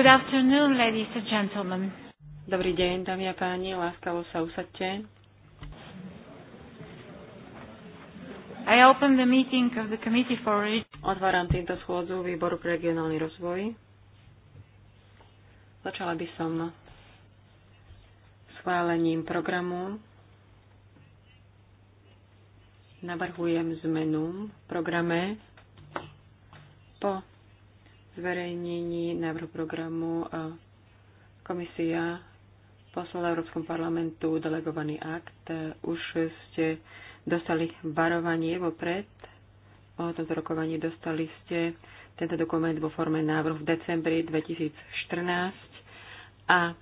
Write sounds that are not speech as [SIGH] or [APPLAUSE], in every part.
Good afternoon, ladies and gentlemen. Dobrý deň, dámy a páni, láskavo sa usadte. I open the meeting of the committee for... Otváram týmto schôdzu výboru pre regionálny rozvoj. Začala by som schválením programu. Navrhujem zmenu v programe po zverejnení návrhu programu e, komisia poslala Európskom parlamentu delegovaný akt. E, už ste dostali varovanie vopred. O tomto rokovaní dostali ste tento dokument vo forme návrhu v decembri 2014 a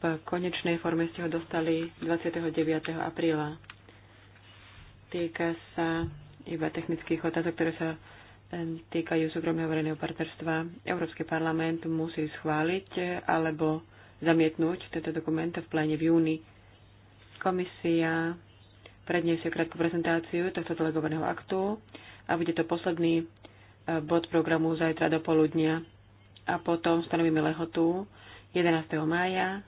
v konečnej forme ste ho dostali 29. apríla. Týka sa iba technických otázok, ktoré sa týkajú súkromného verejného partnerstva, Európsky parlament musí schváliť alebo zamietnúť tento dokument v pláne v júni. Komisia predniesie krátku prezentáciu tohto delegovaného aktu a bude to posledný e, bod programu zajtra do poludnia. A potom stanovíme lehotu 11. mája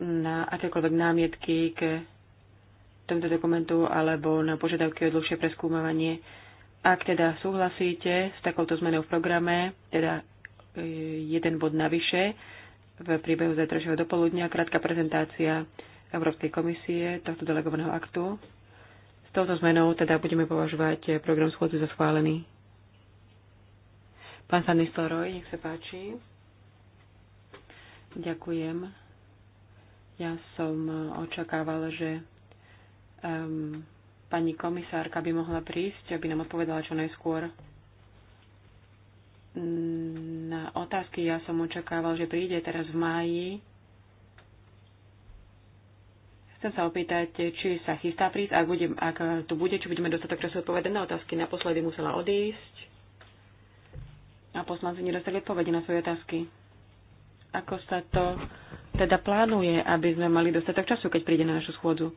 na akékoľvek námietky k tomto dokumentu alebo na požiadavky o dlhšie preskúmavanie ak teda súhlasíte s takouto zmenou v programe, teda e, jeden bod navyše v priebehu zajtrajšieho dopoludnia, krátka prezentácia Európskej komisie tohto delegovaného aktu. S touto zmenou teda budeme považovať program schôdze za schválený. Pán Sanistoroj, nech sa páči. Ďakujem. Ja som očakávala, že um, pani komisárka by mohla prísť, aby nám odpovedala čo najskôr mm, na otázky. Ja som očakával, že príde teraz v máji. Chcem sa opýtať, či sa chystá prísť, ak, budem, ak tu bude, či budeme dostatok času odpovedať na otázky. Naposledy musela odísť a poslanci nedostali odpovede na svoje otázky ako sa to teda plánuje, aby sme mali dostatok času, keď príde na našu schôdzu.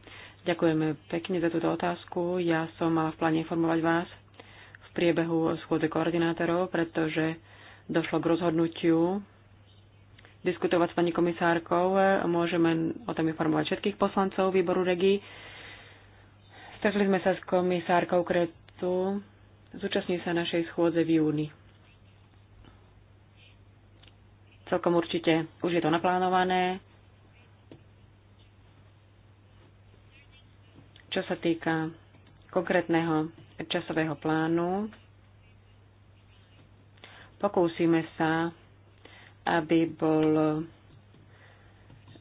Ďakujeme pekne za túto otázku. Ja som mala v pláne informovať vás v priebehu schôdze koordinátorov, pretože došlo k rozhodnutiu diskutovať s pani komisárkou. Môžeme o tom informovať všetkých poslancov výboru REGI. Stretli sme sa s komisárkou Kretu. Zúčastní sa našej schôdze v júni. Celkom určite už je to naplánované. Čo sa týka konkrétneho časového plánu, pokúsime sa, aby bol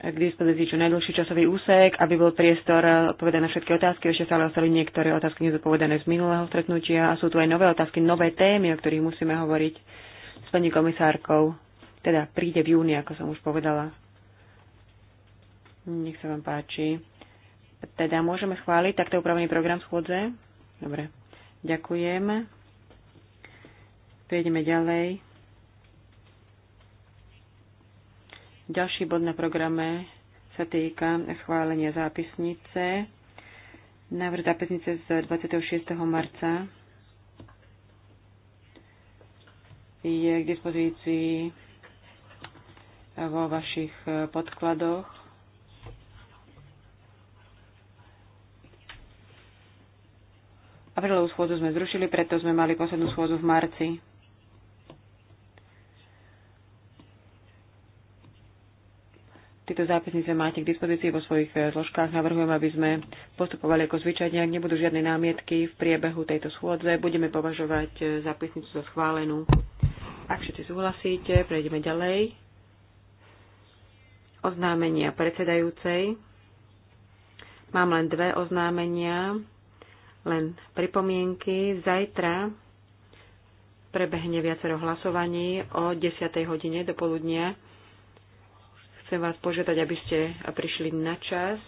k dispozícii čo najdlhší časový úsek, aby bol priestor odpovedať na všetky otázky. Ešte stále ostali niektoré otázky nezodpovedané z minulého stretnutia a sú tu aj nové otázky, nové témy, o ktorých musíme hovoriť s pani komisárkou. Teda príde v júni, ako som už povedala. Nech sa vám páči. Teda môžeme chváliť takto upravený program schôdze? Dobre. Ďakujem. Prejdeme ďalej. Ďalší bod na programe sa týka schválenia zápisnice. Návrh zápisnice z 26. marca je k dispozícii vo vašich e, podkladoch. Aprílovú schôdzu sme zrušili, preto sme mali poslednú schôdzu v marci. Tieto zápisnice máte k dispozícii vo svojich e, zložkách. Navrhujem, aby sme postupovali ako zvyčajne. Ak nebudú žiadne námietky v priebehu tejto schôdze, budeme považovať e, zápisnicu za schválenú. Ak všetci súhlasíte, prejdeme ďalej oznámenia predsedajúcej. Mám len dve oznámenia, len pripomienky. Zajtra prebehne viacero hlasovaní o 10. hodine do poludnia. Chcem vás požiadať, aby ste prišli na čas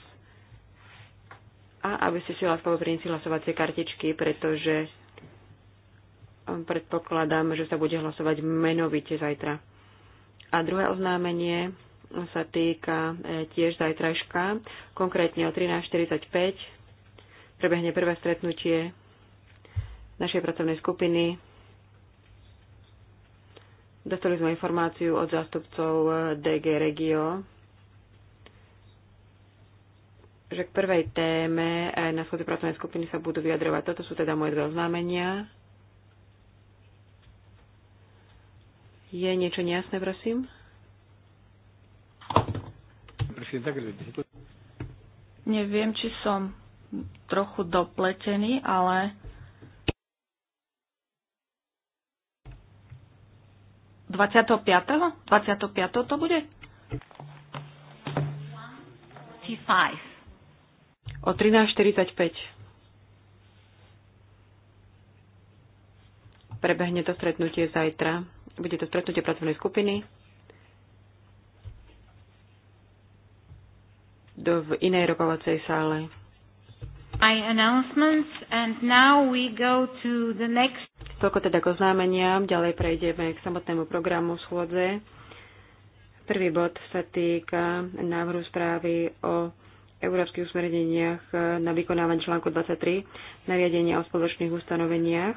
a aby ste si láskavo priniesli hlasovacie kartičky, pretože predpokladám, že sa bude hlasovať menovite zajtra. A druhé oznámenie sa týka e, tiež zajtrajška, konkrétne o 13.45 prebehne prvé stretnutie našej pracovnej skupiny. Dostali sme informáciu od zástupcov e, DG Regio, že k prvej téme e, na schodzi pracovnej skupiny sa budú vyjadrovať. Toto sú teda moje dve oznámenia. Je niečo nejasné, prosím? Neviem, či som trochu dopletený, ale 25. 25. to bude? O 13.45. Prebehne to stretnutie zajtra. Bude to stretnutie pracovnej skupiny. do, v inej rokovacej sále. My announcements and now we go to the next. Toľko teda k oznámeniam, ďalej prejdeme k samotnému programu schôdze. Prvý bod sa týka návrhu správy o európskych usmerneniach na vykonávanie článku 23 nariadenia o spoločných ustanoveniach.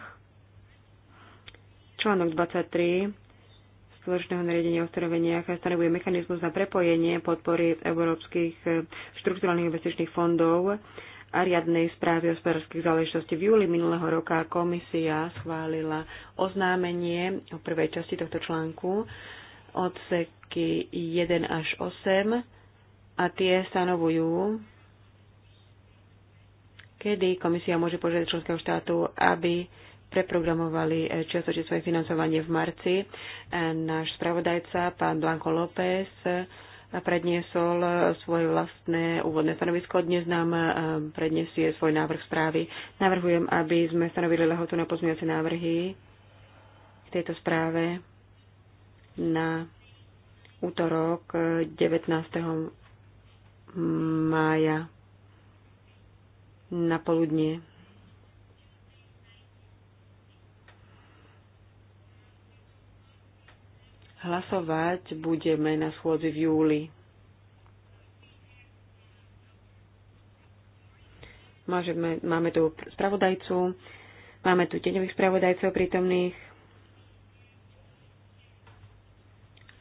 Článok 23 spoločného nariadenia o stanoveniach stanovuje mechanizmus na prepojenie podpory európskych štruktúrálnych investičných fondov a riadnej správy hospodárskych záležitostí. V júli minulého roka komisia schválila oznámenie o prvej časti tohto článku odseky 1 až 8 a tie stanovujú, kedy komisia môže požiadať členského štátu, aby preprogramovali eh, čiastočne svoje financovanie v marci. Eh, náš spravodajca, pán Blanco López, eh, predniesol svoje vlastné úvodné stanovisko. Dnes nám predniesie svoj návrh správy. Navrhujem, aby sme stanovili lehotu na pozmiace návrhy v tejto správe na útorok 19. mája na poludnie. Hlasovať budeme na schôdzi v júli. Môžeme, máme tu spravodajcu, máme tu tieňových spravodajcov prítomných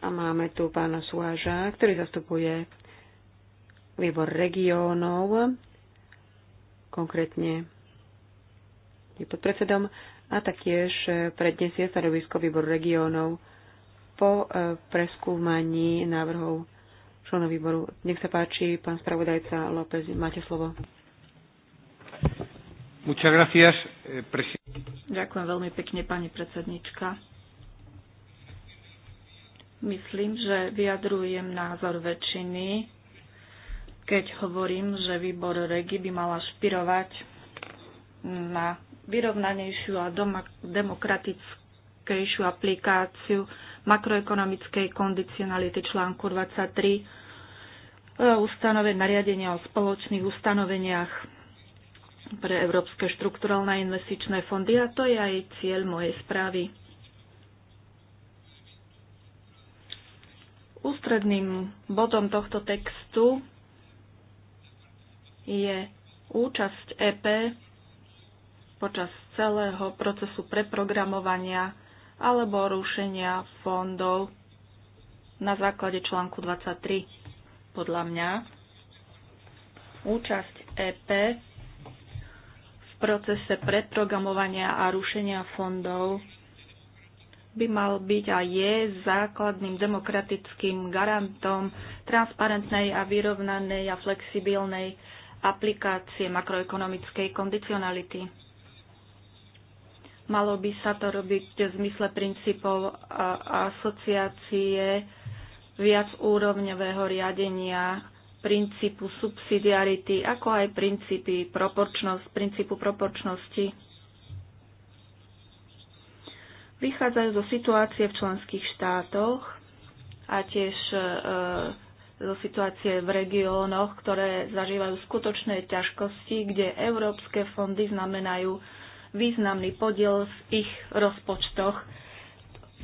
a máme tu pána Suáža, ktorý zastupuje výbor regiónov, konkrétne je pod predsedom a taktiež predniesie stanovisko výboru regiónov po e, preskúmaní návrhov členov výboru. Nech sa páči, pán spravodajca López, máte slovo. Muchas gracias, eh, Ďakujem veľmi pekne, pani predsednička. Myslím, že vyjadrujem názor väčšiny, keď hovorím, že výbor REGI by mala špirovať na vyrovnanejšiu a demokratickejšiu aplikáciu makroekonomickej kondicionality článku 23 e, ustanoven nariadenia o spoločných ustanoveniach pre európske štrukturálne investičné fondy a to je aj cieľ mojej správy. Ústredným bodom tohto textu je účasť EP počas celého procesu preprogramovania alebo rušenia fondov na základe článku 23. Podľa mňa účasť EP v procese predprogramovania a rušenia fondov by mal byť a je základným demokratickým garantom transparentnej a vyrovnanej a flexibilnej aplikácie makroekonomickej kondicionality. Malo by sa to robiť v zmysle princípov a asociácie viacúrovňového riadenia, princípu subsidiarity, ako aj princípy proporčnosť, princípu proporčnosti. Vychádzajú zo situácie v členských štátoch a tiež e, zo situácie v regiónoch, ktoré zažívajú skutočné ťažkosti, kde európske fondy znamenajú významný podiel v ich rozpočtoch.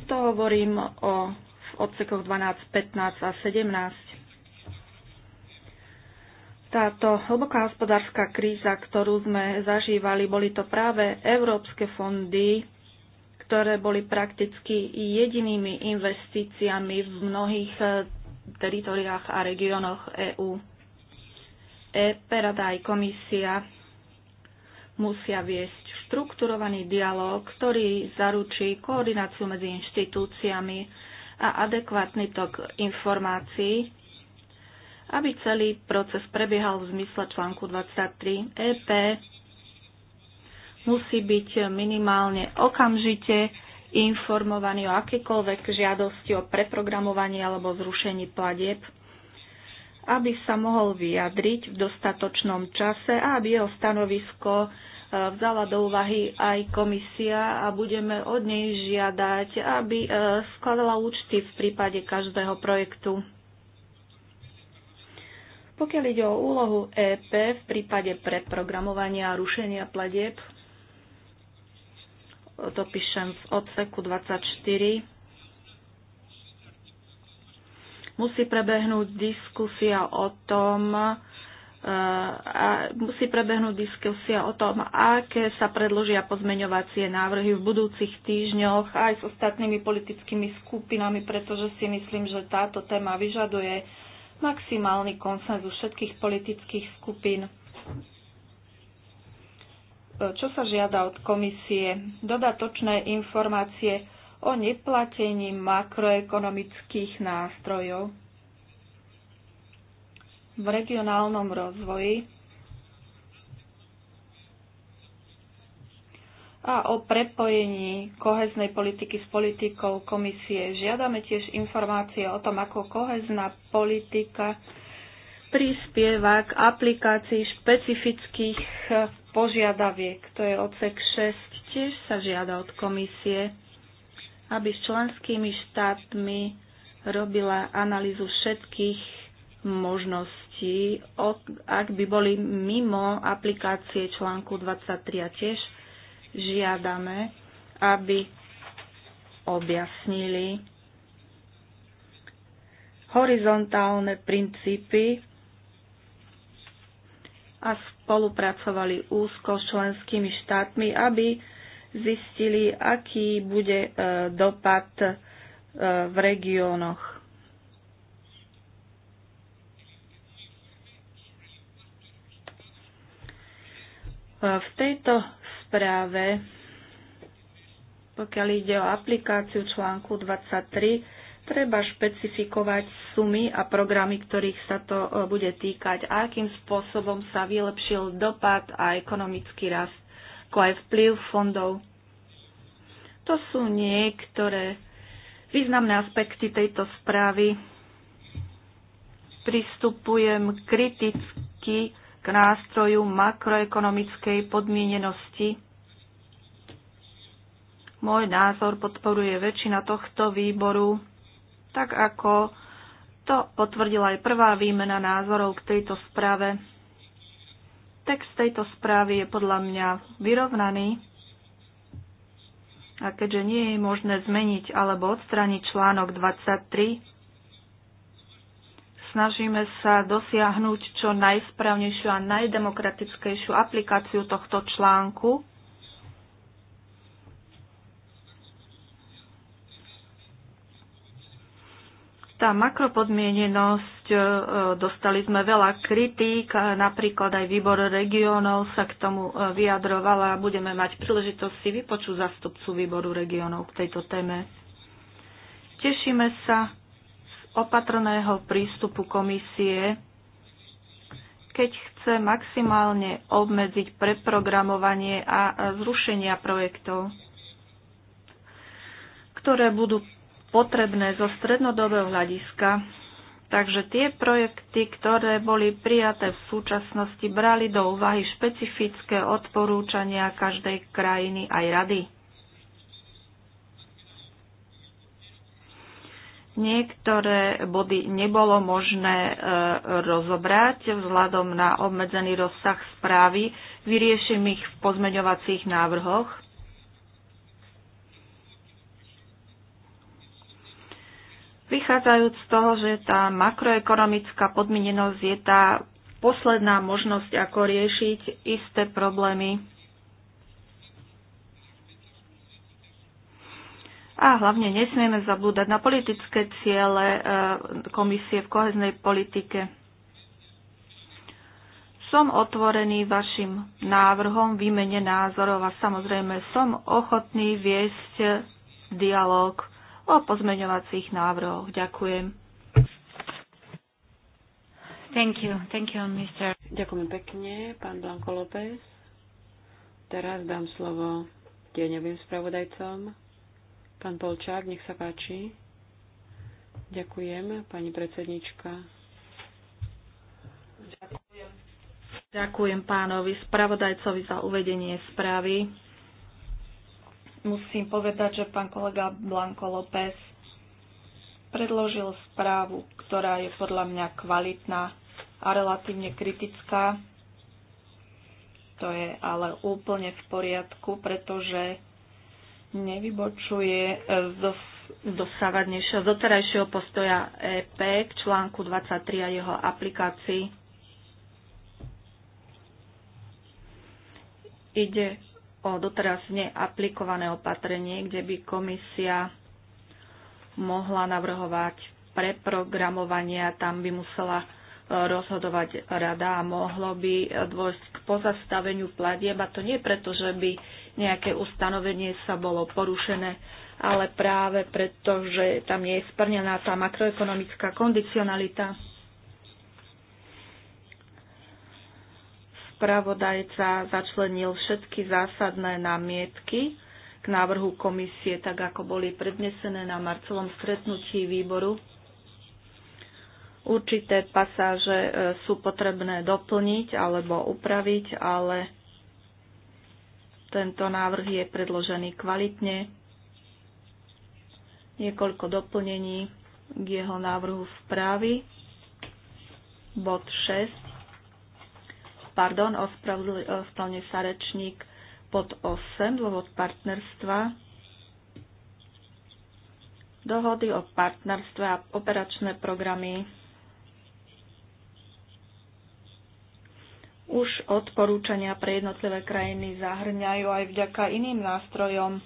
To hovorím o v odsekoch 12, 15 a 17. Táto hlboká hospodárska kríza, ktorú sme zažívali, boli to práve európske fondy, ktoré boli prakticky jedinými investíciami v mnohých eh, teritoriách a regiónoch EÚ. EP, aj komisia musia viesť štrukturovaný dialog, ktorý zaručí koordináciu medzi inštitúciami a adekvátny tok informácií, aby celý proces prebiehal v zmysle článku 23 EP musí byť minimálne okamžite informovaný o akékoľvek žiadosti o preprogramovanie alebo zrušení platieb, aby sa mohol vyjadriť v dostatočnom čase a aby jeho stanovisko E, vzala do úvahy aj komisia a budeme od nej žiadať, aby e, skladala účty v prípade každého projektu. Pokiaľ ide o úlohu EP v prípade preprogramovania a rušenia pladeb, to píšem v odseku 24, musí prebehnúť diskusia o tom, a musí prebehnúť diskusia o tom, aké sa predložia pozmeňovacie návrhy v budúcich týždňoch aj s ostatnými politickými skupinami, pretože si myslím, že táto téma vyžaduje maximálny konsenzus všetkých politických skupín. Čo sa žiada od komisie? Dodatočné informácie o neplatení makroekonomických nástrojov v regionálnom rozvoji a o prepojení koheznej politiky s politikou komisie. Žiadame tiež informácie o tom, ako kohezná politika prispieva k aplikácii špecifických požiadaviek. To je odsek 6. Tiež sa žiada od komisie, aby s členskými štátmi robila analýzu všetkých možností deti, ak by boli mimo aplikácie článku 23 a tiež žiadame, aby objasnili horizontálne princípy a spolupracovali úzko s členskými štátmi, aby zistili, aký bude e, dopad e, v regiónoch V tejto správe, pokiaľ ide o aplikáciu článku 23, treba špecifikovať sumy a programy, ktorých sa to e, bude týkať a akým spôsobom sa vylepšil dopad a ekonomický rast, ako aj vplyv fondov. To sú niektoré významné aspekty tejto správy. Pristupujem kriticky k nástroju makroekonomickej podmienenosti. Môj názor podporuje väčšina tohto výboru, tak ako to potvrdila aj prvá výmena názorov k tejto správe. Text tejto správy je podľa mňa vyrovnaný a keďže nie je možné zmeniť alebo odstrániť článok 23, snažíme sa dosiahnuť čo najsprávnejšiu a najdemokratickejšiu aplikáciu tohto článku. Tá makropodmienenosť, e, dostali sme veľa kritík, napríklad aj výbor regiónov sa k tomu e, vyjadrovala a budeme mať príležitosť si vypočuť zastupcu výboru regiónov k tejto téme. Tešíme sa opatrného prístupu komisie, keď chce maximálne obmedziť preprogramovanie a zrušenia projektov, ktoré budú potrebné zo strednodobého hľadiska. Takže tie projekty, ktoré boli prijaté v súčasnosti, brali do úvahy špecifické odporúčania každej krajiny aj rady. Niektoré body nebolo možné e, rozobrať vzhľadom na obmedzený rozsah správy. Vyrieším ich v pozmeňovacích návrhoch. Vychádzajúc z toho, že tá makroekonomická podmienenosť je tá posledná možnosť, ako riešiť isté problémy A hlavne nesmieme zabúdať na politické ciele e, komisie v koheznej politike. Som otvorený vašim návrhom výmene názorov a samozrejme som ochotný viesť dialog o pozmeňovacích návrhoch. Ďakujem. Thank you. Thank you, Mr. Ďakujem pekne, pán Blanko López. Teraz dám slovo deňovým spravodajcom. Pán Polčák, nech sa páči. Ďakujem, pani predsednička. Ďakujem. Ďakujem pánovi spravodajcovi za uvedenie správy. Musím povedať, že pán kolega Blanko López predložil správu, ktorá je podľa mňa kvalitná a relatívne kritická. To je ale úplne v poriadku, pretože nevybočuje z eh, dosávadnejšieho, z doterajšieho postoja EP k článku 23 a jeho aplikácii. Ide o doteraz neaplikované opatrenie, kde by komisia mohla navrhovať preprogramovanie a tam by musela eh, rozhodovať rada a mohlo by eh, dôjsť k pozastaveniu platieb a to nie preto, že by nejaké ustanovenie sa bolo porušené, ale práve preto, že tam nie je splnená tá makroekonomická kondicionalita. Spravodajca začlenil všetky zásadné námietky k návrhu komisie, tak ako boli prednesené na marcovom stretnutí výboru. Určité pasáže e, sú potrebné doplniť alebo upraviť, ale tento návrh je predložený kvalitne. Niekoľko doplnení k jeho návrhu správy. Bod 6. Pardon, ospravne sa rečník pod 8, dôvod partnerstva dohody o partnerstve a operačné programy už odporúčania pre jednotlivé krajiny zahrňajú aj vďaka iným nástrojom,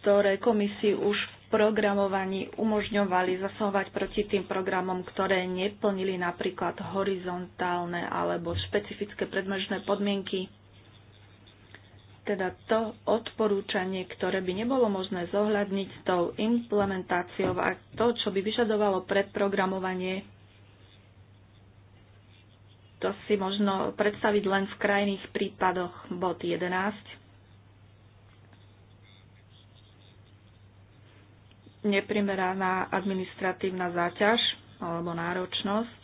ktoré komisii už v programovaní umožňovali zasahovať proti tým programom, ktoré neplnili napríklad horizontálne alebo špecifické predmežné podmienky. Teda to odporúčanie, ktoré by nebolo možné zohľadniť s tou implementáciou a to, čo by vyžadovalo predprogramovanie to si možno predstaviť len v krajných prípadoch bod 11. neprimeraná administratívna záťaž alebo náročnosť,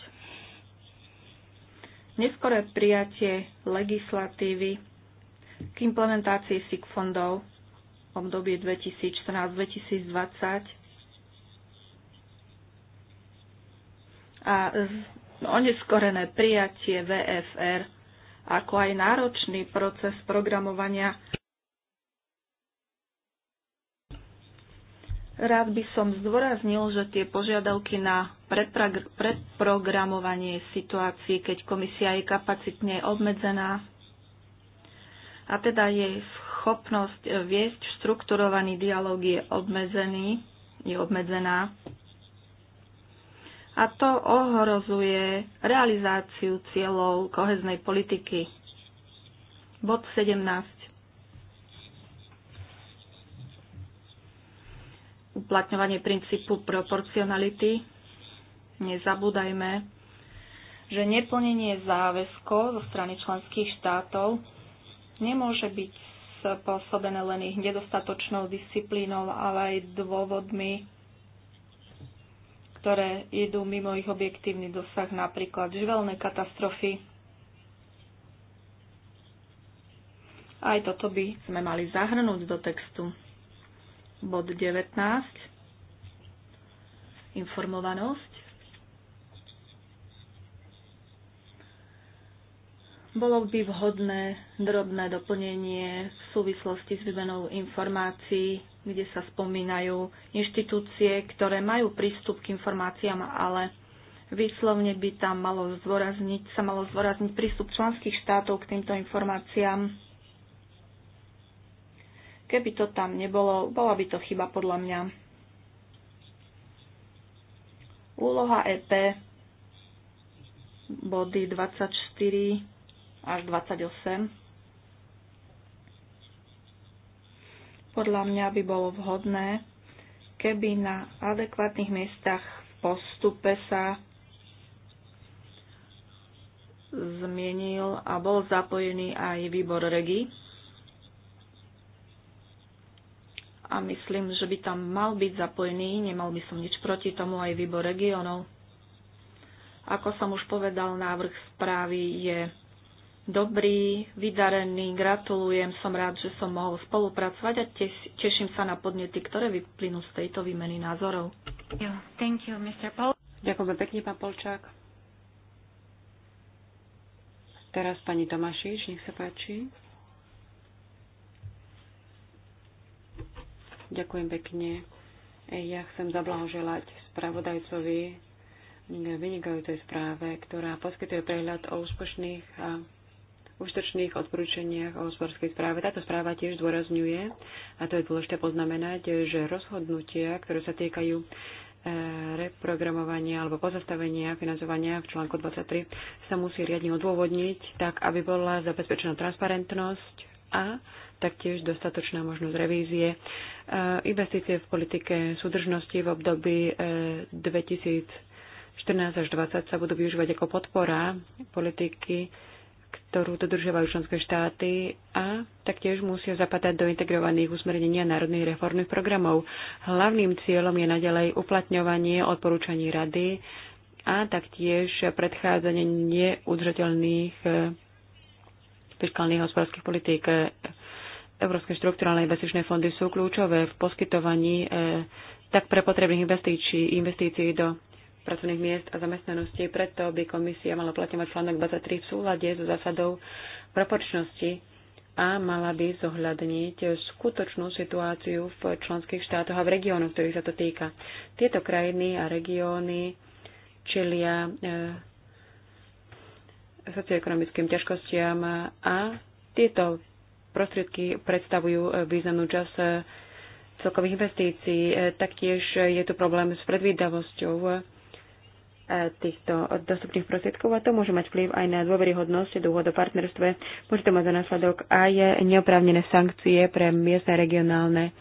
neskoré prijatie legislatívy k implementácii SIG fondov v období 2014-2020 a No, oneskorené prijatie VFR, ako aj náročný proces programovania. Rád by som zdôraznil, že tie požiadavky na predprogramovanie situácií, keď komisia je kapacitne obmedzená a teda jej schopnosť viesť štrukturovaný dialog je obmedzený, je obmedzená a to ohrozuje realizáciu cieľov koheznej politiky. Bod 17. Uplatňovanie princípu proporcionality. Nezabúdajme, že neplnenie záväzkov zo strany členských štátov nemôže byť spôsobené len ich nedostatočnou disciplínou, ale aj dôvodmi ktoré idú mimo ich objektívny dosah, napríklad živelné katastrofy. Aj toto by sme mali zahrnúť do textu. Bod 19. Informovanosť. Bolo by vhodné drobné doplnenie v súvislosti s vymenou informácií kde sa spomínajú inštitúcie, ktoré majú prístup k informáciám, ale výslovne by tam malo zdôrazniť, sa malo zdôrazniť prístup členských štátov k týmto informáciám. Keby to tam nebolo, bola by to chyba podľa mňa. Úloha EP body 24 až 28 Podľa mňa by bolo vhodné, keby na adekvátnych miestach v postupe sa zmienil a bol zapojený aj výbor regi. A myslím, že by tam mal byť zapojený, nemal by som nič proti tomu aj výbor regionov. Ako som už povedal, návrh správy je dobrý, vydarený, gratulujem, som rád, že som mohol spolupracovať a teším sa na podnety, ktoré vyplynú z tejto výmeny názorov. Thank you, Mr. Paul. Ďakujem pekne, pán Polčák. Teraz pani Tomášič, nech sa páči. Ďakujem pekne. Ja chcem zablahoželať spravodajcovi k vynikajúcej správe, ktorá poskytuje prehľad o úspešných a užitočných odporúčaniach o hospodárskej správe. Táto správa tiež zdôrazňuje, a to je dôležité poznamenať, že rozhodnutia, ktoré sa týkajú e, reprogramovania alebo pozastavenia financovania v článku 23 sa musí riadne odôvodniť, tak aby bola zabezpečená transparentnosť a taktiež dostatočná možnosť revízie. E, investície v politike súdržnosti v období 2014 e, až 2020 sa budú využívať ako podpora politiky ktorú dodržiavajú členské štáty a taktiež musia zapadať do integrovaných usmernení a národných reformných programov. Hlavným cieľom je nadalej uplatňovanie odporúčaní rady a taktiež predchádzanie neudržateľných eh, fiskálnych hospodárskych politík. Európske štrukturálne investičné fondy sú kľúčové v poskytovaní eh, tak pre potrebných investícií, investícií do pracovných miest a zamestnanosti, preto by komisia mala platňovať článok 23 v súlade so zásadou proporčnosti a mala by zohľadniť skutočnú situáciu v členských štátoch a v regiónoch, ktorých sa to týka. Tieto krajiny a regióny čelia eh, socioekonomickým ťažkostiam a tieto prostriedky predstavujú eh, významnú časť eh, celkových investícií. Taktiež je tu problém s predvídavosťou týchto dostupných prostriedkov a to môže mať vplyv aj na dôveryhodnosť dôvod o partnerstve. Môže to mať za následok aj neoprávnené sankcie pre miestne regionálne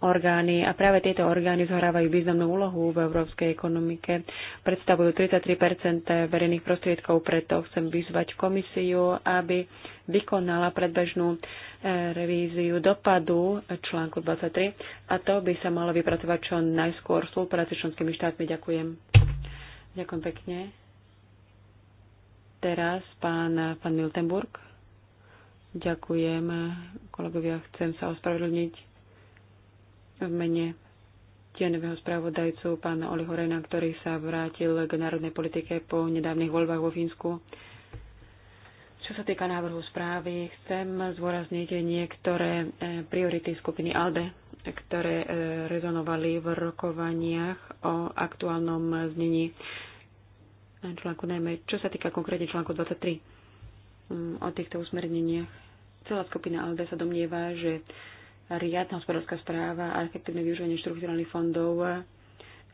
orgány a práve tieto orgány zohrávajú významnú úlohu v európskej ekonomike. Predstavujú 33 verejných prostriedkov, preto chcem vyzvať komisiu, aby vykonala predbežnú e, revíziu dopadu článku 23 a to by sa malo vypracovať čo najskôr v spolupráci s členskými štátmi. Ďakujem. Ďakujem pekne. Teraz pán, pán Miltenburg. Ďakujem, kolegovia, chcem sa ospravedlniť v mene tieňového spravodajcu pána Oliho Rena, ktorý sa vrátil k národnej politike po nedávnych voľbách vo Fínsku. Čo sa týka návrhu správy, chcem zvorazniť niektoré eh, priority skupiny ALDE ktoré e, rezonovali v rokovaniach o aktuálnom znení článku, najmä čo sa týka konkrétne článku 23 mm, o týchto usmerneniach. Celá skupina ALDE sa domnieva, že riadna hospodárska správa a efektívne využívanie štrukturálnych fondov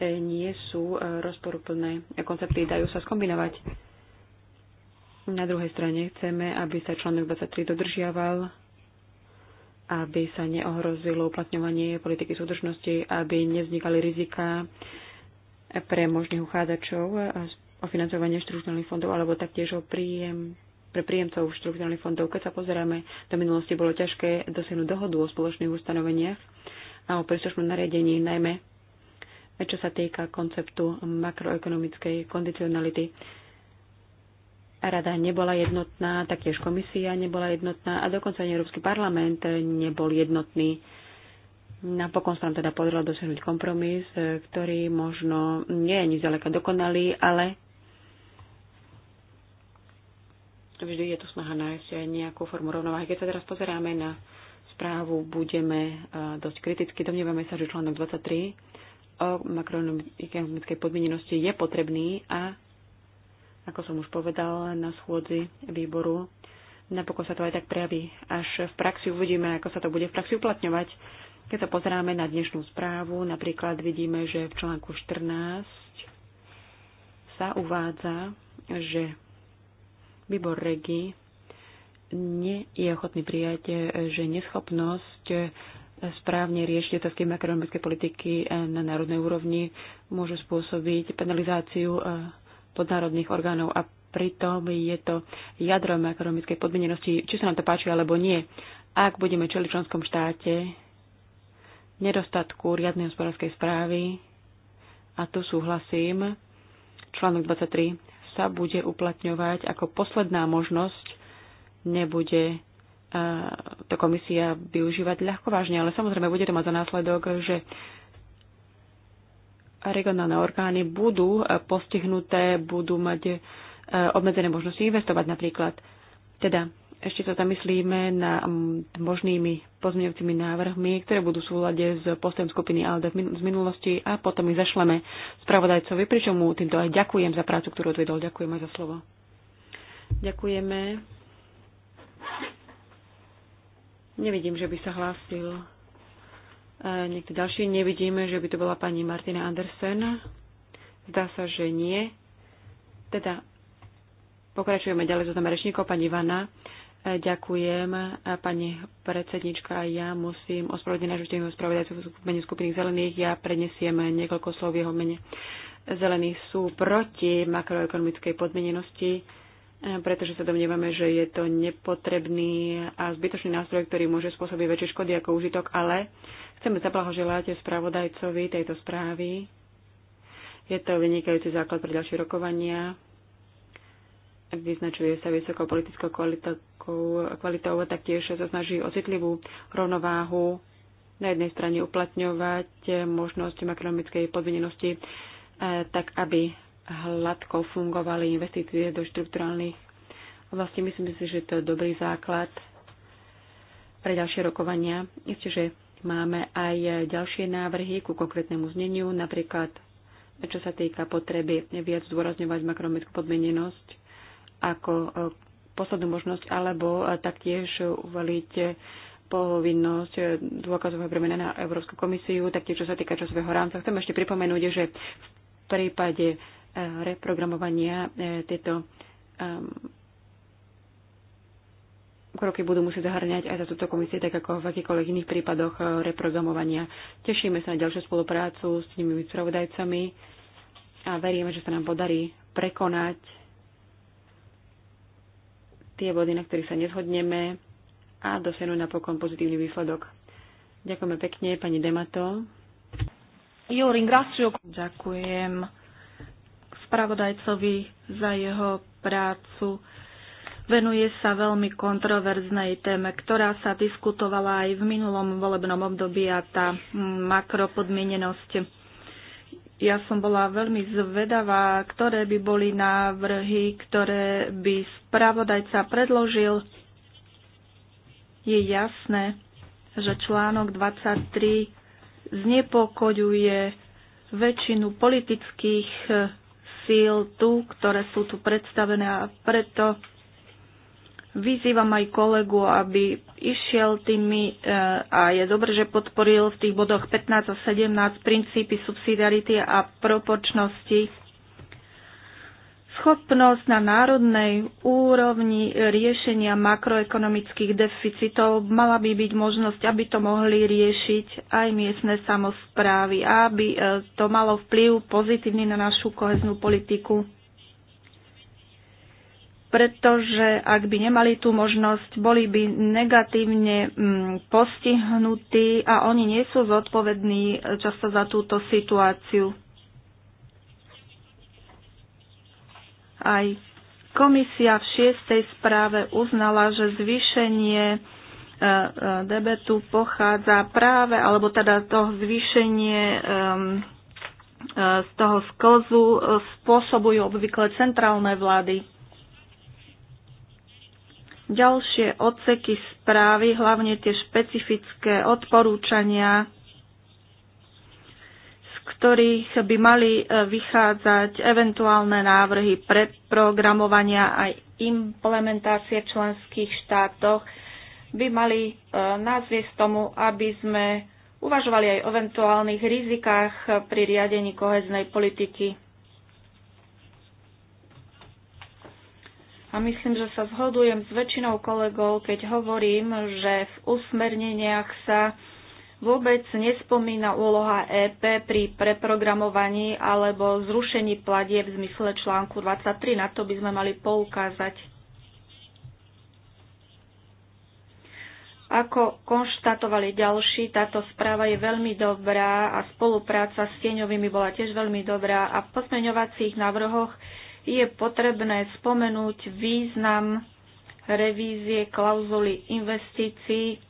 e, nie sú e, rozporuplné. Koncepty dajú sa skombinovať. Na druhej strane chceme, aby sa článok 23 dodržiaval aby sa neohrozilo uplatňovanie politiky súdržnosti, aby nevznikali rizika pre možných uchádzačov o financovanie štruktúrnych fondov alebo taktiež o príjem pre príjemcov štruktúrnych fondov. Keď sa pozeráme, do minulosti bolo ťažké dosiahnuť dohodu o spoločných ustanoveniach a o príslušnom nariadení, najmä čo sa týka konceptu makroekonomickej kondicionality rada nebola jednotná, taktiež komisia nebola jednotná a dokonca ani Európsky parlament nebol jednotný. Napokon sa nám teda podarilo dosiahnuť kompromis, e, ktorý možno nie je ani zďaleka dokonalý, ale vždy je tu snaha nájsť nejakú formu rovnováhy. Keď sa teraz pozeráme na správu, budeme e, dosť kriticky. Domnievame sa, že článok 23 o makroekonomickej podmienenosti je potrebný a ako som už povedal na schôdzi výboru, napokon sa to aj tak prejaví. Až v praxi uvidíme, ako sa to bude v praxi uplatňovať. Keď sa pozeráme na dnešnú správu, napríklad vidíme, že v článku 14 sa uvádza, že výbor REGI nie je ochotný prijať, že neschopnosť správne riešiť otázky makroekonomickej politiky na národnej úrovni môže spôsobiť penalizáciu eh, podnárodných orgánov a pritom je to jadrom ekonomickej podmienenosti, či sa nám to páči alebo nie. Ak budeme čeli v členskom štáte nedostatku riadnej hospodárskej správy, a tu súhlasím, článok 23 sa bude uplatňovať ako posledná možnosť, nebude e, to komisia využívať ľahko vážne, ale samozrejme bude to mať za následok, že regionálne orgány budú e, postihnuté, budú mať e, obmedzené možnosti investovať napríklad. Teda ešte sa zamyslíme na možnými pozmeňujúcimi návrhmi, ktoré budú v súlade s postojom skupiny ALDE z minulosti a potom ich zašleme spravodajcovi, pričom mu týmto aj ďakujem za prácu, ktorú odvedol. Ďakujem aj za slovo. Ďakujeme. Nevidím, že by sa hlásil Niekto ďalší nevidíme, že by to bola pani Martina Andersen. Zdá sa, že nie. Teda pokračujeme ďalej so rečníkov. Pani Ivana, e, ďakujem. Pani predsednička, ja musím ospravedlniť nášho tým spravodajcu v mene skupiny zelených. Ja prednesiem niekoľko slov v jeho mene. Zelení sú proti makroekonomickej podmenenosti pretože sa domnievame, že je to nepotrebný a zbytočný nástroj, ktorý môže spôsobiť väčšie škody ako užitok, ale chceme zablahoželať spravodajcovi tejto správy. Je to vynikajúci základ pre ďalšie rokovania. Vyznačuje sa vysokou politickou kvalitou, kvalitou taktiež sa snaží o citlivú rovnováhu na jednej strane uplatňovať možnosť makronomickej podvinenosti eh, tak, aby hladko fungovali investície do štrukturálnych Vlastne Myslím si, že to je dobrý základ pre ďalšie rokovania. Ešte, že máme aj ďalšie návrhy ku konkrétnemu zneniu, napríklad čo sa týka potreby viac zdôrazňovať makrometrickú podmienenosť ako e, poslednú možnosť, alebo e, taktiež uvaliť povinnosť e, dôkazového bremena na Európsku komisiu, taktiež čo sa týka časového rámca. Chcem ešte pripomenúť, že v prípade reprogramovania e, tieto kroky budú musieť zahrňať aj za túto komisie, tak ako v akýkoľvek iných prípadoch e, reprogramovania. Tešíme sa na ďalšiu spoluprácu s tými spravodajcami a veríme, že sa nám podarí prekonať tie body, na ktorých sa nezhodneme a dosiahnuť napokon pozitívny výsledok. Ďakujeme pekne, pani Demato. Ďakujem spravodajcovi za jeho prácu. Venuje sa veľmi kontroverznej téme, ktorá sa diskutovala aj v minulom volebnom období a tá makropodmienenosť. Ja som bola veľmi zvedavá, ktoré by boli návrhy, ktoré by spravodajca predložil. Je jasné, že článok 23 znepokojuje väčšinu politických síl tu, ktoré sú tu predstavené a preto vyzývam aj kolegu, aby išiel tými, e, a je dobre, že podporil v tých bodoch 15 a 17 princípy subsidiarity a proporčnosti schopnosť na národnej úrovni riešenia makroekonomických deficitov mala by byť možnosť, aby to mohli riešiť aj miestne samozprávy, aby e, to malo vplyv pozitívny na našu koheznú politiku. Pretože ak by nemali tú možnosť, boli by negatívne mm, postihnutí a oni nie sú zodpovední e, často za túto situáciu. Aj komisia v šiestej správe uznala, že zvýšenie e, e, debetu pochádza práve, alebo teda to zvýšenie e, z toho sklzu spôsobujú obvykle centrálne vlády. Ďalšie odseky správy, hlavne tie špecifické odporúčania, ktorých by mali e, vychádzať eventuálne návrhy predprogramovania aj implementácie v členských štátoch, by mali e, nás tomu, aby sme uvažovali aj o eventuálnych rizikách e, pri riadení koheznej politiky. A myslím, že sa zhodujem s väčšinou kolegov, keď hovorím, že v usmerneniach sa vôbec nespomína úloha EP pri preprogramovaní alebo zrušení pladie v zmysle článku 23. Na to by sme mali poukázať. Ako konštatovali ďalší, táto správa je veľmi dobrá a spolupráca s tieňovými bola tiež veľmi dobrá a v posmeňovacích návrhoch je potrebné spomenúť význam revízie klauzuly investícií,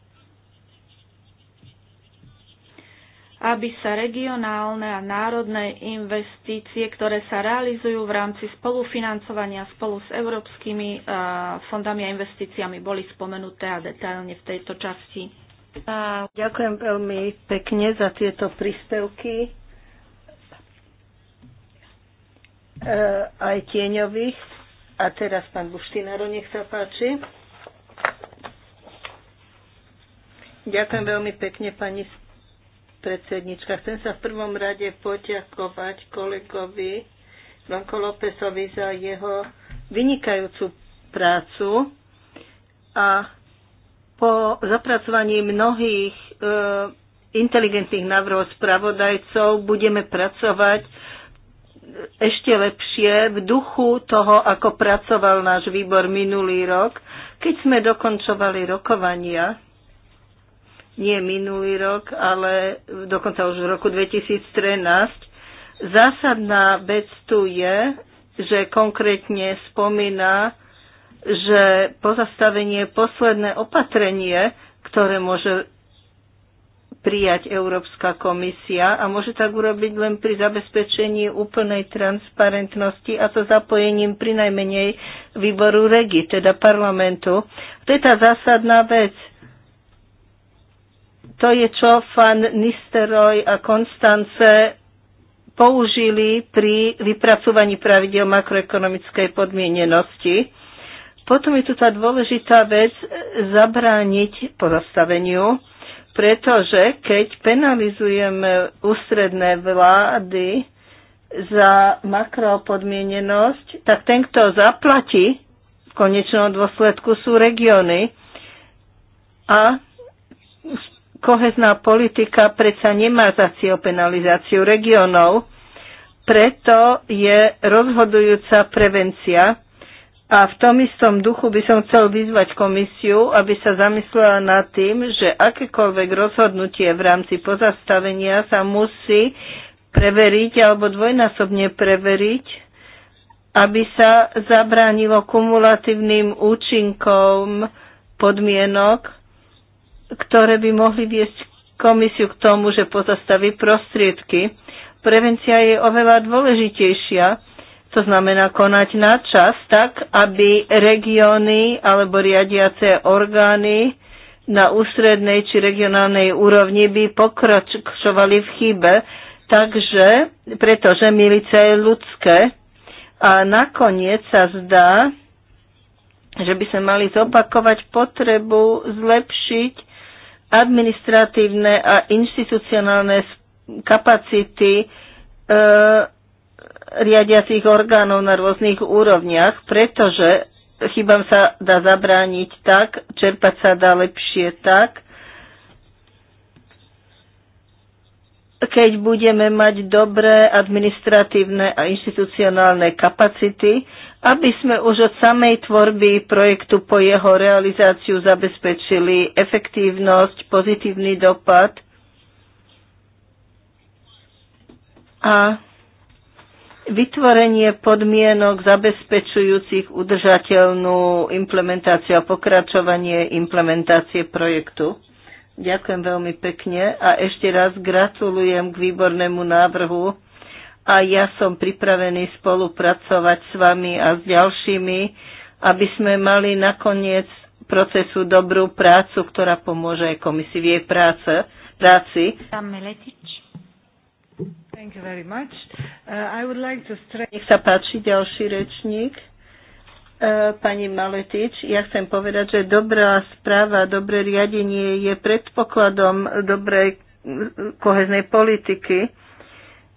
aby sa regionálne a národné investície, ktoré sa realizujú v rámci spolufinancovania spolu s európskymi eh, fondami a investíciami, boli spomenuté a detailne v tejto časti. A ďakujem veľmi pekne za tieto príspevky eh, aj tieňovi. A teraz pán Buštinaro, nech sa páči. Ďakujem veľmi pekne, pani podpredsednička. Chcem sa v prvom rade poďakovať kolegovi Blanko Lópezovi za jeho vynikajúcu prácu a po zapracovaní mnohých e, inteligentných návrhov spravodajcov budeme pracovať ešte lepšie v duchu toho, ako pracoval náš výbor minulý rok, keď sme dokončovali rokovania nie minulý rok, ale dokonca už v roku 2013. Zásadná vec tu je, že konkrétne spomína, že pozastavenie posledné opatrenie, ktoré môže prijať Európska komisia a môže tak urobiť len pri zabezpečení úplnej transparentnosti a to zapojením pri najmenej výboru REGI, teda parlamentu. To je tá zásadná vec. To je, čo Fan Nisteroj a Konstance použili pri vypracovaní pravidel makroekonomickej podmienenosti. Potom je tu tá dôležitá vec e, zabrániť pozastaveniu, pretože keď penalizujeme ústredné vlády za makropodmienenosť, tak ten, kto zaplatí v konečnom dôsledku sú regióny. A kohezná politika predsa nemá za cieľ penalizáciu regionov, preto je rozhodujúca prevencia. A v tom istom duchu by som chcel vyzvať komisiu, aby sa zamyslela nad tým, že akékoľvek rozhodnutie v rámci pozastavenia sa musí preveriť alebo dvojnásobne preveriť, aby sa zabránilo kumulatívnym účinkom podmienok ktoré by mohli viesť komisiu k tomu, že pozastaví prostriedky. Prevencia je oveľa dôležitejšia, to znamená konať na čas tak, aby regióny alebo riadiace orgány na ústrednej či regionálnej úrovni by pokračovali v chybe, takže, pretože milice je ľudské. A nakoniec sa zdá, že by sme mali zopakovať potrebu zlepšiť administratívne a inštitucionálne kapacity e, riadiacich orgánov na rôznych úrovniach, pretože chybám sa dá zabrániť tak, čerpať sa dá lepšie tak, keď budeme mať dobré administratívne a inštitucionálne kapacity, aby sme už od samej tvorby projektu po jeho realizáciu zabezpečili efektívnosť, pozitívny dopad a vytvorenie podmienok zabezpečujúcich udržateľnú implementáciu a pokračovanie implementácie projektu. Ďakujem veľmi pekne a ešte raz gratulujem k výbornému návrhu a ja som pripravený spolupracovať s vami a s ďalšími, aby sme mali nakoniec procesu dobrú prácu, ktorá pomôže aj komisii v jej práce, práci. Thank you very much. Uh, I would like to Nech sa páči ďalší rečník. Uh, pani Maletič, ja chcem povedať, že dobrá správa, dobré riadenie je predpokladom dobrej mm, koheznej politiky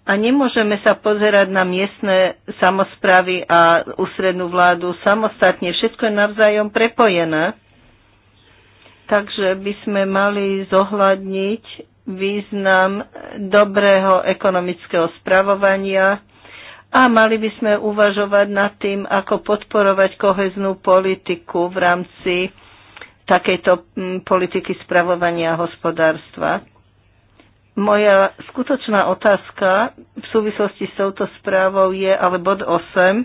a nemôžeme sa pozerať na miestne samozprávy a ústrednú vládu samostatne. Všetko je navzájom prepojené. Takže by sme mali zohľadniť význam dobrého ekonomického spravovania a mali by sme uvažovať nad tým, ako podporovať koheznú politiku v rámci takejto mm, politiky spravovania hospodárstva. Moja skutočná otázka v súvislosti s touto správou je, ale bod 8,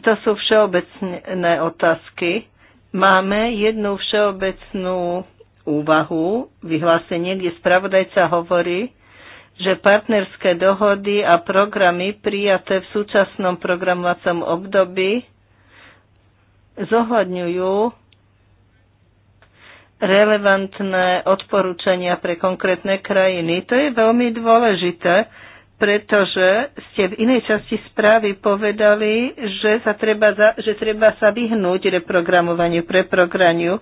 to sú všeobecné otázky. Máme jednu všeobecnú úvahu, vyhlásenie, kde spravodajca hovorí, že partnerské dohody a programy prijaté v súčasnom programovacom období zohľadňujú relevantné odporúčania pre konkrétne krajiny. To je veľmi dôležité, pretože ste v inej časti správy povedali, že, sa treba, za, že treba sa vyhnúť reprogramovaniu, preprograniu,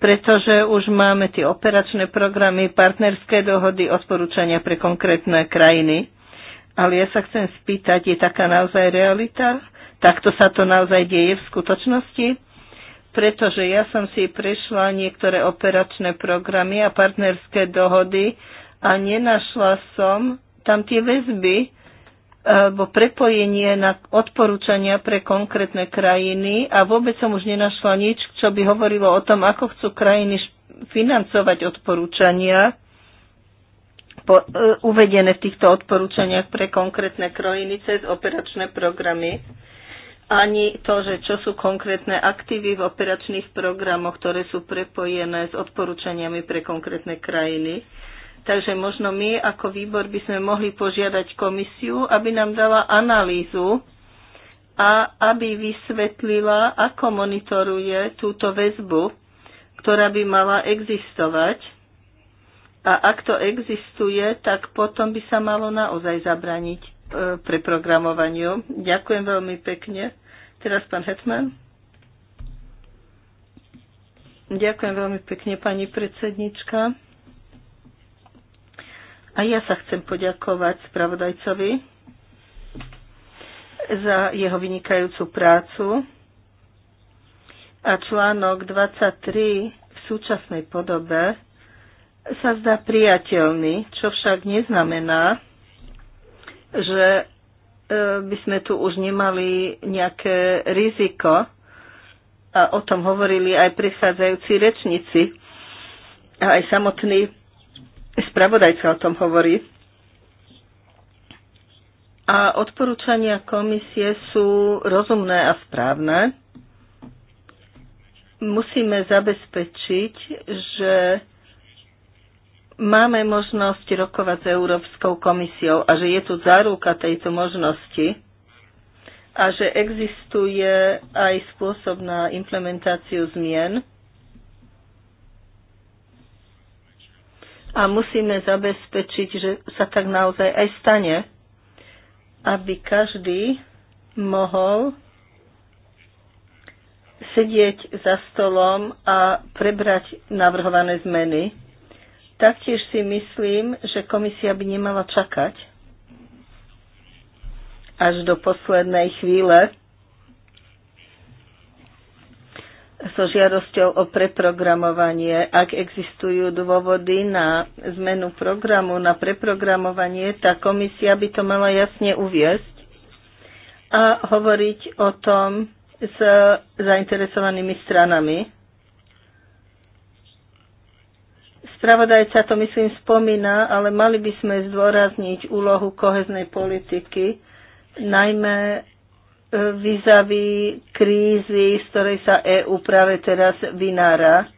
pretože už máme tie operačné programy, partnerské dohody, odporúčania pre konkrétne krajiny. Ale ja sa chcem spýtať, je taká naozaj realita? Takto sa to naozaj deje v skutočnosti? pretože ja som si prešla niektoré operačné programy a partnerské dohody a nenašla som tam tie väzby alebo prepojenie na odporúčania pre konkrétne krajiny a vôbec som už nenašla nič, čo by hovorilo o tom, ako chcú krajiny financovať odporúčania po, e, uvedené v týchto odporúčaniach pre konkrétne krajiny cez operačné programy ani to, že čo sú konkrétne aktívy v operačných programoch, ktoré sú prepojené s odporúčaniami pre konkrétne krajiny. Takže možno my ako výbor by sme mohli požiadať komisiu, aby nám dala analýzu a aby vysvetlila, ako monitoruje túto väzbu, ktorá by mala existovať. A ak to existuje, tak potom by sa malo naozaj zabraniť E, preprogramovaniu. Ďakujem veľmi pekne. Teraz pán Hetman. Ďakujem veľmi pekne, pani predsednička. A ja sa chcem poďakovať spravodajcovi za jeho vynikajúcu prácu. A článok 23 v súčasnej podobe sa zdá priateľný, čo však neznamená, že e, by sme tu už nemali nejaké riziko a o tom hovorili aj prichádzajúci rečníci a aj samotný spravodajca o tom hovorí. A odporúčania komisie sú rozumné a správne. Musíme zabezpečiť, že máme možnosť rokovať s Európskou komisiou a že je tu záruka tejto možnosti a že existuje aj spôsob na implementáciu zmien. A musíme zabezpečiť, že sa tak naozaj aj stane, aby každý mohol sedieť za stolom a prebrať navrhované zmeny. Taktiež si myslím, že komisia by nemala čakať až do poslednej chvíle so žiadosťou o preprogramovanie. Ak existujú dôvody na zmenu programu, na preprogramovanie, tá komisia by to mala jasne uviesť a hovoriť o tom s zainteresovanými stranami. Spravodajca to myslím spomína, ale mali by sme zdôrazniť úlohu koheznej politiky, najmä e, vizavi krízy, z ktorej sa EÚ práve teraz vynára.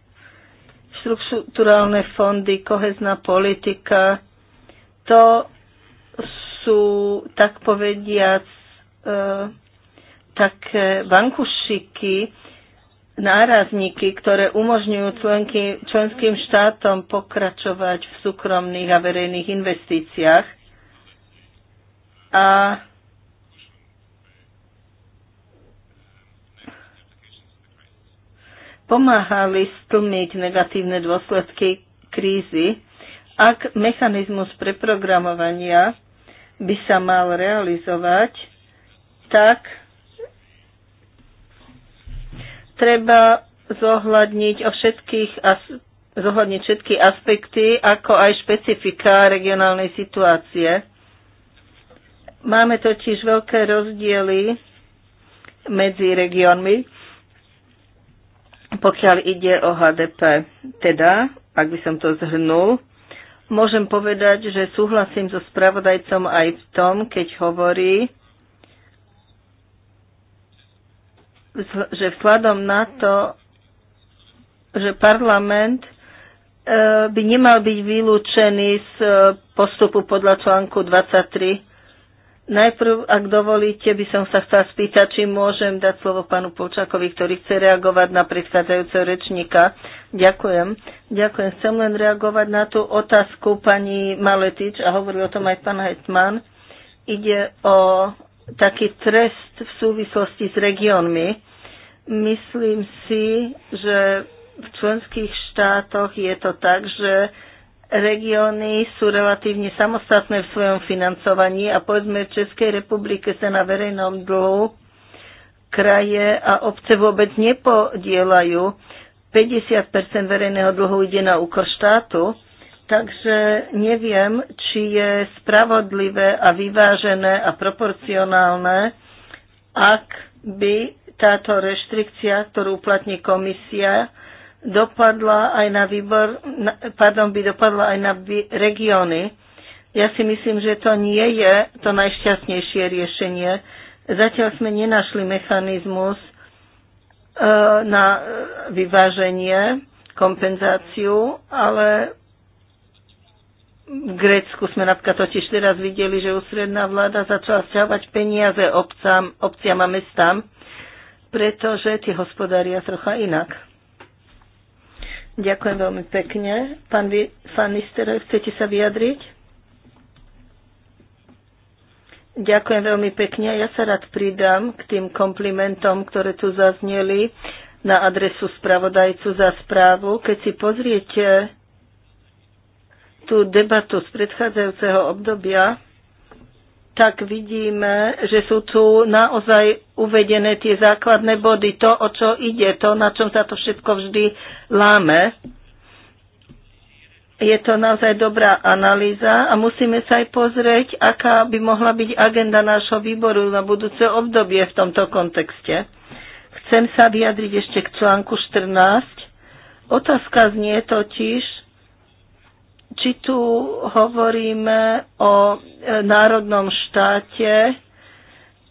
Štruktúrálne fondy, kohezná politika, to sú, tak povediac, e, také vankušiky, nárazníky, ktoré umožňujú členky, členským štátom pokračovať v súkromných a verejných investíciách. A pomáhali stlmiť negatívne dôsledky krízy, ak mechanizmus preprogramovania by sa mal realizovať, tak treba zohľadniť o všetkých zohľadniť všetky aspekty, ako aj špecifika regionálnej situácie. Máme totiž veľké rozdiely medzi regiónmi, pokiaľ ide o HDP. Teda, ak by som to zhrnul, môžem povedať, že súhlasím so spravodajcom aj v tom, keď hovorí, že vzhľadom na to, že parlament e, by nemal byť vylúčený z e, postupu podľa článku 23. Najprv, ak dovolíte, by som sa chcela spýtať, či môžem dať slovo panu Polčakovi, ktorý chce reagovať na predchádzajúceho rečníka. Ďakujem. Ďakujem. Chcem len reagovať na tú otázku pani Maletič a hovoril o tom aj pán Hetman. Ide o taký trest v súvislosti s regiónmi. Myslím si, že v členských štátoch je to tak, že regióny sú relatívne samostatné v svojom financovaní a povedzme v Českej republike sa na verejnom dlhu kraje a obce vôbec nepodielajú. 50 verejného dlhu ide na úkor štátu Takže neviem, či je spravodlivé a vyvážené a proporcionálne, ak by táto reštrikcia, ktorú uplatní komisia, dopadla aj na výbor, pardon, by dopadla aj na regióny. Ja si myslím, že to nie je to najšťastnejšie riešenie. Zatiaľ sme nenašli mechanizmus e, na vyváženie, kompenzáciu, ale v Grécku sme napríklad totiž teraz videli, že ústredná vláda začala stiavať peniaze obcám, obciam a mestám, pretože tie hospodária trocha inak. Ďakujem veľmi pekne. Pán, pán chcete sa vyjadriť? Ďakujem veľmi pekne. Ja sa rád pridám k tým komplimentom, ktoré tu zazneli na adresu spravodajcu za správu. Keď si pozriete tú debatu z predchádzajúceho obdobia, tak vidíme, že sú tu naozaj uvedené tie základné body, to, o čo ide, to, na čom sa to všetko vždy láme. Je to naozaj dobrá analýza a musíme sa aj pozrieť, aká by mohla byť agenda nášho výboru na budúce obdobie v tomto kontexte. Chcem sa vyjadriť ešte k článku 14. Otázka znie totiž, či tu hovoríme o e, národnom štáte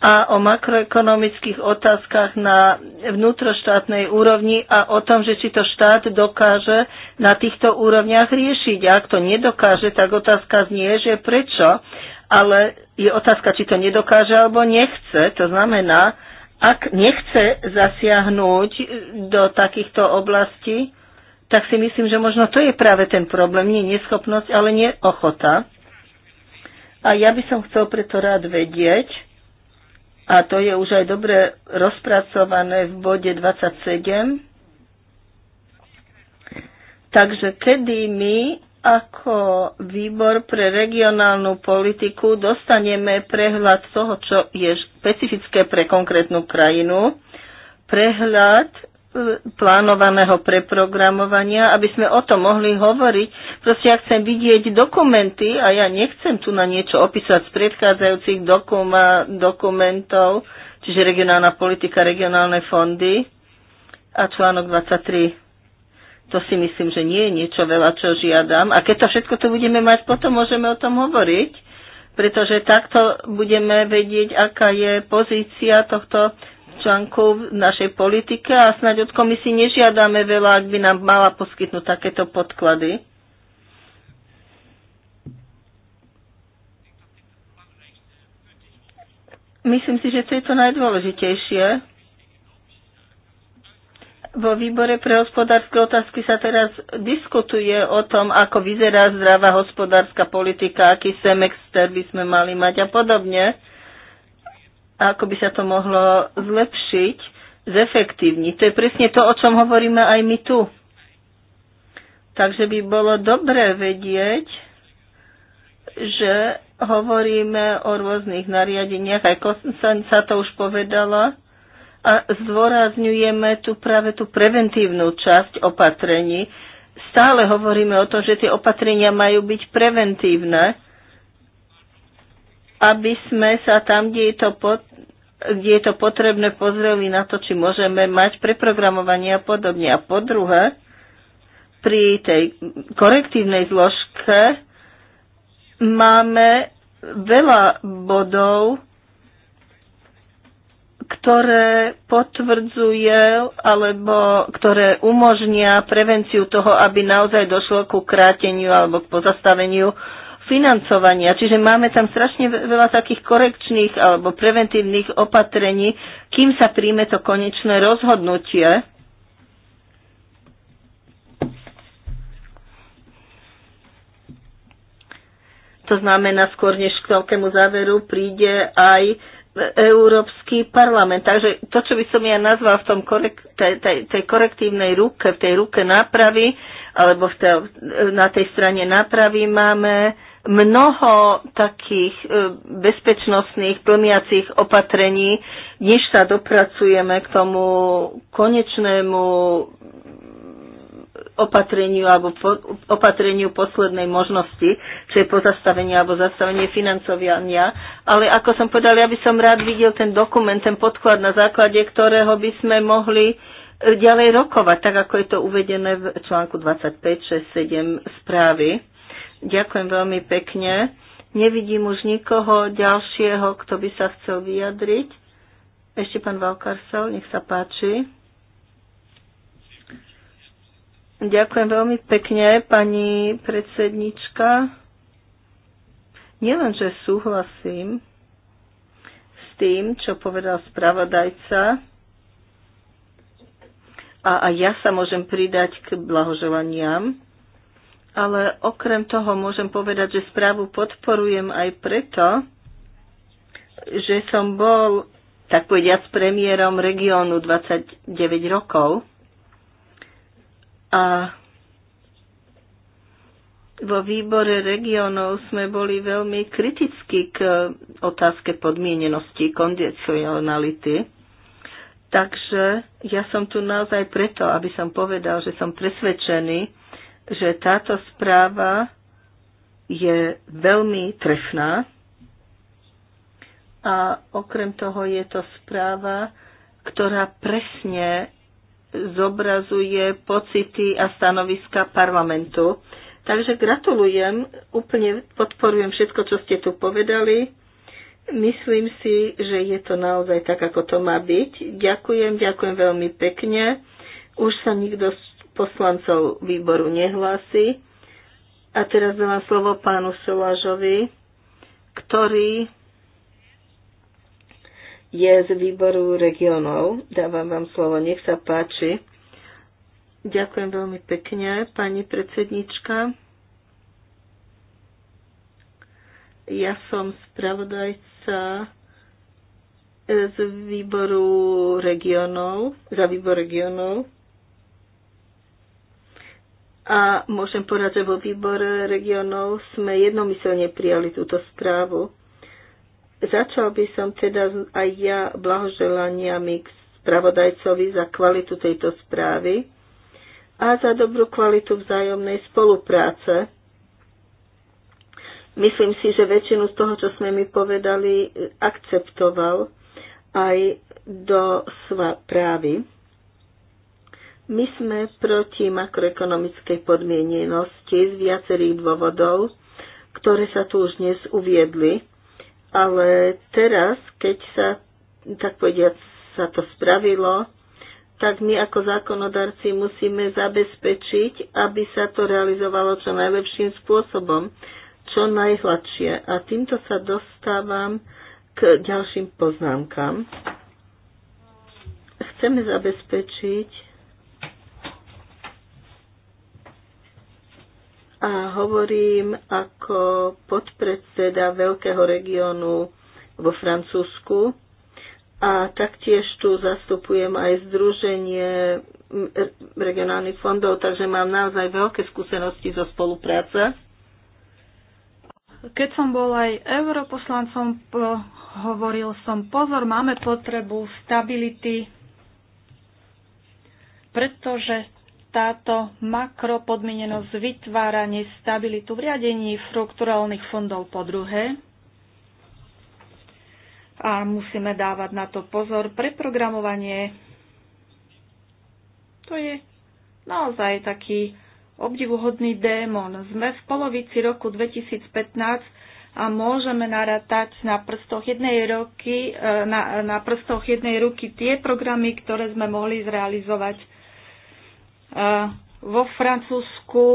a o makroekonomických otázkach na vnútroštátnej úrovni a o tom, že či to štát dokáže na týchto úrovniach riešiť. Ak to nedokáže, tak otázka znie, že prečo. Ale je otázka, či to nedokáže alebo nechce. To znamená, ak nechce zasiahnuť do takýchto oblastí, tak si myslím, že možno to je práve ten problém, nie neschopnosť, ale nie ochota. A ja by som chcel preto rád vedieť, a to je už aj dobre rozpracované v bode 27, takže kedy my ako výbor pre regionálnu politiku dostaneme prehľad toho, čo je špecifické pre konkrétnu krajinu, prehľad plánovaného preprogramovania, aby sme o tom mohli hovoriť. Proste ja chcem vidieť dokumenty a ja nechcem tu na niečo opísať z predchádzajúcich dokuma, dokumentov, čiže regionálna politika, regionálne fondy a článok 23. To si myslím, že nie je niečo veľa, čo žiadam. A keď to všetko tu budeme mať, potom môžeme o tom hovoriť, pretože takto budeme vedieť, aká je pozícia tohto článkov v našej politike a snáď od komisii nežiadame veľa, ak by nám mala poskytnúť takéto podklady. Myslím si, že to je to najdôležitejšie. Vo výbore pre hospodárske otázky sa teraz diskutuje o tom, ako vyzerá zdravá hospodárska politika, aký semester by sme mali mať a podobne ako by sa to mohlo zlepšiť, zefektívniť. To je presne to, o čom hovoríme aj my tu. Takže by bolo dobré vedieť, že hovoríme o rôznych nariadeniach, aj sa to už povedala, a zdôrazňujeme tu práve tú preventívnu časť opatrení. Stále hovoríme o tom, že tie opatrenia majú byť preventívne, aby sme sa tam, kde je to, pot, kde je to potrebné, pozreli na to, či môžeme mať preprogramovanie a podobne. A po druhé, pri tej korektívnej zložke máme veľa bodov, ktoré potvrdzuje alebo ktoré umožnia prevenciu toho, aby naozaj došlo ku kráteniu alebo k pozastaveniu uh, financovania. Čiže máme tam strašne veľa takých korekčných alebo preventívnych opatrení, kým sa príjme to konečné rozhodnutie. To znamená, skôr než k veľkému záveru príde aj Európsky parlament. Takže to, čo by som ja nazval v tom korek- tej, tej, tej korektívnej ruke, v tej ruke nápravy, alebo v tej, na tej strane nápravy máme mnoho takých e, bezpečnostných plniacich opatrení, než sa dopracujeme k tomu konečnému opatreniu alebo po, opatreniu poslednej možnosti, čo je pozastavenie alebo zastavenie financovania. Ale ako som povedal, ja by som rád videl ten dokument, ten podklad, na základe ktorého by sme mohli e, ďalej rokovať, tak ako je to uvedené v článku 25, 6, 7 správy. Ďakujem veľmi pekne. Nevidím už nikoho ďalšieho, kto by sa chcel vyjadriť. Ešte pán Valkarsel, nech sa páči. Ďakujem veľmi pekne, pani predsednička. Nielen, že súhlasím s tým, čo povedal spravodajca, a a ja sa môžem pridať k blahoželaniam, ale okrem toho môžem povedať, že správu podporujem aj preto, že som bol, tak povediac, premiérom regiónu 29 rokov a vo výbore regiónov sme boli veľmi kritickí k otázke podmienenosti, kondicionality. Takže ja som tu naozaj preto, aby som povedal, že som presvedčený, že táto správa je veľmi trefná a okrem toho je to správa, ktorá presne zobrazuje pocity a stanoviska parlamentu. Takže gratulujem, úplne podporujem všetko, čo ste tu povedali. Myslím si, že je to naozaj tak, ako to má byť. Ďakujem, ďakujem veľmi pekne. Už sa nikto z poslancov výboru nehlási. A teraz dávam slovo pánu Solážovi, ktorý je z výboru regionov. Dávam vám slovo, nech sa páči. Ďakujem veľmi pekne, pani predsednička. Ja som spravodajca z výboru regionov, za výbor regionov a môžem povedať, že vo výbore regionov sme jednomyselne prijali túto správu. Začal by som teda aj ja blahoželaniami k spravodajcovi za kvalitu tejto správy a za dobrú kvalitu vzájomnej spolupráce. Myslím si, že väčšinu z toho, čo sme mi povedali, akceptoval aj do svá právy. My sme proti makroekonomickej podmienenosti z viacerých dôvodov, ktoré sa tu už dnes uviedli, ale teraz, keď sa, tak povediať, sa to spravilo, tak my ako zákonodarci musíme zabezpečiť, aby sa to realizovalo čo najlepším spôsobom, čo najhladšie. A týmto sa dostávam k ďalším poznámkam. Chceme zabezpečiť, a hovorím ako podpredseda veľkého regiónu vo Francúzsku a taktiež tu zastupujem aj Združenie regionálnych fondov, takže mám naozaj veľké skúsenosti zo spolupráce. Keď som bol aj europoslancom, hovoril som, pozor, máme potrebu stability, pretože táto makropodmienenosť vytvára nestabilitu v riadení strukturálnych fondov po druhé a musíme dávať na to pozor. Preprogramovanie to je naozaj taký obdivuhodný démon. Sme v polovici roku 2015 a môžeme narátať na prstoch jednej, roky, e, na, na prstoch jednej ruky tie programy, ktoré sme mohli zrealizovať vo Francúzsku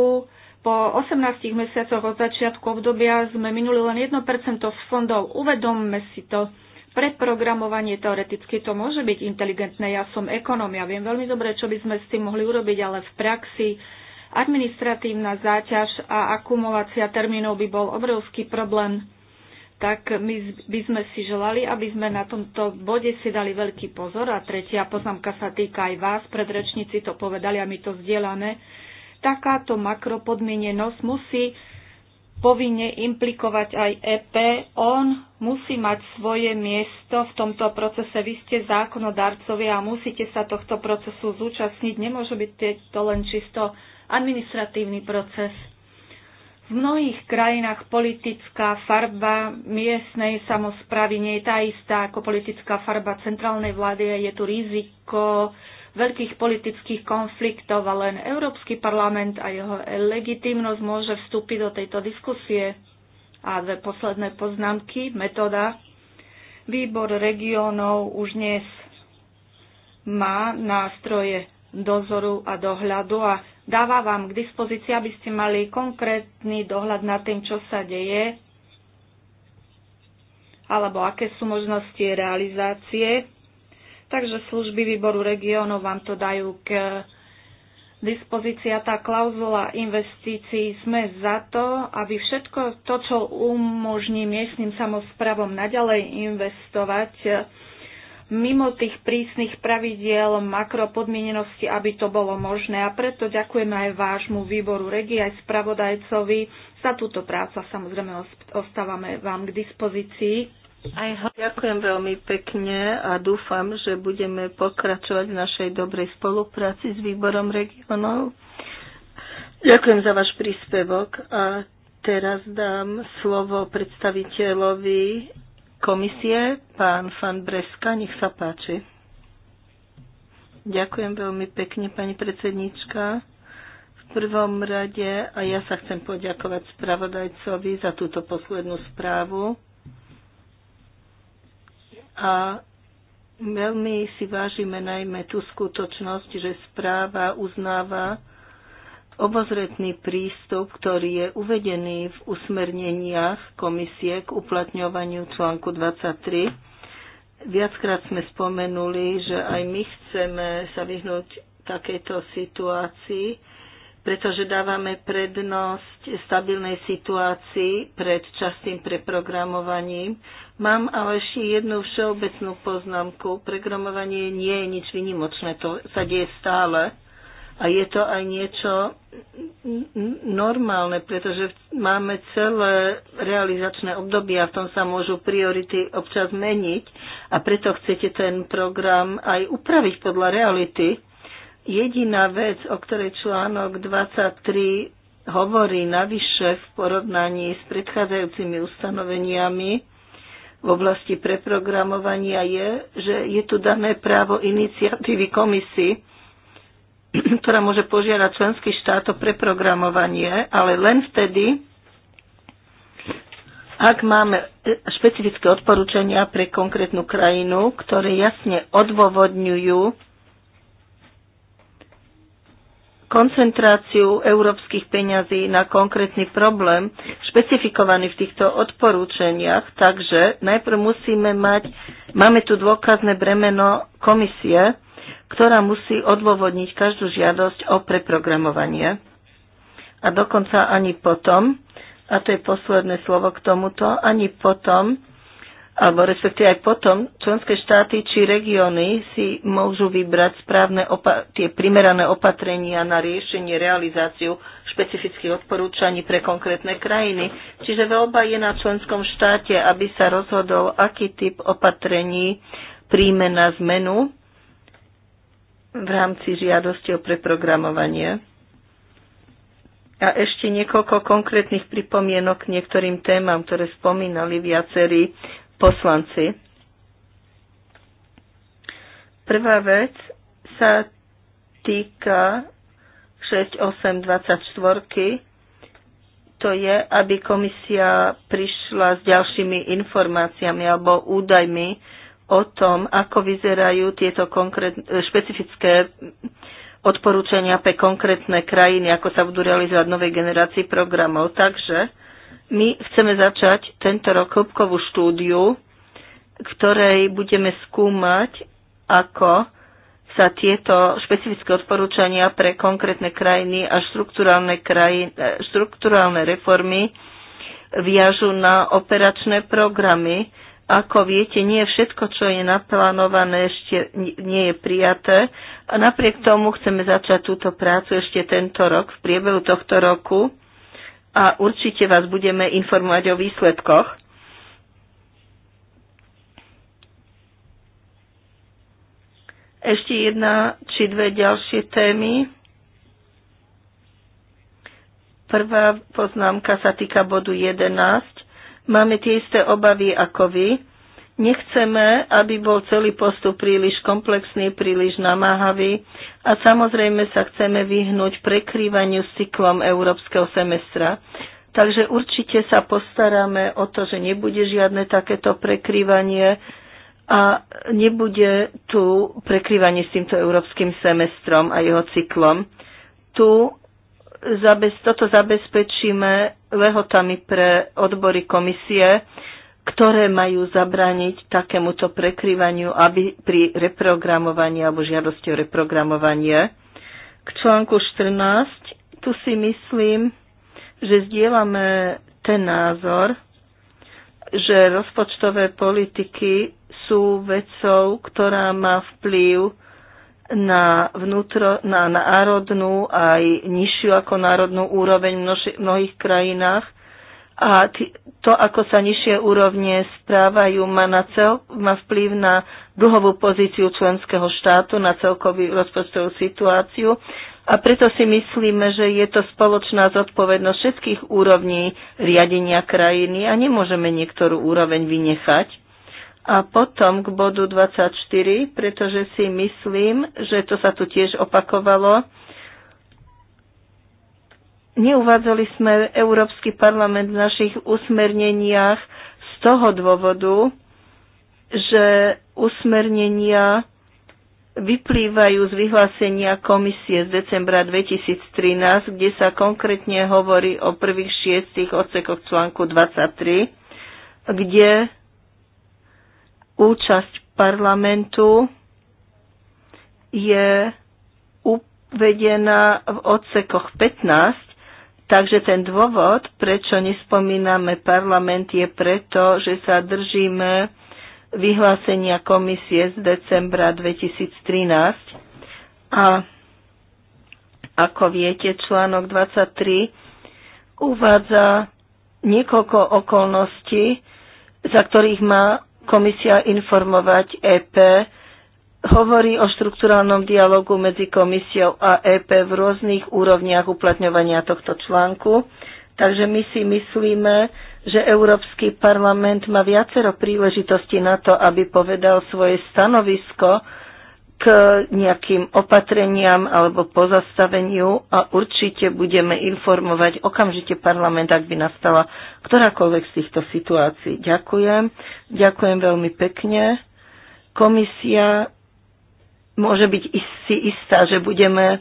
po 18 mesiacoch od začiatku obdobia sme minuli len 1% z fondov. Uvedomme si to. Preprogramovanie teoreticky to môže byť inteligentné. Ja som ekonóm, ja viem veľmi dobre, čo by sme s tým mohli urobiť, ale v praxi administratívna záťaž a akumulácia termínov by bol obrovský problém tak my by sme si želali, aby sme na tomto bode si dali veľký pozor. A tretia poznámka sa týka aj vás, predrečníci to povedali a my to zdieľame. Takáto makropodmienenosť musí povinne implikovať aj EP. On musí mať svoje miesto v tomto procese. Vy ste zákonodarcovia a musíte sa tohto procesu zúčastniť. Nemôže byť to len čisto administratívny proces. V mnohých krajinách politická farba miestnej samozpravy nie je tá istá ako politická farba centrálnej vlády je tu riziko veľkých politických konfliktov a len Európsky parlament a jeho legitimnosť môže vstúpiť do tejto diskusie. A dve posledné poznámky. Metóda. Výbor regiónov už dnes má nástroje dozoru a dohľadu a dáva vám k dispozícii, aby ste mali konkrétny dohľad nad tým, čo sa deje, alebo aké sú možnosti realizácie. Takže služby výboru regiónov vám to dajú k dispozícii tá klauzula investícií sme za to, aby všetko to, čo umožní miestnym samozprávom naďalej investovať, mimo tých prísnych pravidiel makropodmienenosti, aby to bolo možné. A preto ďakujem aj vášmu výboru regie, aj spravodajcovi za túto prácu samozrejme ostávame vám k dispozícii. Aj ďakujem veľmi pekne a dúfam, že budeme pokračovať v našej dobrej spolupráci s výborom regionov. Ďakujem za váš príspevok a teraz dám slovo predstaviteľovi komisie, pán Fan Breska, nech sa páči. Ďakujem veľmi pekne, pani predsednička. V prvom rade a ja sa chcem poďakovať spravodajcovi za túto poslednú správu. A veľmi si vážime najmä tú skutočnosť, že správa uznáva obozretný prístup, ktorý je uvedený v usmerneniach komisie k uplatňovaniu článku 23. Viackrát sme spomenuli, že aj my chceme sa vyhnúť takejto situácii, pretože dávame prednosť stabilnej situácii pred častým preprogramovaním. Mám ale ešte jednu všeobecnú poznámku. Programovanie nie je nič vynimočné, to sa deje stále a je to aj niečo normálne, pretože máme celé realizačné obdobie a v tom sa môžu priority občas meniť a preto chcete ten program aj upraviť podľa reality. Jediná vec, o ktorej článok 23 hovorí navyše v porovnaní s predchádzajúcimi ustanoveniami, v oblasti preprogramovania je, že je tu dané právo iniciatívy komisii [CLEARS THROAT] ktorá môže požiadať členský štát o preprogramovanie, ale len vtedy, ak máme e, špecifické odporúčania pre konkrétnu krajinu, ktoré jasne odôvodňujú koncentráciu európskych peňazí na konkrétny problém, špecifikovaný v týchto odporúčaniach. Takže najprv musíme mať, máme tu dôkazné bremeno komisie, ktorá musí odôvodniť každú žiadosť o preprogramovanie. A dokonca ani potom, a to je posledné slovo k tomuto, ani potom, alebo respektíve aj potom, členské štáty či regióny si môžu vybrať správne opa- tie primerané opatrenia na riešenie, realizáciu špecifických odporúčaní pre konkrétne krajiny. Čiže veľba je na členskom štáte, aby sa rozhodol, aký typ opatrení príjme na zmenu v rámci žiadosti o preprogramovanie. A ešte niekoľko konkrétnych pripomienok k niektorým témam, ktoré spomínali viacerí poslanci. Prvá vec sa týka 6824. To je, aby komisia prišla s ďalšími informáciami alebo údajmi, o tom, ako vyzerajú tieto konkrét, špecifické odporúčania pre konkrétne krajiny, ako sa budú realizovať novej generácii programov. Takže my chceme začať tento rok hĺbkovú štúdiu, ktorej budeme skúmať, ako sa tieto špecifické odporúčania pre konkrétne krajiny a štrukturálne krajin, e, štruktúralne reformy viažu na operačné programy. Ako viete, nie všetko, čo je naplánované, ešte nie je prijaté. A napriek tomu chceme začať túto prácu ešte tento rok, v priebehu tohto roku. A určite vás budeme informovať o výsledkoch. Ešte jedna či dve ďalšie témy. Prvá poznámka sa týka bodu 11 Máme tie isté obavy ako vy. Nechceme, aby bol celý postup príliš komplexný, príliš namáhavý a samozrejme sa chceme vyhnúť prekrývaniu s cyklom európskeho semestra. Takže určite sa postaráme o to, že nebude žiadne takéto prekrývanie a nebude tu prekrývanie s týmto európskym semestrom a jeho cyklom. Tu toto zabezpečíme lehotami pre odbory komisie, ktoré majú zabrániť takémuto prekryvaniu aby pri reprogramovaní alebo žiadosti o reprogramovanie. K článku 14 tu si myslím, že zdieľame ten názor, že rozpočtové politiky sú vecou, ktorá má vplyv na, vnútro, na národnú aj nižšiu ako národnú úroveň v mnohých krajinách. A t- to, ako sa nižšie úrovne správajú, má, na cel- má vplyv na dlhovú pozíciu členského štátu, na celkovú rozpočtovú situáciu. A preto si myslíme, že je to spoločná zodpovednosť všetkých úrovní riadenia krajiny a nemôžeme niektorú úroveň vynechať. A potom k bodu 24, pretože si myslím, že to sa tu tiež opakovalo. Neuvádzali sme Európsky parlament v našich usmerneniach z toho dôvodu, že usmernenia vyplývajú z vyhlásenia komisie z decembra 2013, kde sa konkrétne hovorí o prvých šiestich odsekoch článku 23, kde účasť parlamentu je uvedená v odsekoch 15, takže ten dôvod, prečo nespomíname parlament, je preto, že sa držíme vyhlásenia komisie z decembra 2013 a ako viete, článok 23 uvádza niekoľko okolností, za ktorých má komisia informovať EP, hovorí o štruktúrálnom dialogu medzi komisiou a EP v rôznych úrovniach uplatňovania tohto článku. Takže my si myslíme, že Európsky parlament má viacero príležitostí na to, aby povedal svoje stanovisko k nejakým opatreniam alebo pozastaveniu a určite budeme informovať okamžite parlament, ak by nastala ktorákoľvek z týchto situácií. Ďakujem. Ďakujem veľmi pekne. Komisia môže byť si istá, že budeme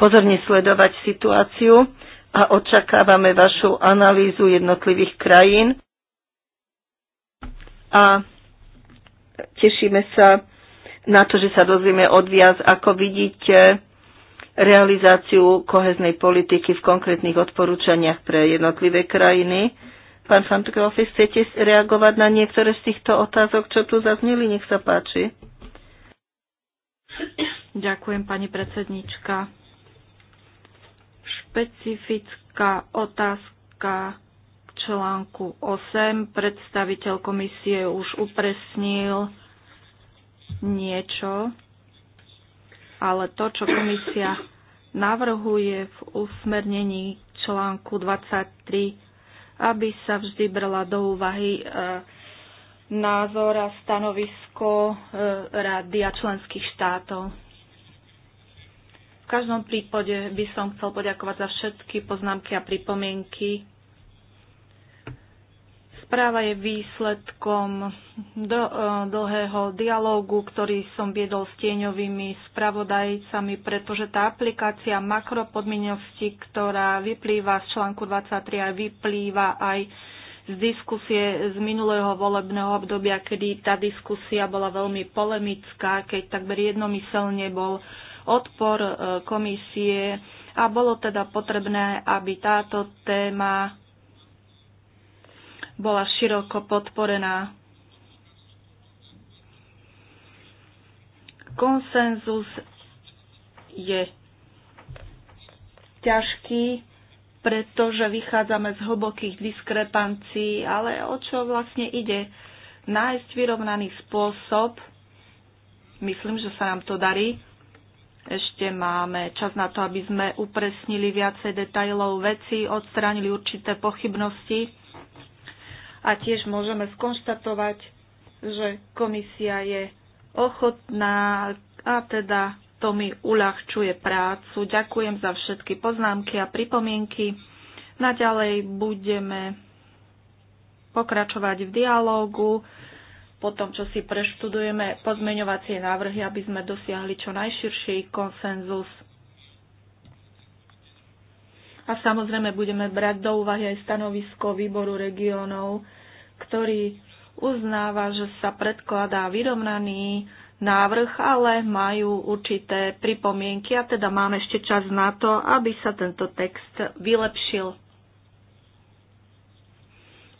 pozorne sledovať situáciu a očakávame vašu analýzu jednotlivých krajín. A tešíme sa na to, že sa dozvieme od viac, ako vidíte realizáciu koheznej politiky v konkrétnych odporúčaniach pre jednotlivé krajiny. Pán Fantokrofi, chcete reagovať na niektoré z týchto otázok, čo tu zazneli? Nech sa páči. Ďakujem, pani predsednička. Špecifická otázka článku 8. Predstaviteľ komisie už upresnil niečo, ale to, čo komisia navrhuje v usmernení článku 23, aby sa vždy brala do úvahy e, názor a stanovisko e, rady a členských štátov. V každom prípade by som chcel poďakovať za všetky poznámky a pripomienky správa je výsledkom do, e, dlhého dialógu, ktorý som viedol s tieňovými spravodajcami, pretože tá aplikácia makropodmienosti, ktorá vyplýva z článku 23 a vyplýva aj z diskusie z minulého volebného obdobia, kedy tá diskusia bola veľmi polemická, keď takmer jednomyselne bol odpor e, komisie a bolo teda potrebné, aby táto téma bola široko podporená. Konsenzus je ťažký, pretože vychádzame z hlbokých diskrepancií, ale o čo vlastne ide? Nájsť vyrovnaný spôsob, myslím, že sa nám to darí. Ešte máme čas na to, aby sme upresnili viacej detajlov veci, odstránili určité pochybnosti a tiež môžeme skonštatovať, že komisia je ochotná a teda to mi uľahčuje prácu. Ďakujem za všetky poznámky a pripomienky. Naďalej budeme pokračovať v dialógu, po tom, čo si preštudujeme pozmeňovacie návrhy, aby sme dosiahli čo najširší konsenzus a samozrejme budeme brať do úvahy aj stanovisko výboru regiónov, ktorý uznáva, že sa predkladá vyrovnaný návrh, ale majú určité pripomienky a teda máme ešte čas na to, aby sa tento text vylepšil.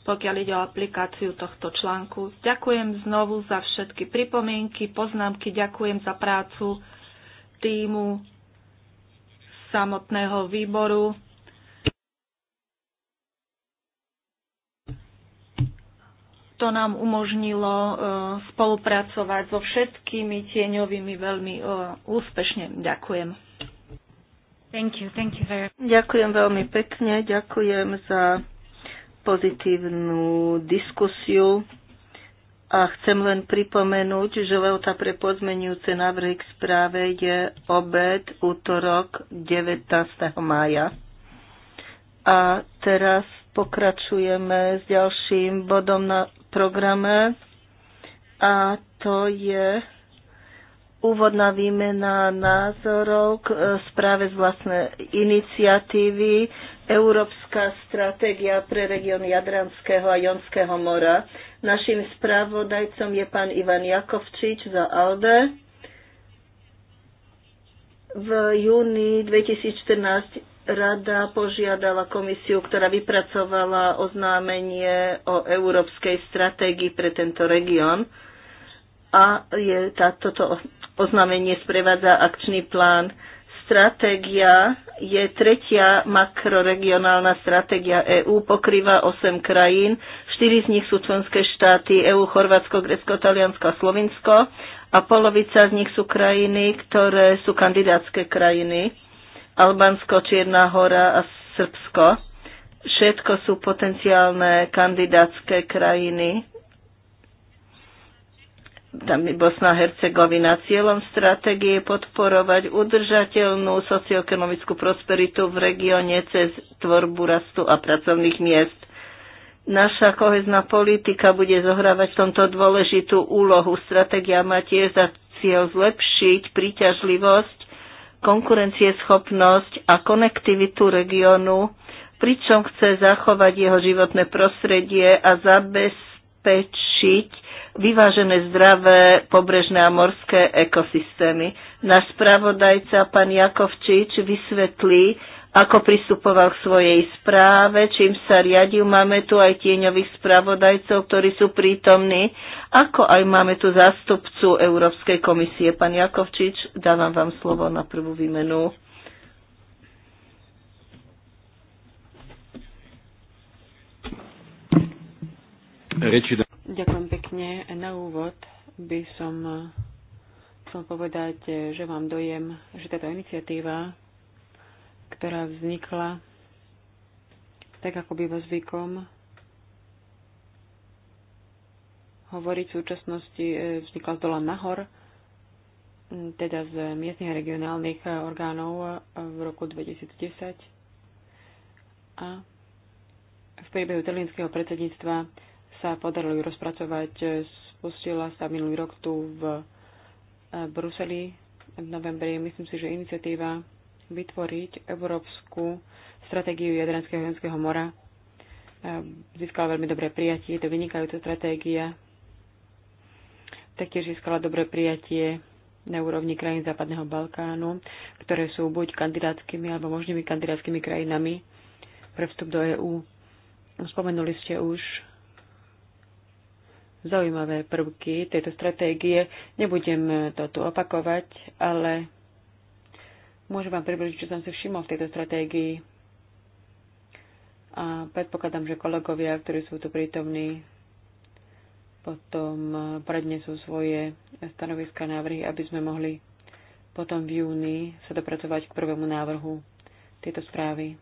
Pokiaľ ide o aplikáciu tohto článku, ďakujem znovu za všetky pripomienky, poznámky, ďakujem za prácu týmu samotného výboru to nám umožnilo e, spolupracovať so všetkými tieňovými veľmi e, úspešne. Ďakujem. Thank you, thank you very... Ďakujem veľmi pekne, ďakujem za pozitívnu diskusiu a chcem len pripomenúť, že Leota pre pozmenujúce návrhy k správe je obed útorok 19. mája. A teraz pokračujeme s ďalším bodom na programe a to je úvodná výmena názorov k e, správe z vlastnej iniciatívy Európska stratégia pre región Jadranského a Jonského mora. Našim správodajcom je pán Ivan Jakovčič za ALDE. V júni 2014 Rada požiadala komisiu, ktorá vypracovala oznámenie o európskej stratégii pre tento región a je tá, toto oznámenie sprevádza akčný plán. Stratégia je tretia makroregionálna stratégia EÚ, pokrýva 8 krajín, 4 z nich sú členské štáty EÚ, Chorvátsko, Grécko, Taliansko a Slovinsko a polovica z nich sú krajiny, ktoré sú kandidátske krajiny Albánsko, Čierna hora a Srbsko. Všetko sú potenciálne kandidátske krajiny. Tam je Bosna a Hercegovina. Cieľom stratégie je podporovať udržateľnú socioekonomickú prosperitu v regióne cez tvorbu rastu a pracovných miest. Naša kohezná politika bude zohrávať v tomto dôležitú úlohu. Stratégia má tiež za cieľ zlepšiť príťažlivosť konkurencieschopnosť a konektivitu regiónu, pričom chce zachovať jeho životné prostredie a zabezpečiť vyvážené zdravé pobrežné a morské ekosystémy. Náš spravodajca, pán Jakovčič, vysvetlí, ako pristupoval k svojej správe, čím sa riadil. Máme tu aj tieňových spravodajcov, ktorí sú prítomní, ako aj máme tu zástupcu Európskej komisie. Pán Jakovčič, dávam vám slovo na prvú výmenu. Ďakujem pekne. Na úvod by som chcel povedať, že mám dojem, že táto iniciatíva ktorá vznikla tak, ako býva zvykom hovoriť v súčasnosti, e, vznikla z dola nahor, teda z miestnych a regionálnych e, orgánov e, v roku 2010 a v priebehu talianského predsedníctva sa podarilo ju rozpracovať. Spustila sa minulý rok tu v Bruseli v novembri. Myslím si, že iniciatíva vytvoriť európsku stratégiu Jadranského jenského mora. E, získala veľmi dobré prijatie, je to vynikajúca stratégia. Taktiež získala dobré prijatie na úrovni krajín Západného Balkánu, ktoré sú buď kandidátskymi alebo možnými kandidátskymi krajinami pre vstup do EÚ. Spomenuli ste už zaujímavé prvky tejto stratégie. Nebudem to tu opakovať, ale Môžem vám približiť, čo som si všimol v tejto stratégii. A predpokladám, že kolegovia, ktorí sú tu prítomní, potom prednesú svoje stanoviska návrhy, aby sme mohli potom v júni sa dopracovať k prvému návrhu tejto správy.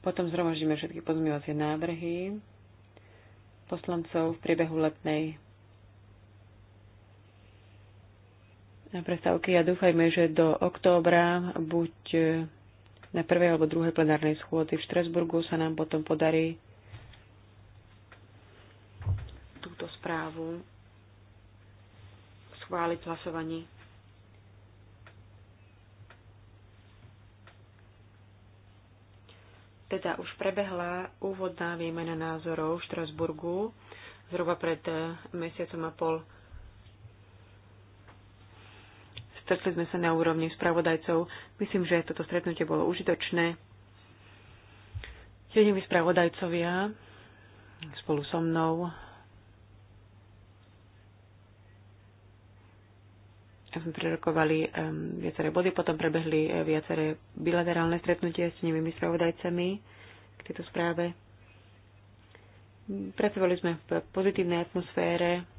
Potom zhromaždíme všetky pozmývacie návrhy poslancov v priebehu letnej na prestávky a dúfajme, že do októbra buď e, na prvej alebo druhej plenárnej schôdzi v Štrasburgu sa nám potom podarí túto správu schváliť hlasovaní. Teda už prebehla úvodná výmena názorov v Štrasburgu zhruba pred e, mesiacom a pol Stretli sme sa na úrovni spravodajcov. Myslím, že toto stretnutie bolo užitočné. Tieňoví spravodajcovia spolu so mnou sme prerokovali um, viaceré body, potom prebehli eh, viaceré bilaterálne stretnutia s nimi spravodajcami k tejto správe. Pracovali sme v pozitívnej atmosfére,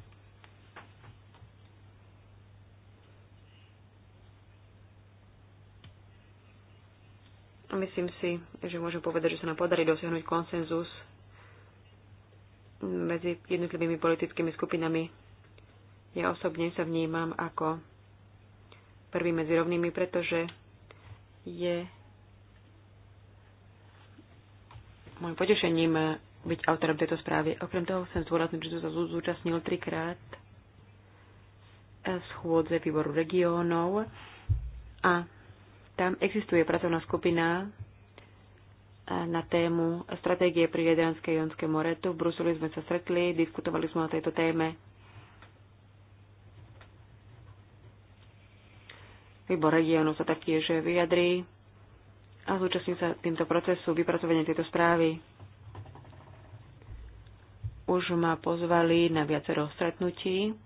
Myslím si, že môžem povedať, že sa nám podarí dosiahnuť konsenzus medzi jednotlivými politickými skupinami. Ja osobne sa vnímam ako prvý medzi rovnými, pretože je môjim potešením byť autorom tejto správy. Okrem toho chcem zdôrazniť, že sa zúčastnil trikrát schôdze výboru regiónov a tam existuje pracovná skupina eh, na tému stratégie pri Jadranské Jonské more. Tu v Bruseli sme sa stretli, diskutovali sme o tejto téme. Výbor regiónu sa taktiež vyjadrí a zúčastní sa týmto procesu vypracovania tejto správy. Už ma pozvali na viacero stretnutí,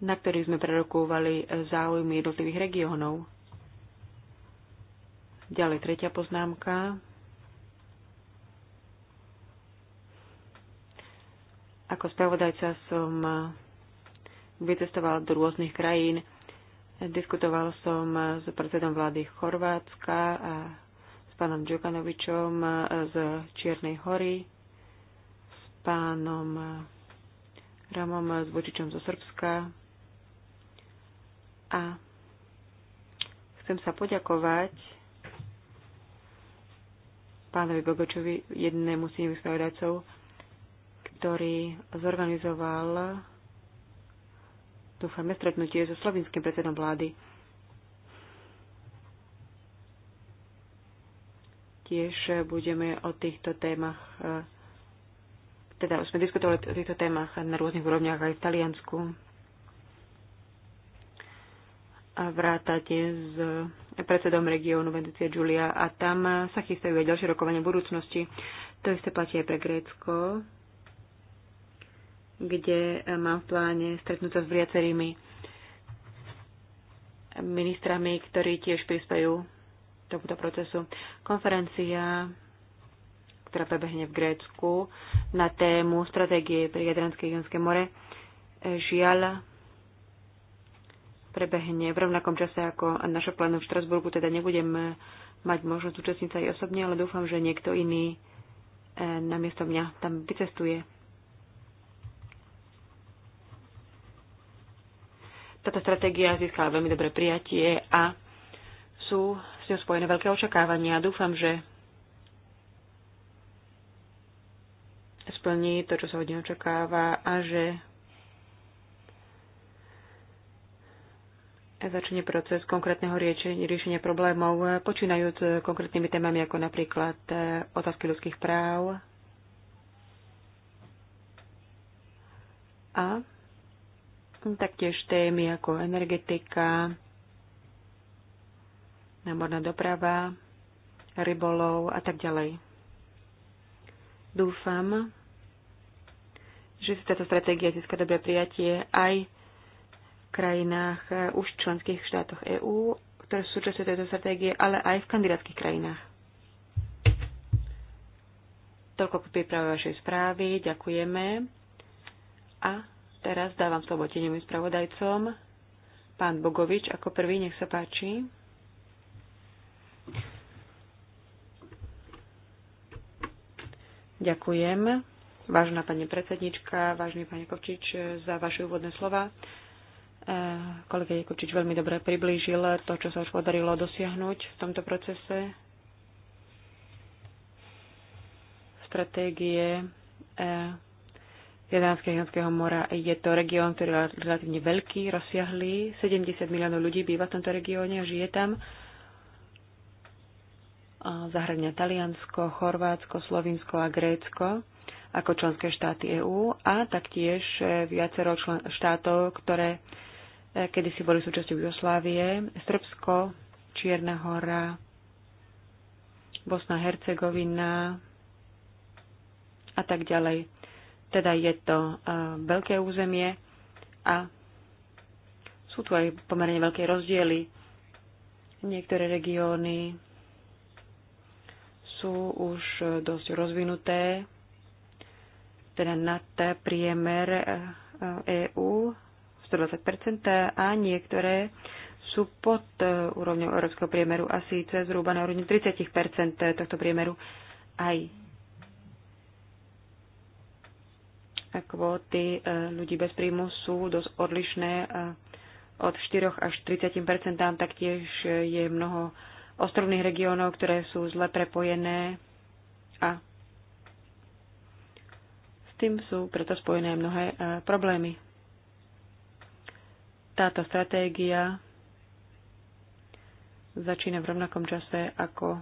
na ktorých sme prerokovali záujmy jednotlivých regiónov. Ďalej tretia poznámka. Ako spravodajca som vycestoval do rôznych krajín. Diskutoval som s predsedom vlády Chorvátska a s pánom Džukanovičom z Čiernej hory, s pánom Ramom s Vočičom zo Srbska. A chcem sa poďakovať pánovi Bogočovi, jednému z nich spravodajcov, ktorý zorganizoval dúfame stretnutie so slovinským predsedom vlády. Tiež budeme o týchto témach, eh, teda už sme diskutovali o týchto témach na rôznych úrovniach aj v Taliansku vrátate s predsedom regiónu Venecia Giulia a tam sa chystajú aj ďalšie rokovanie v budúcnosti. To isté platí aj pre Grécko, kde mám v pláne stretnúť sa s viacerými ministrami, ktorí tiež prispajú tomuto procesu. Konferencia, ktorá prebehne v Grécku na tému stratégie pre Jadranské Jonské more, žiaľ prebehne v rovnakom čase ako naša plánu v Štrasburgu, teda nebudem mať možnosť účastniť sa aj osobne, ale dúfam, že niekto iný e, namiesto mňa tam vycestuje. Táto stratégia získala veľmi dobré prijatie a sú s ňou spojené veľké očakávania. Dúfam, že splní to, čo sa od neho očakáva a že začne proces konkrétneho riešenia, riešenia problémov, počínajúc konkrétnymi témami ako napríklad e, otázky ľudských práv a taktiež témy ako energetika, námorná doprava, rybolov a tak ďalej. Dúfam, že si táto stratégia získa dobré prijatie aj krajinách, eh, už členských štátoch EÚ, ktoré sú súčasťou tejto stratégie, ale aj v kandidátskych krajinách. Toľko k príprave vašej správy. Ďakujeme. A teraz dávam slovo tenevým spravodajcom. Pán Bogovič, ako prvý, nech sa páči. Ďakujem. Vážená pani predsednička, vážený pani Kovčič, za vaše úvodné slova. Eh, kolega Jakučič veľmi dobre priblížil to, čo sa už podarilo dosiahnuť v tomto procese. Stratégie eh, Jadranského Jonského mora je to región, ktorý je relatívne veľký, rozsiahlý. 70 miliónov ľudí býva v tomto regióne a žije tam. Zahrania Taliansko, Chorvátsko, Slovinsko a Grécko ako členské štáty EÚ a taktiež viacero člen- štátov, ktoré E, kedy si boli súčasťou Jugoslávie, Srbsko, Čierna hora, Bosna, Hercegovina a tak ďalej. Teda je to e, veľké územie a sú tu aj pomerne veľké rozdiely. Niektoré regióny sú už dosť rozvinuté, teda nad priemer EÚ e 120 a niektoré sú pod e, úrovňou európskeho priemeru asi cez zhruba na úrovni 30 tohto priemeru aj kvóty e, ľudí bez príjmu sú dosť odlišné e, od 4 až 30 taktiež je mnoho ostrovných regiónov, ktoré sú zle prepojené a s tým sú preto spojené mnohé problémy. Táto stratégia začína v rovnakom čase ako,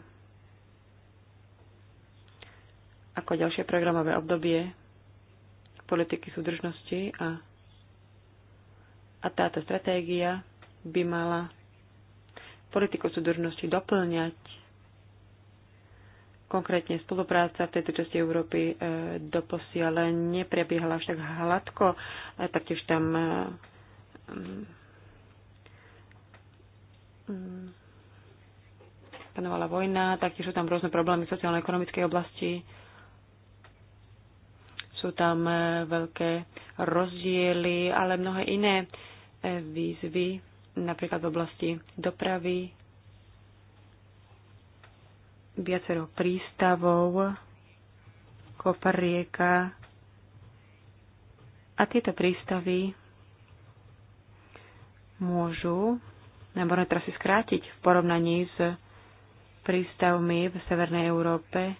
ako ďalšie programové obdobie politiky súdržnosti a, a táto stratégia by mala politiku súdržnosti doplňať Konkrétne spolupráca v tejto časti Európy e, doposiaľ neprebiehala však hladko, e, taktiež tam e, Mm. Mm. panovala vojna, taktiež sú tam rôzne problémy v sociálno-ekonomickej oblasti. Sú tam e, veľké rozdiely, ale mnohé iné e, výzvy, napríklad v oblasti dopravy, viacero prístavov, kopar rieka. A tieto prístavy môžu námorné trasy skrátiť v porovnaní s prístavmi v Severnej Európe,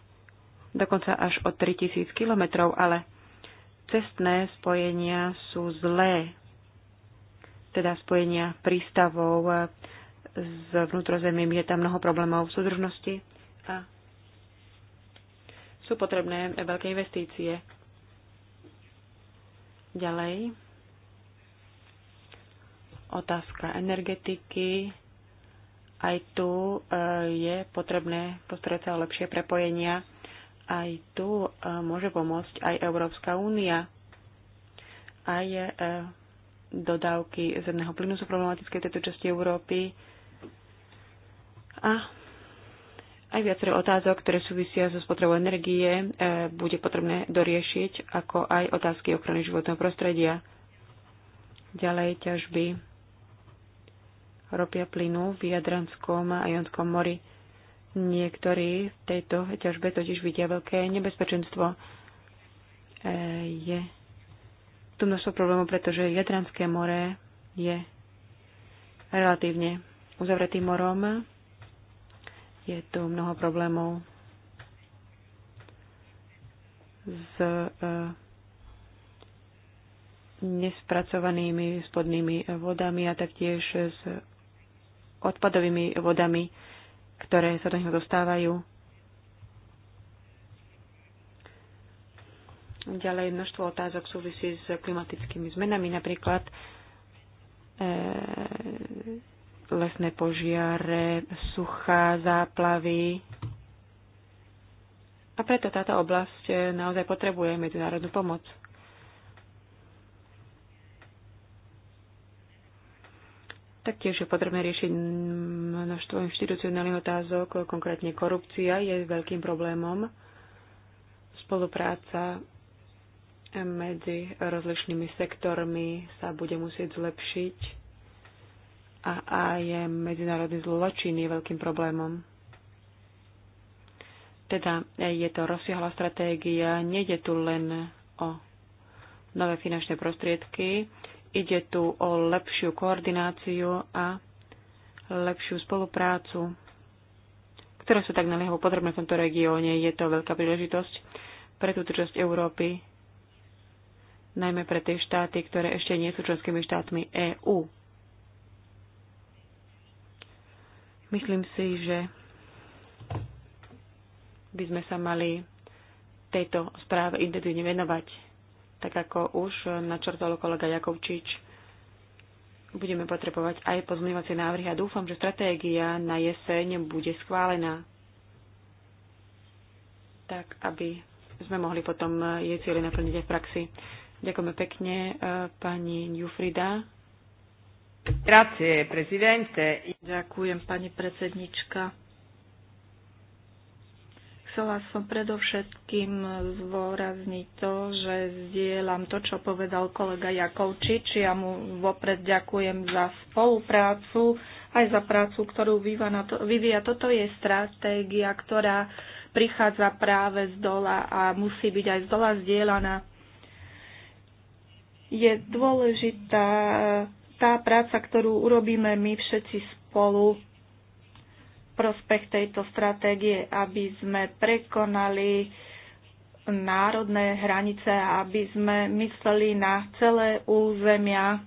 dokonca až o 3000 kilometrov, ale cestné spojenia sú zlé, teda spojenia prístavov s vnútrozemím, je tam mnoho problémov v súdržnosti a sú potrebné veľké investície. Ďalej otázka energetiky. Aj tu e, je potrebné postrieť sa o lepšie prepojenia. Aj tu e, môže pomôcť aj Európska únia. Aj e, dodávky zemného plynu sú problematické v tejto časti Európy. A aj viacero otázok, ktoré súvisia so spotrebou energie, bude potrebné doriešiť, ako aj otázky ochrany životného prostredia, ďalej ťažby ropy a plynu v Jadranskom a Jonskom mori. Niektorí v tejto ťažbe totiž vidia veľké nebezpečenstvo. E, je tu množstvo problémov, pretože Jadranské more je relatívne uzavretým morom. Je tu mnoho problémov s e, nespracovanými spodnými vodami a taktiež s odpadovými vodami, ktoré sa do neho dostávajú. Ďalej množstvo otázok súvisí s klimatickými zmenami, napríklad e, lesné požiare, suchá záplavy. A preto táto oblasť naozaj potrebuje medzinárodnú pomoc. Taktiež je potrebné riešiť množstvo inštitucionálnych otázok, konkrétne korupcia je veľkým problémom. Spolupráca medzi rozlišnými sektormi sa bude musieť zlepšiť a aj medzinárodný zločin je veľkým problémom. Teda je to rozsiahla stratégia, nejde tu len o nové finančné prostriedky, Ide tu o lepšiu koordináciu a lepšiu spoluprácu, ktoré sú tak naliehavo potrebné v tomto regióne. Je to veľká príležitosť pre túto časť Európy, najmä pre tie štáty, ktoré ešte nie sú členskými štátmi EÚ. Myslím si, že by sme sa mali tejto správe intenzívne venovať tak ako už načrtol kolega Jakovčič, budeme potrebovať aj pozmývacie návrhy a dúfam, že stratégia na jeseň bude schválená, tak aby sme mohli potom jej cieľe naplniť aj v praxi. Ďakujeme pekne e, pani Jufrida. Grazie, prezidente. Ďakujem, pani predsednička. Chcela som predovšetkým zvorazniť to, že zdieľam to, čo povedal kolega Jakovčič. Ja mu vopred ďakujem za spoluprácu, aj za prácu, ktorú vyvíja. Toto je stratégia, ktorá prichádza práve z dola a musí byť aj z dola zdieľaná. Je dôležitá e, tá práca, ktorú urobíme my všetci spolu prospech tejto stratégie, aby sme prekonali národné hranice a aby sme mysleli na celé územia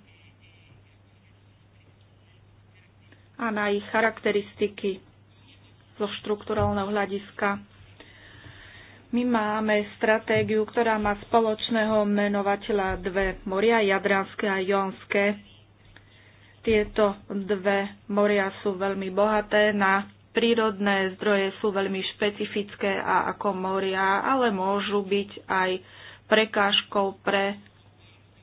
a na ich charakteristiky zo štruktúrálneho hľadiska. My máme stratégiu, ktorá má spoločného menovateľa dve moria, Jadranské a Jonské. Tieto dve moria sú veľmi bohaté na prírodné zdroje sú veľmi špecifické a ako moria, ale môžu byť aj prekážkou pre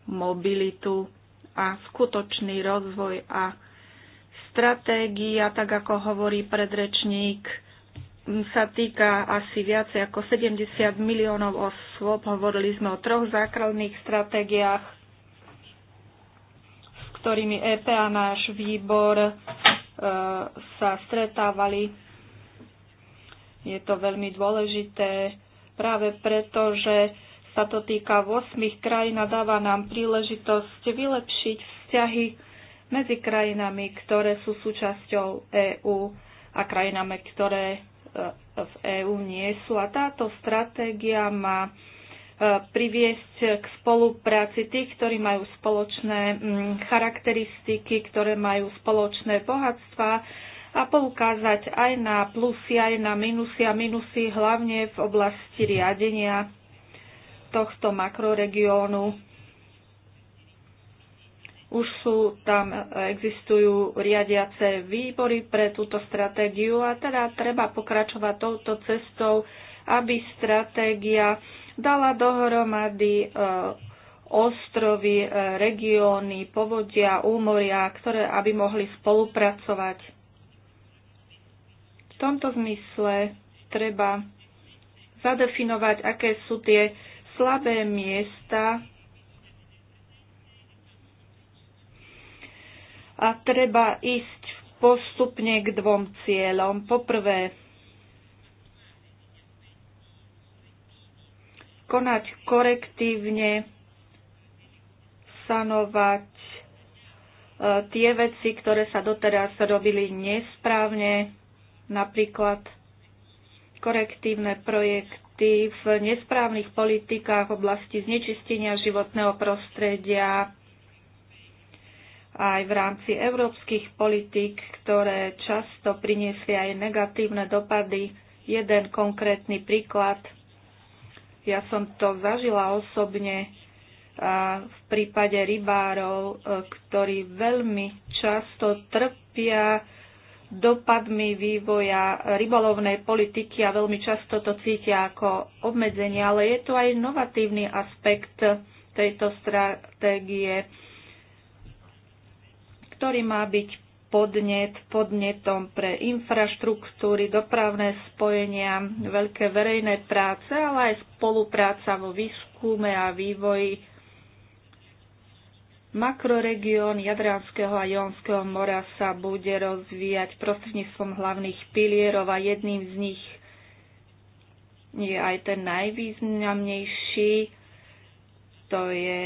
mobilitu a skutočný rozvoj a stratégia, tak ako hovorí predrečník, sa týka asi viacej ako 70 miliónov osôb. Hovorili sme o troch základných stratégiách, s ktorými EP a náš výbor sa stretávali. Je to veľmi dôležité práve preto, že sa to týka 8 krajín a dáva nám príležitosť vylepšiť vzťahy medzi krajinami, ktoré sú súčasťou EÚ a krajinami, ktoré e, v EÚ nie sú. A táto stratégia má priviesť k spolupráci tých, ktorí majú spoločné mm, charakteristiky, ktoré majú spoločné bohatstva a poukázať aj na plusy, aj na minusy a minusy hlavne v oblasti riadenia tohto makroregiónu. Už sú tam, existujú riadiace výbory pre túto stratégiu a teda treba pokračovať touto cestou, aby stratégia dala dohromady e, ostrovy, e, regióny, povodia, úmoria, ktoré aby mohli spolupracovať. V tomto zmysle treba zadefinovať, aké sú tie slabé miesta a treba ísť postupne k dvom cieľom. Poprvé, konať korektívne, sanovať e, tie veci, ktoré sa doteraz robili nesprávne, napríklad korektívne projekty v nesprávnych politikách v oblasti znečistenia životného prostredia, aj v rámci európskych politík, ktoré často priniesli aj negatívne dopady. Jeden konkrétny príklad – ja som to zažila osobne v prípade rybárov, e, ktorí veľmi často trpia dopadmi vývoja rybolovnej politiky a veľmi často to cítia ako obmedzenie, ale je tu aj novatívny aspekt tejto stratégie, ktorý má byť podnet, podnetom pre infraštruktúry, dopravné spojenia, veľké verejné práce, ale aj spolupráca vo výskume a vývoji Makroregión Jadranského a Jonského mora sa bude rozvíjať prostredníctvom hlavných pilierov a jedným z nich je aj ten najvýznamnejší, to je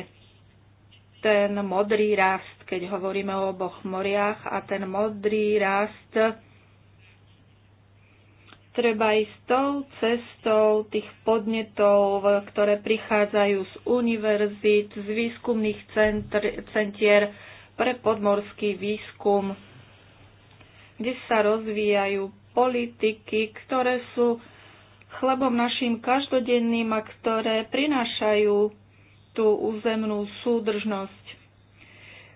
ten modrý rast keď hovoríme o oboch moriach a ten modrý rast treba ísť tou cestou tých podnetov, ktoré prichádzajú z univerzít, z výskumných centr, centier pre podmorský výskum, kde sa rozvíjajú politiky, ktoré sú chlebom našim každodenným a ktoré prinášajú tú územnú súdržnosť.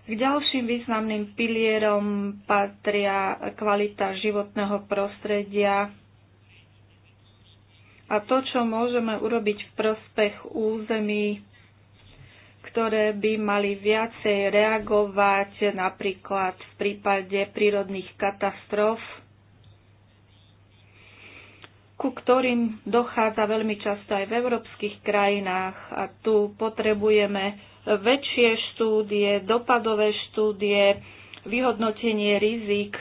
K ďalším významným pilierom patria kvalita životného prostredia a to, čo môžeme urobiť v prospech území, ktoré by mali viacej reagovať napríklad v prípade prírodných katastrof, ku ktorým dochádza veľmi často aj v európskych krajinách a tu potrebujeme väčšie štúdie, dopadové štúdie, vyhodnotenie rizik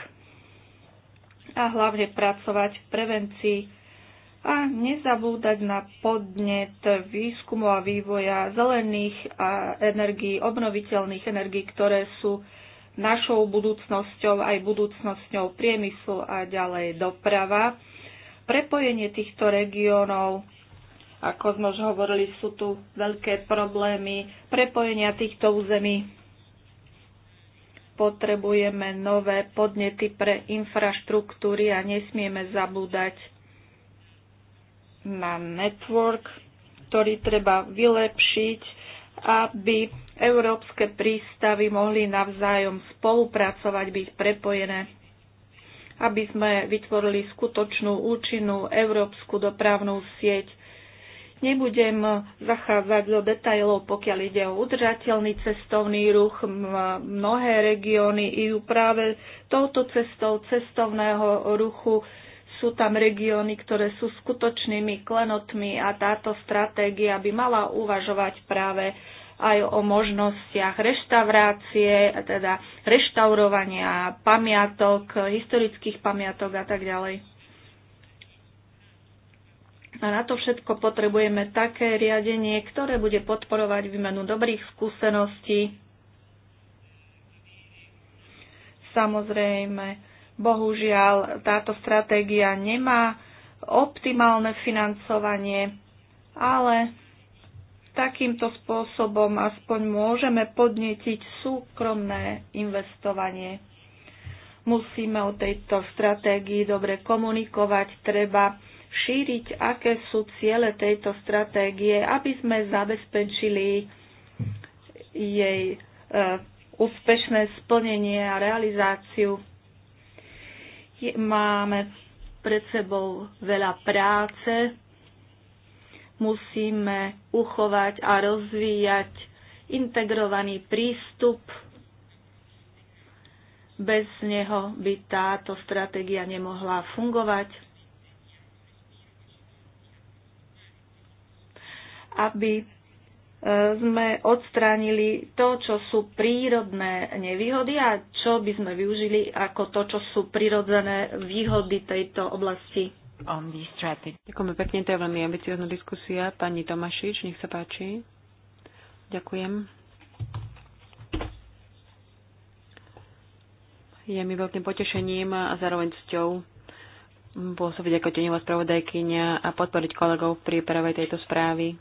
a hlavne pracovať v prevencii a nezabúdať na podnet výskumu a vývoja zelených a energií, obnoviteľných energií, ktoré sú našou budúcnosťou aj budúcnosťou priemyslu a ďalej doprava. Prepojenie týchto regiónov ako sme už hovorili, sú tu veľké problémy prepojenia týchto území. Potrebujeme nové podnety pre infraštruktúry a nesmieme zabúdať na network, ktorý treba vylepšiť, aby európske prístavy mohli navzájom spolupracovať, byť prepojené, aby sme vytvorili skutočnú účinnú európsku dopravnú sieť. Nebudem zachádzať do detajlov, pokiaľ ide o udržateľný cestovný ruch. Mnohé regióny idú práve touto cestou cestovného ruchu. Sú tam regióny, ktoré sú skutočnými klenotmi a táto stratégia by mala uvažovať práve aj o možnostiach reštaurácie, teda reštaurovania pamiatok, historických pamiatok a tak ďalej. A na to všetko potrebujeme také riadenie, ktoré bude podporovať výmenu dobrých skúseností. Samozrejme, bohužiaľ, táto stratégia nemá optimálne financovanie, ale takýmto spôsobom aspoň môžeme podnetiť súkromné investovanie. Musíme o tejto stratégii dobre komunikovať, treba šíriť, aké sú ciele tejto stratégie, aby sme zabezpečili jej e, úspešné splnenie a realizáciu. Máme pred sebou veľa práce, musíme uchovať a rozvíjať integrovaný prístup. Bez neho by táto stratégia nemohla fungovať. aby e, sme odstránili to, čo sú prírodné nevýhody a čo by sme využili ako to, čo sú prírodzené výhody tejto oblasti. Ďakujeme pekne, to je veľmi ambiciozná diskusia. Pani Tomašič, nech sa páči. Ďakujem. Je mi veľkým potešením a zároveň cťou pôsobiť ako tenová spravodajkynia a podporiť kolegov v príprave tejto správy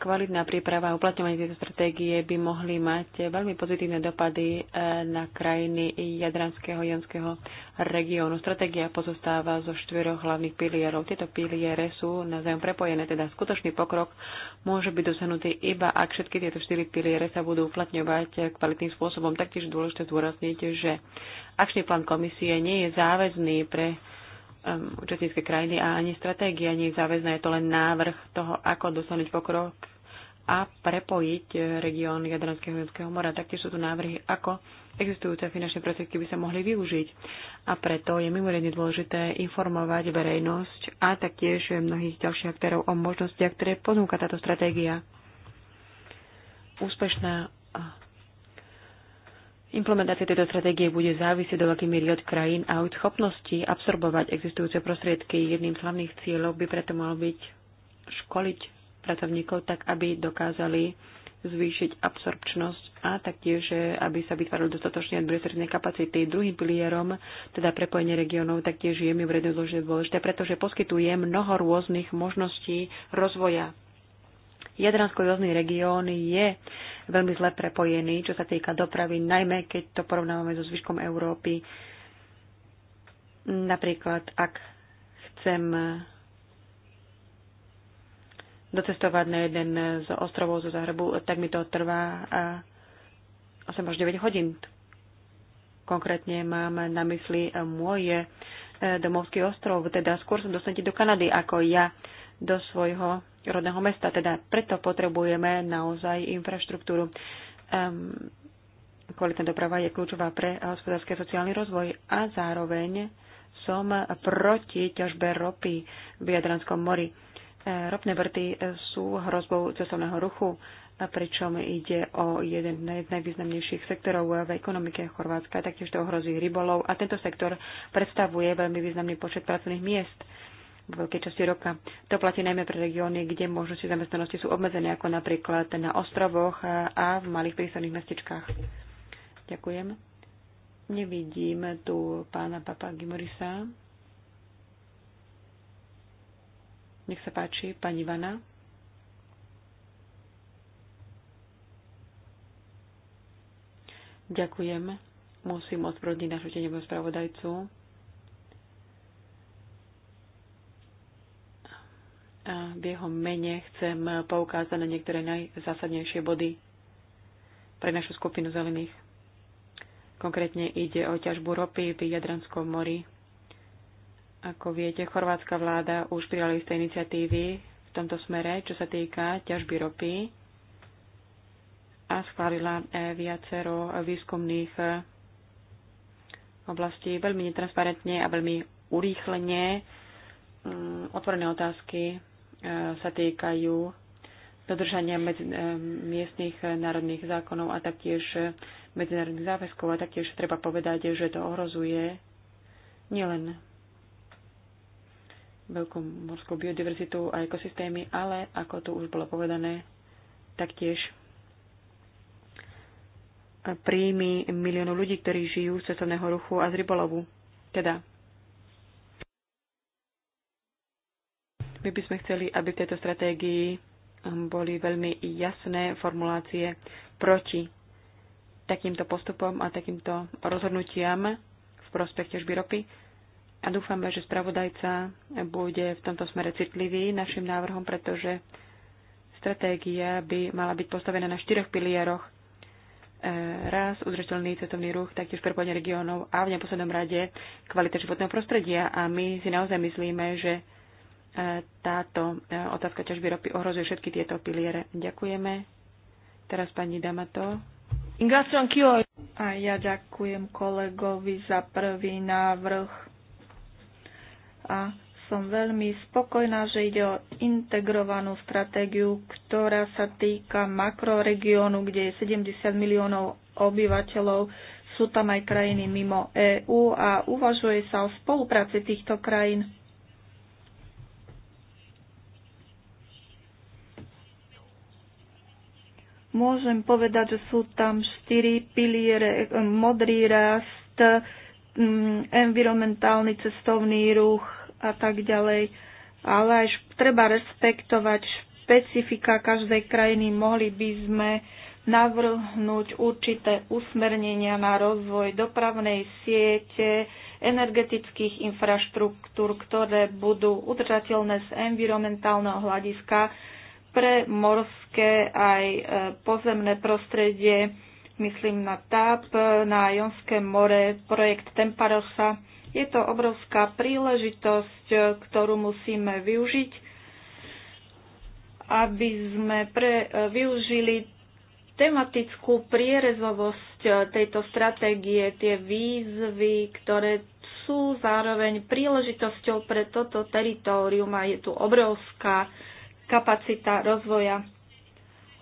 kvalitná príprava a uplatňovanie tejto stratégie by mohli mať veľmi pozitívne dopady e, na krajiny Jadranského, Jonského regiónu. Stratégia pozostáva zo štyroch hlavných pilierov. Tieto piliere sú navzájom prepojené, teda skutočný pokrok môže byť dosiahnutý iba, ak všetky tieto štyri piliere sa budú uplatňovať kvalitným spôsobom. Taktiež dôležité zdôrazniť, že akčný plán komisie nie je záväzný pre um, účastnícke krajiny a ani stratégia nie je záväzná. Je to len návrh toho, ako dosiahnuť pokrok a prepojiť eh, región Jadranského Jonského mora. Taktiež sú tu návrhy, ako existujúce finančné prostriedky by sa mohli využiť. A preto je mimoriadne dôležité informovať verejnosť a taktiež mnohých ďalších aktérov o možnostiach, ktoré ponúka táto stratégia. Úspešná Implementácia tejto stratégie bude závisieť do veľkej miery od krajín a od schopnosti absorbovať existujúce prostriedky. Jedným z hlavných cieľov by preto malo byť školiť pracovníkov tak, aby dokázali zvýšiť absorpčnosť a taktiež, aby sa vytvárali dostatočne administratívne kapacity. Druhým pilierom, teda prepojenie regiónov, taktiež je mi vredne zložité dôležité, pretože poskytuje mnoho rôznych možností rozvoja Jadransko-Jozný región je veľmi zle prepojený, čo sa týka dopravy, najmä keď to porovnávame so zvyškom Európy. Napríklad, ak chcem docestovať na jeden z ostrovov zo Zahrebu, tak mi to trvá 8 až 9 hodín. Konkrétne mám na mysli môj e, domovský ostrov, teda skôr som dostanete do Kanady ako ja do svojho rodného mesta. Teda preto potrebujeme naozaj infraštruktúru. Um, kvalitná doprava je kľúčová pre hospodársky a sociálny rozvoj a zároveň som proti ťažbe ropy v Jadranskom mori. Ropné vrty sú hrozbou cestovného ruchu, pričom ide o jeden z najvýznamnejších sektorov v ekonomike Chorvátska, taktiež to ohrozí rybolov a tento sektor predstavuje veľmi významný počet pracovných miest v veľkej časti roka. To platí najmä pre regióny, kde možnosti zamestnanosti sú obmedzené, ako napríklad na ostrovoch a v malých prístavných mestečkách. Ďakujem. Nevidím tu pána Papa Gimorisa. Nech sa páči, pani Vana. Ďakujem. Musím odprodniť našu tenevú spravodajcu v jeho mene chcem poukázať na niektoré najzásadnejšie body pre našu skupinu zelených. Konkrétne ide o ťažbu ropy v Jadranskom mori. Ako viete, chorvátska vláda už prijala isté iniciatívy v tomto smere, čo sa týka ťažby ropy a schválila e, viacero výskumných e, oblastí veľmi netransparentne a veľmi urýchlenie mm, otvorené otázky E, sa týkajú dodržania medzi, e, miestných e, národných zákonov a taktiež medzinárodných záväzkov a taktiež treba povedať, že to ohrozuje nielen veľkú morskú biodiverzitu a ekosystémy, ale ako tu už bolo povedané, taktiež príjmy miliónov ľudí, ktorí žijú z cestovného ruchu a z rybolovu. Teda My by sme chceli, aby v tejto stratégii um, boli veľmi jasné formulácie proti takýmto postupom a takýmto rozhodnutiam v prospech ťažby ropy. A dúfame, že spravodajca bude v tomto smere citlivý našim návrhom, pretože stratégia by mala byť postavená na štyroch pilieroch. E, raz, udržateľný cestovný ruch, taktiež prepojenie regiónov a v neposlednom rade kvalita životného prostredia. A my si naozaj myslíme, že táto e, otázka ťažby ropy ohrozuje všetky tieto piliere. Ďakujeme. Teraz pani Damato. A ja ďakujem kolegovi za prvý návrh. A som veľmi spokojná, že ide o integrovanú stratégiu, ktorá sa týka makroregiónu, kde je 70 miliónov obyvateľov. Sú tam aj krajiny mimo EÚ a uvažuje sa o spolupráci týchto krajín. Môžem povedať, že sú tam štyri piliere, eh, modrý rast, mm, environmentálny cestovný ruch a tak ďalej. Ale aj treba respektovať špecifika každej krajiny. Mohli by sme navrhnúť určité usmernenia na rozvoj dopravnej siete, energetických infraštruktúr, ktoré budú udržateľné z environmentálneho hľadiska pre morské aj e, pozemné prostredie, myslím na TAP, na Jonské more, projekt Temparosa. Je to obrovská príležitosť, e, ktorú musíme využiť, aby sme pre, e, využili tematickú prierezovosť tejto stratégie, tie výzvy, ktoré sú zároveň príležitosťou pre toto teritorium a je tu obrovská kapacita rozvoja.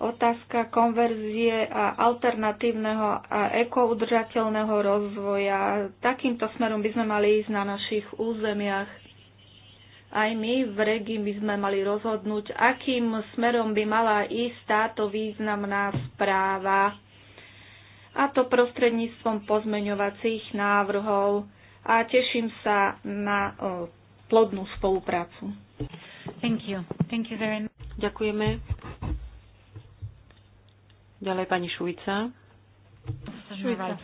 Otázka konverzie a alternatívneho a ekoudržateľného rozvoja. Takýmto smerom by sme mali ísť na našich územiach. Aj my v regii by sme mali rozhodnúť, akým smerom by mala ísť táto významná správa. A to prostredníctvom pozmeňovacích návrhov. A teším sa na plodnú spoluprácu. Thank you. Thank you very much. Ďakujeme. Ďalej pani Šujca. Šujica.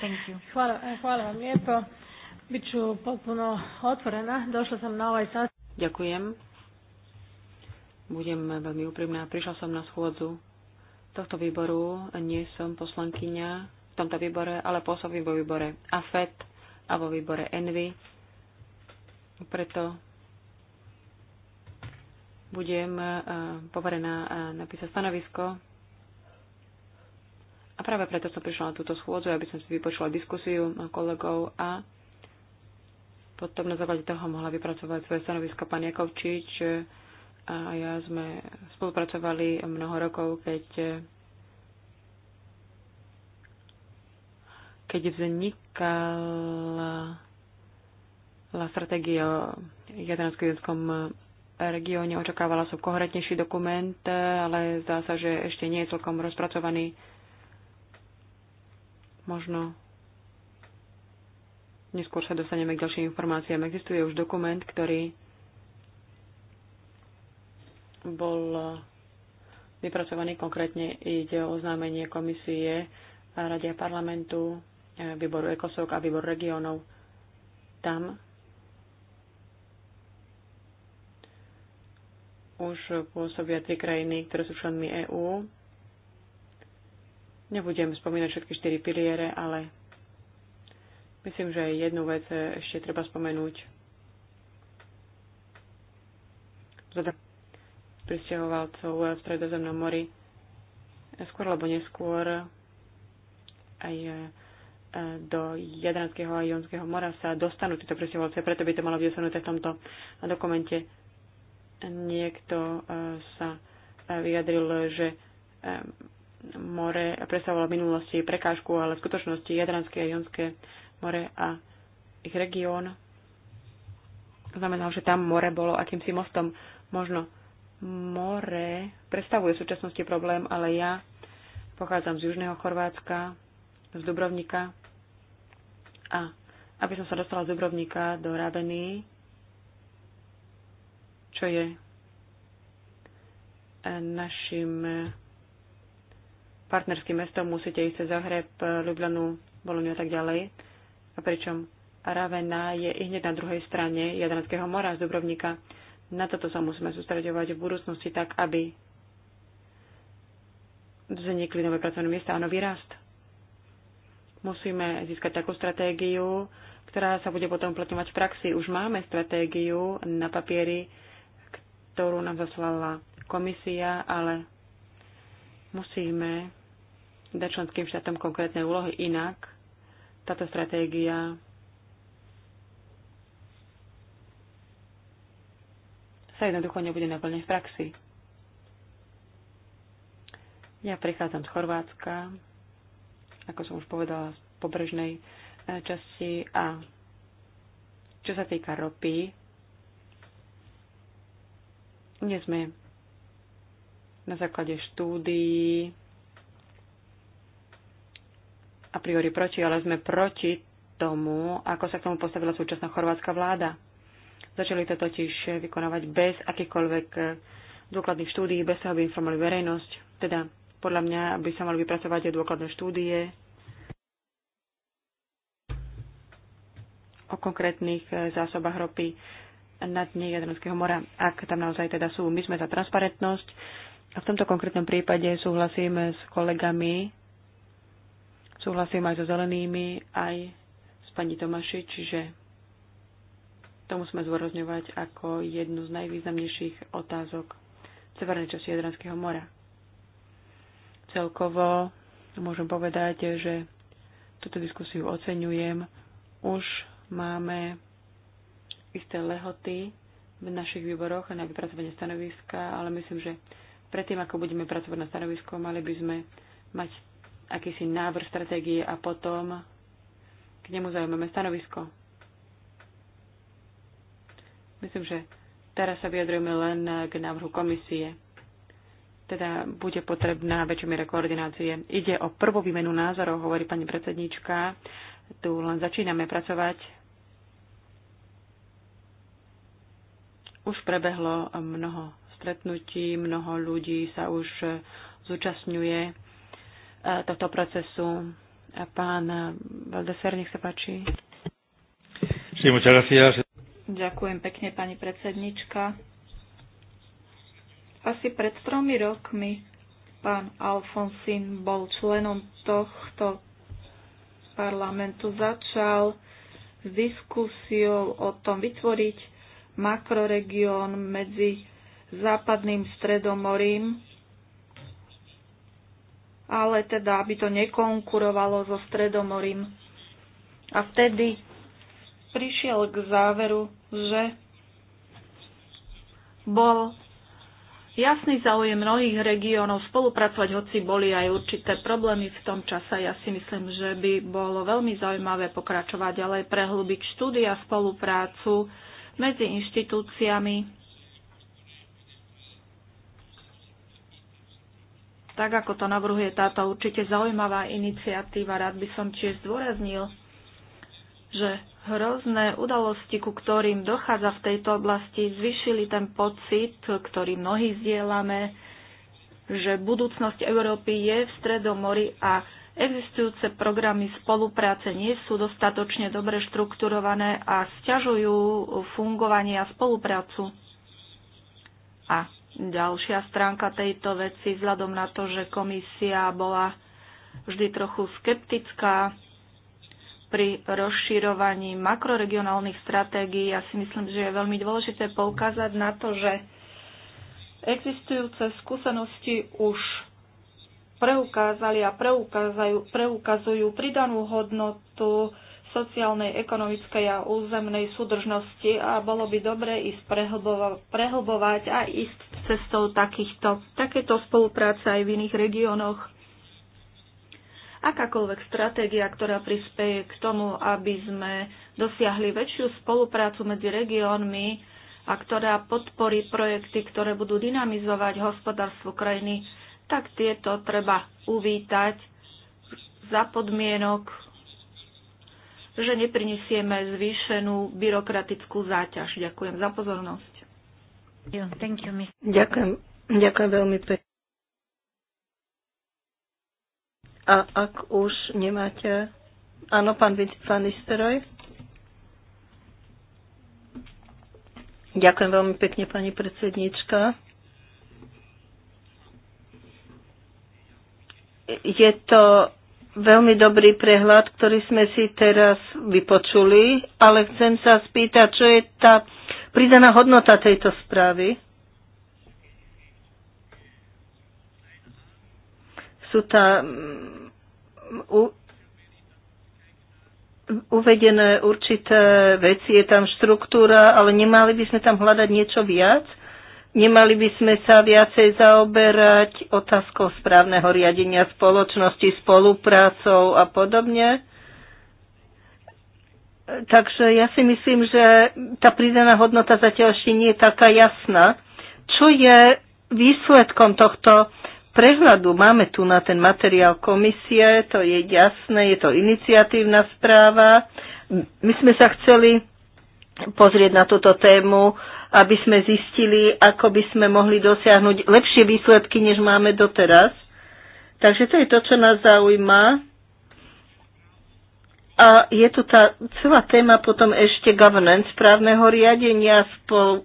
Thank you. Hvala, e, hvala vam lijepo. Biću potpuno otvorena. Došla sam na ovaj sastav. Ďakujem. Budem veľmi úprimná. Prišla som na schôdzu tohto výboru. Nie som poslankyňa v tomto výbore, ale pôsobím vo výbore AFET a vo výbore ENVY. Preto budem e, poverená e, napísať stanovisko. A práve preto som prišla na túto schôdzu, aby som si vypočula diskusiu kolegov a potom na základe toho mohla vypracovať svoje stanovisko pán Jakovčič. E, a ja sme spolupracovali mnoho rokov, keď keď vznikala stratégia o jadranskom regióne. Očakávala som konkrétnejší dokument, ale zdá sa, že ešte nie je celkom rozpracovaný. Možno neskôr sa dostaneme k ďalším informáciám. Existuje už dokument, ktorý bol vypracovaný konkrétne. Ide o oznámenie komisie Radia parlamentu, e, výboru ECOSOC a výboru regiónov Tam už pôsobia tri krajiny, ktoré sú členmi EÚ. Nebudem spomínať všetky štyri piliere, ale myslím, že jednu vec ešte treba spomenúť. Zadá pristahovalcov v Stredozemnom mori skôr alebo neskôr aj e, do Jadranského a Jonského mora sa dostanú títo presťahovalci, preto by to malo byť v tomto dokumente. Niekto e, sa e, vyjadril, že e, more predstavovalo v minulosti prekážku, ale v skutočnosti Jadranské a Jonské more a ich región znamenal, že tam more bolo akýmsi mostom. Možno more predstavuje v súčasnosti problém, ale ja pochádzam z južného Chorvátska, z Dubrovnika a aby som sa dostala z Dubrovnika do Rabeny, čo je našim partnerským mestom, musíte ísť cez Zahreb, Ljubljanu, Boloniu a tak ďalej. A pričom Ravena je i hneď na druhej strane Jadranského mora z Dubrovnika. Na toto sa musíme sústredovať v budúcnosti tak, aby vznikli nové pracovné miesta a nový rast. Musíme získať takú stratégiu, ktorá sa bude potom uplatňovať v praxi. Už máme stratégiu na papieri, ktorú nám zaslala komisia, ale musíme dať členským štátom konkrétne úlohy, inak táto stratégia sa jednoducho nebude naplne v praxi. Ja prichádzam z Chorvátska, ako som už povedala, z pobrežnej e, časti a čo sa týka ropy, kde sme na základe štúdií a priori proti, ale sme proti tomu, ako sa k tomu postavila súčasná chorvátska vláda. Začali to totiž vykonávať bez akýchkoľvek eh, dôkladných štúdií, bez toho by informovali verejnosť. Teda podľa mňa by sa mali vypracovať aj dôkladné štúdie, o konkrétnych eh, zásobách ropy na dne Jadranského mora, ak tam naozaj teda sú. My sme za transparentnosť a v tomto konkrétnom prípade súhlasíme s kolegami, súhlasím aj so zelenými, aj s pani Tomaši, čiže to musíme zvorozňovať ako jednu z najvýznamnejších otázok v severnej časti Jadranského mora. Celkovo môžem povedať, že túto diskusiu oceňujem. Už máme isté lehoty v našich výboroch na vypracovanie stanoviska, ale myslím, že predtým, ako budeme pracovať na stanovisku, mali by sme mať akýsi návrh stratégie a potom k nemu zaujímame stanovisko. Myslím, že teraz sa vyjadrujeme len k návrhu komisie. Teda bude potrebná väčšia miera koordinácie. Ide o prvú výmenu názorov, hovorí pani predsedníčka. Tu len začíname pracovať Už prebehlo mnoho stretnutí, mnoho ľudí sa už zúčastňuje e, tohto procesu. Pán Valdeser, nech sa páči. Ďakujem pekne, pani predsednička. Asi pred tromi rokmi pán Alfonsín bol členom tohto parlamentu. Začal s diskusiou o tom vytvoriť makroregión medzi západným stredomorím, ale teda, aby to nekonkurovalo so stredomorím. A vtedy prišiel k záveru, že bol jasný záujem mnohých regiónov spolupracovať, hoci boli aj určité problémy v tom čase. Ja si myslím, že by bolo veľmi zaujímavé pokračovať, ale prehlúbiť prehlbiť štúdia spoluprácu medzi inštitúciami. Tak ako to navrhuje táto určite zaujímavá iniciatíva, rád by som tiež zdôraznil, že hrozné udalosti, ku ktorým dochádza v tejto oblasti, zvyšili ten pocit, ktorý mnohí zdieľame, že budúcnosť Európy je v Stredomori a Existujúce programy spolupráce nie sú dostatočne dobre štrukturované a sťažujú fungovanie a spoluprácu. A ďalšia stránka tejto veci, vzhľadom na to, že komisia bola vždy trochu skeptická pri rozširovaní makroregionálnych stratégií. Ja si myslím, že je veľmi dôležité poukázať na to, že existujúce skúsenosti už preukázali a preukazujú, pridanú hodnotu sociálnej, ekonomickej a územnej súdržnosti a bolo by dobre ísť prehlbovať a ísť cestou takýchto, takéto spolupráce aj v iných regiónoch. Akákoľvek stratégia, ktorá prispieje k tomu, aby sme dosiahli väčšiu spoluprácu medzi regiónmi a ktorá podporí projekty, ktoré budú dynamizovať hospodárstvo krajiny, tak tieto treba uvítať za podmienok, že neprinesieme zvýšenú byrokratickú záťaž. Ďakujem za pozornosť. Ďakujem. Ďakujem veľmi pekne. A ak už nemáte... Áno, pán Van Ďakujem veľmi pekne, pani predsednička. je to veľmi dobrý prehľad, ktorý sme si teraz vypočuli, ale chcem sa spýtať, čo je tá pridaná hodnota tejto správy? Sú tam mm, u, uvedené určité veci, je tam štruktúra, ale nemali by sme tam hľadať niečo viac? Nemali by sme sa viacej zaoberať otázkou správneho riadenia spoločnosti, spoluprácou a podobne. Takže ja si myslím, že tá pridaná hodnota zatiaľ ešte nie je taká jasná. Čo je výsledkom tohto prehľadu? Máme tu na ten materiál komisie, to je jasné, je to iniciatívna správa. My sme sa chceli pozrieť na túto tému aby sme zistili, ako by sme mohli dosiahnuť lepšie výsledky, než máme doteraz. Takže to je to, čo nás zaujíma. A je tu tá celá téma potom ešte governance, správneho riadenia, spol, e,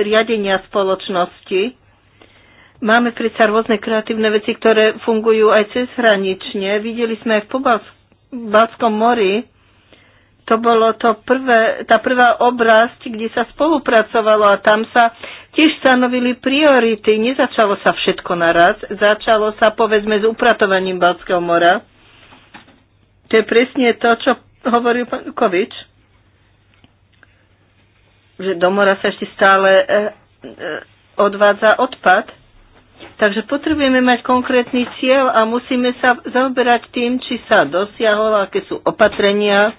riadenia spoločnosti. Máme predsa rôzne kreatívne veci, ktoré fungujú aj cezhranične. Videli sme aj v Pobalskom mori, to bolo to prvé, tá prvá oblasť, kde sa spolupracovalo a tam sa tiež stanovili priority. Nezačalo sa všetko naraz, začalo sa povedzme s upratovaním Balckého mora. To je presne to, čo hovoril pán Kovič, že do mora sa ešte stále e, e, odvádza odpad. Takže potrebujeme mať konkrétny cieľ a musíme sa zaoberať tým, či sa dosiahol, aké sú opatrenia,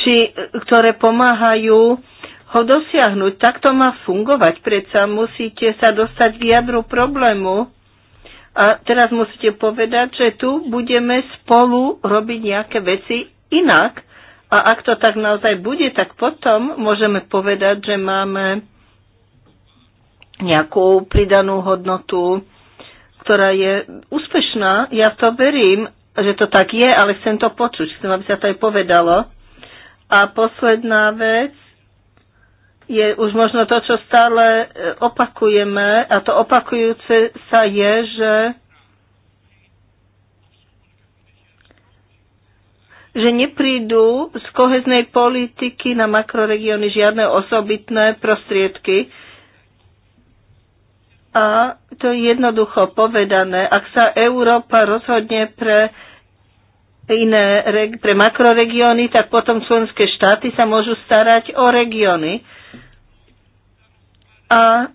či, ktoré pomáhajú ho dosiahnuť. Tak to má fungovať. Predsa musíte sa dostať k jadru problému. A teraz musíte povedať, že tu budeme spolu robiť nejaké veci inak. A ak to tak naozaj bude, tak potom môžeme povedať, že máme nejakú pridanú hodnotu, ktorá je úspešná. Ja to verím, že to tak je, ale chcem to počuť. Chcem, aby sa to aj povedalo. A posledná vec je už možno to, čo stále e, opakujeme a to opakujúce sa je, že že neprídu z koheznej politiky na makroregióny žiadne osobitné prostriedky. A to je jednoducho povedané. Ak sa Európa rozhodne pre iné pre makroregióny, tak potom členské štáty sa môžu starať o regióny. A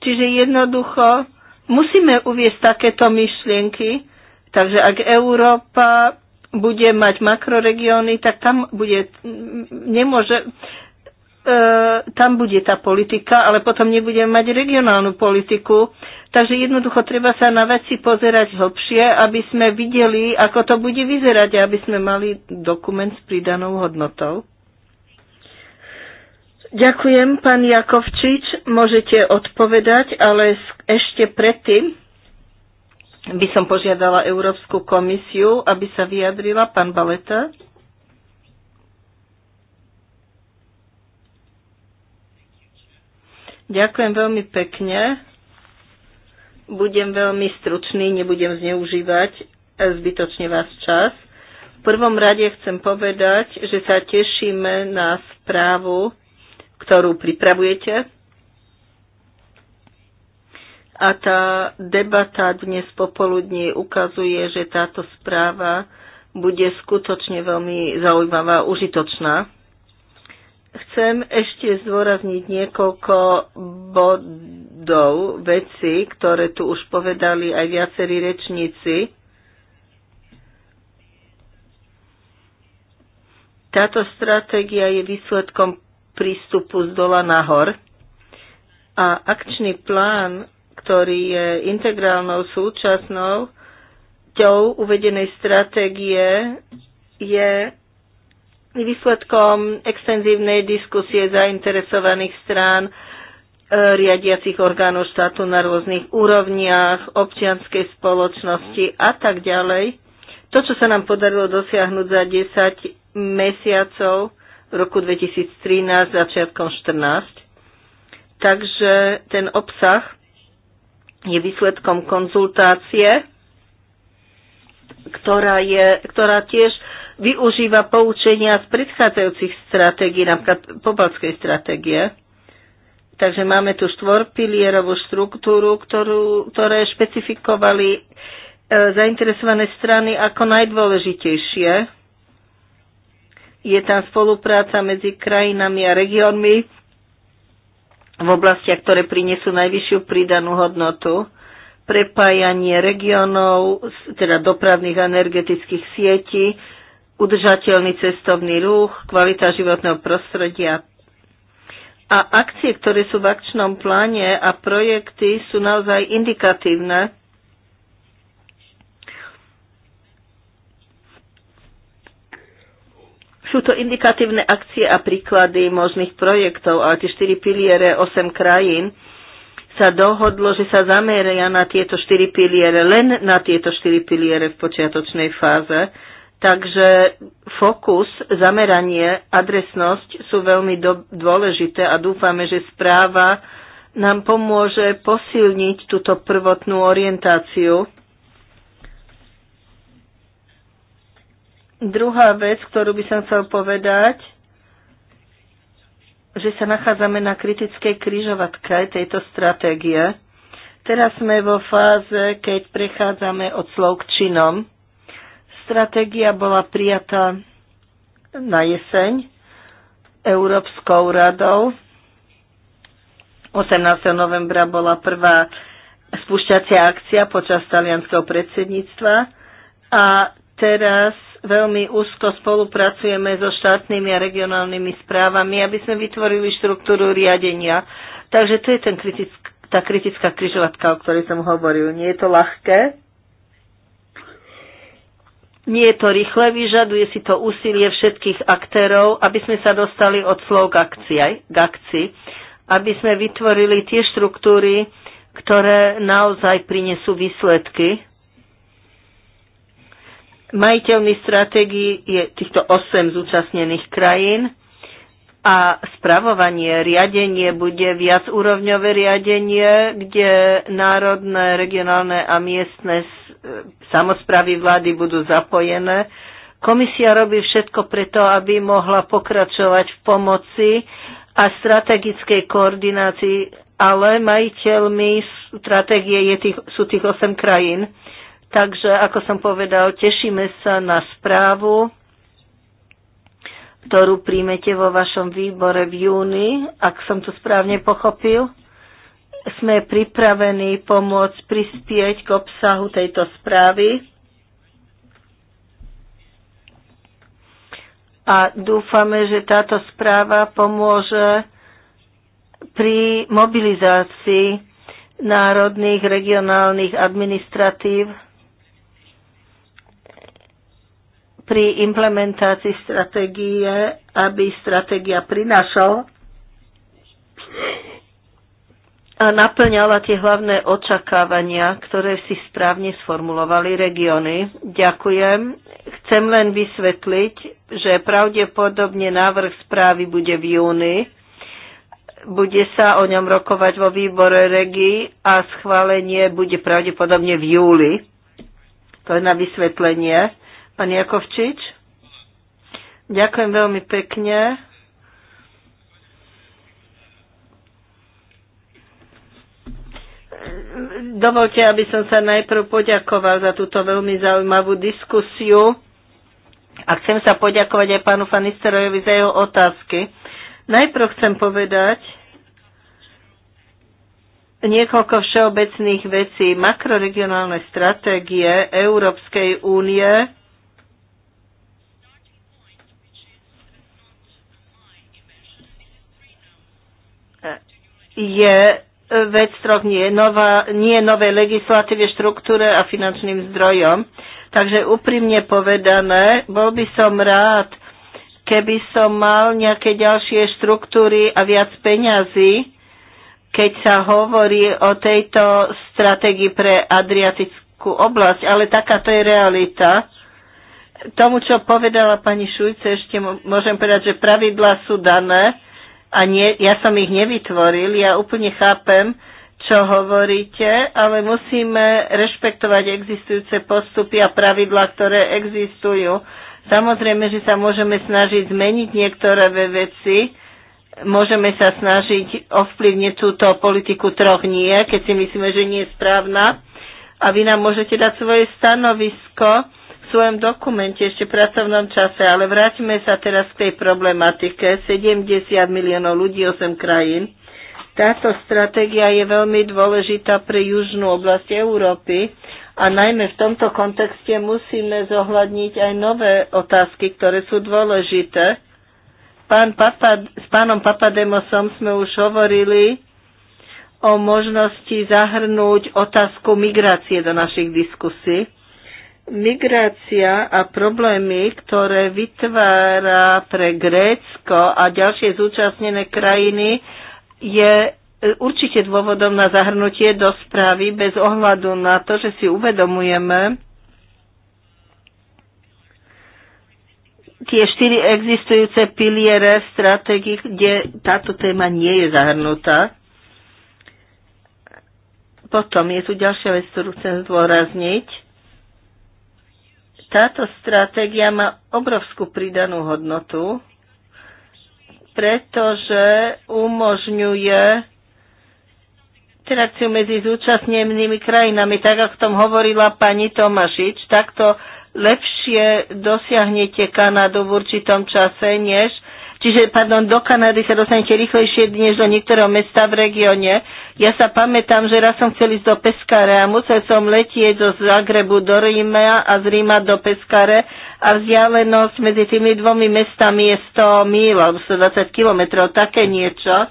čiže jednoducho musíme uvieť takéto myšlienky, takže ak Európa bude mať makroregióny, tak tam bude, nemôže, E, tam bude tá politika, ale potom nebudeme mať regionálnu politiku. Takže jednoducho treba sa na veci pozerať hlbšie, aby sme videli, ako to bude vyzerať a aby sme mali dokument s pridanou hodnotou. Ďakujem, pán Jakovčič. Môžete odpovedať, ale ešte predtým by som požiadala Európsku komisiu, aby sa vyjadrila. Pán Baleta. Ďakujem veľmi pekne. Budem veľmi stručný, nebudem zneužívať e, zbytočne vás čas. V prvom rade chcem povedať, že sa tešíme na správu, ktorú pripravujete. A tá debata dnes popoludní ukazuje, že táto správa bude skutočne veľmi zaujímavá, užitočná. Chcem ešte zdôrazniť niekoľko bodov, veci, ktoré tu už povedali aj viacerí rečníci. Táto stratégia je výsledkom prístupu z dola nahor a akčný plán, ktorý je integrálnou súčasnou ťou uvedenej stratégie, je výsledkom extenzívnej diskusie zainteresovaných strán, e, riadiacich orgánov štátu na rôznych úrovniach, občianskej spoločnosti a tak ďalej. To, čo sa nám podarilo dosiahnuť za 10 mesiacov v roku 2013, začiatkom 14. Takže ten obsah je výsledkom konzultácie, ktorá, je, ktorá tiež využíva poučenia z predchádzajúcich stratégií, napríklad Popalskej stratégie. Takže máme tu štvorpilierovú štruktúru, ktorú, ktoré špecifikovali e, zainteresované strany ako najdôležitejšie. Je tam spolupráca medzi krajinami a regiónmi v oblastiach, ktoré prinesú najvyššiu pridanú hodnotu, prepájanie regiónov, teda dopravných a energetických sietí, udržateľný cestovný ruch, kvalita životného prostredia. A akcie, ktoré sú v akčnom pláne a projekty sú naozaj indikatívne. Sú to indikatívne akcie a príklady možných projektov, ale tie štyri piliere 8 krajín sa dohodlo, že sa zameria na tieto štyri piliere, len na tieto štyri piliere v počiatočnej fáze Takže fokus, zameranie, adresnosť sú veľmi do, dôležité a dúfame, že správa nám pomôže posilniť túto prvotnú orientáciu. Druhá vec, ktorú by som chcel povedať, že sa nachádzame na kritickej krížovatke tejto stratégie. Teraz sme vo fáze, keď prechádzame od slov k činom Stratégia bola prijatá na jeseň Európskou radou. 18. novembra bola prvá spúšťacia akcia počas talianského predsedníctva a teraz veľmi úzko spolupracujeme so štátnymi a regionálnymi správami, aby sme vytvorili štruktúru riadenia. Takže to je ten kritick- tá kritická križovatka, o ktorej som hovoril. Nie je to ľahké, nie je to rýchle, vyžaduje si to úsilie všetkých aktérov, aby sme sa dostali od slov k akcii, k akcii aby sme vytvorili tie štruktúry, ktoré naozaj prinesú výsledky. Majiteľmi stratégií je týchto 8 zúčastnených krajín a spravovanie, riadenie bude viacúrovňové riadenie, kde národné, regionálne a miestne samozprávy vlády budú zapojené. Komisia robí všetko preto, aby mohla pokračovať v pomoci a strategickej koordinácii, ale majiteľmi stratégie je tých, sú tých 8 krajín. Takže, ako som povedal, tešíme sa na správu, ktorú príjmete vo vašom výbore v júni, ak som to správne pochopil sme pripravení pomôcť prispieť k obsahu tejto správy. A dúfame, že táto správa pomôže pri mobilizácii národných, regionálnych administratív pri implementácii stratégie, aby stratégia prinášala a naplňala tie hlavné očakávania, ktoré si správne sformulovali regióny. Ďakujem. Chcem len vysvetliť, že pravdepodobne návrh správy bude v júni. Bude sa o ňom rokovať vo výbore regí a schválenie bude pravdepodobne v júli. To je na vysvetlenie. Pani Jakovčič? Ďakujem veľmi pekne. Dovolte, aby som sa najprv poďakoval za túto veľmi zaujímavú diskusiu a chcem sa poďakovať aj pánu Fanisterovi za jeho otázky. Najprv chcem povedať niekoľko všeobecných vecí. Makroregionálne stratégie Európskej únie je vec troch nie, nová, nie novej legislatíve, štruktúre a finančným zdrojom. Takže úprimne povedané, bol by som rád, keby som mal nejaké ďalšie štruktúry a viac peňazí, keď sa hovorí o tejto stratégii pre Adriatickú oblasť, ale takáto je realita. Tomu, čo povedala pani Šujce, ešte môžem povedať, že pravidlá sú dané, a nie, ja som ich nevytvoril, ja úplne chápem, čo hovoríte, ale musíme rešpektovať existujúce postupy a pravidlá, ktoré existujú. Samozrejme, že sa môžeme snažiť zmeniť niektoré veci, môžeme sa snažiť ovplyvniť túto politiku troch nie, keď si myslíme, že nie je správna. A vy nám môžete dať svoje stanovisko, svojom dokumente ešte v pracovnom čase, ale vráťme sa teraz k tej problematike. 70 miliónov ľudí, 8 krajín. Táto stratégia je veľmi dôležitá pre južnú oblasť Európy a najmä v tomto kontexte musíme zohľadniť aj nové otázky, ktoré sú dôležité. Pán Papa, s pánom Papademosom sme už hovorili o možnosti zahrnúť otázku migrácie do našich diskusí. Migrácia a problémy, ktoré vytvára pre Grécko a ďalšie zúčastnené krajiny, je e, určite dôvodom na zahrnutie do správy bez ohľadu na to, že si uvedomujeme, tie štyri existujúce piliere stratégií, kde táto téma nie je zahrnutá. Potom je tu ďalšia vec, ktorú chcem zdôrazniť. Táto stratégia má obrovskú pridanú hodnotu, pretože umožňuje interakciu medzi zúčastnenými krajinami, tak ako tom hovorila pani Tomašič, takto lepšie dosiahnete Kanadu v určitom čase, než Čiže, pardon, do Kanady sa dostanete rýchlejšie než do niektorého mesta v regióne. Ja sa pamätám, že raz som chcel ísť do Peskare a musel som letieť zo Zagrebu do Ríma a z Ríma do Peskare a vzdialenosť medzi tými dvomi mestami je 100 mil alebo 120 kilometrov, také niečo.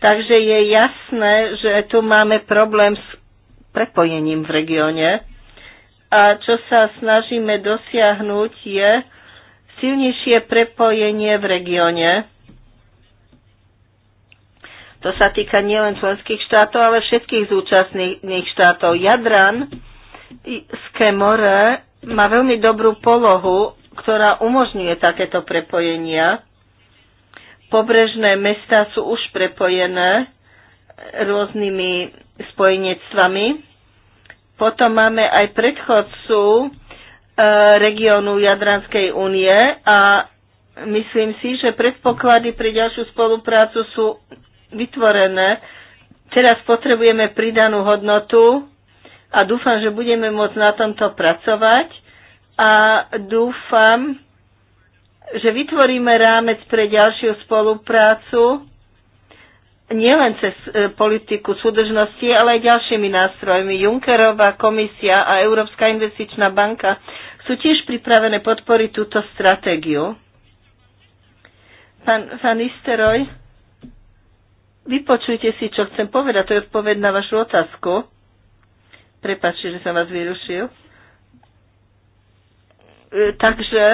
Takže je jasné, že tu máme problém s prepojením v regióne. A čo sa snažíme dosiahnuť je, silnejšie prepojenie v regióne. To sa týka nielen členských štátov, ale všetkých zúčastných štátov. Jadran, more má veľmi dobrú polohu, ktorá umožňuje takéto prepojenia. Pobrežné mesta sú už prepojené rôznymi spojenectvami. Potom máme aj predchodcu E, regiónu Jadranskej únie a myslím si, že predpoklady pre ďalšiu spoluprácu sú vytvorené. Teraz potrebujeme pridanú hodnotu a dúfam, že budeme môcť na tomto pracovať a dúfam, že vytvoríme rámec pre ďalšiu spoluprácu nielen cez e, politiku súdržnosti, ale aj ďalšími nástrojmi. Junckerová komisia a Európska investičná banka sú tiež pripravené podporiť túto stratégiu. Pán, pán Isteroj, vypočujte si, čo chcem povedať. To je odpoveď na vašu otázku. Prepačte, že som vás vyrušil. E, takže,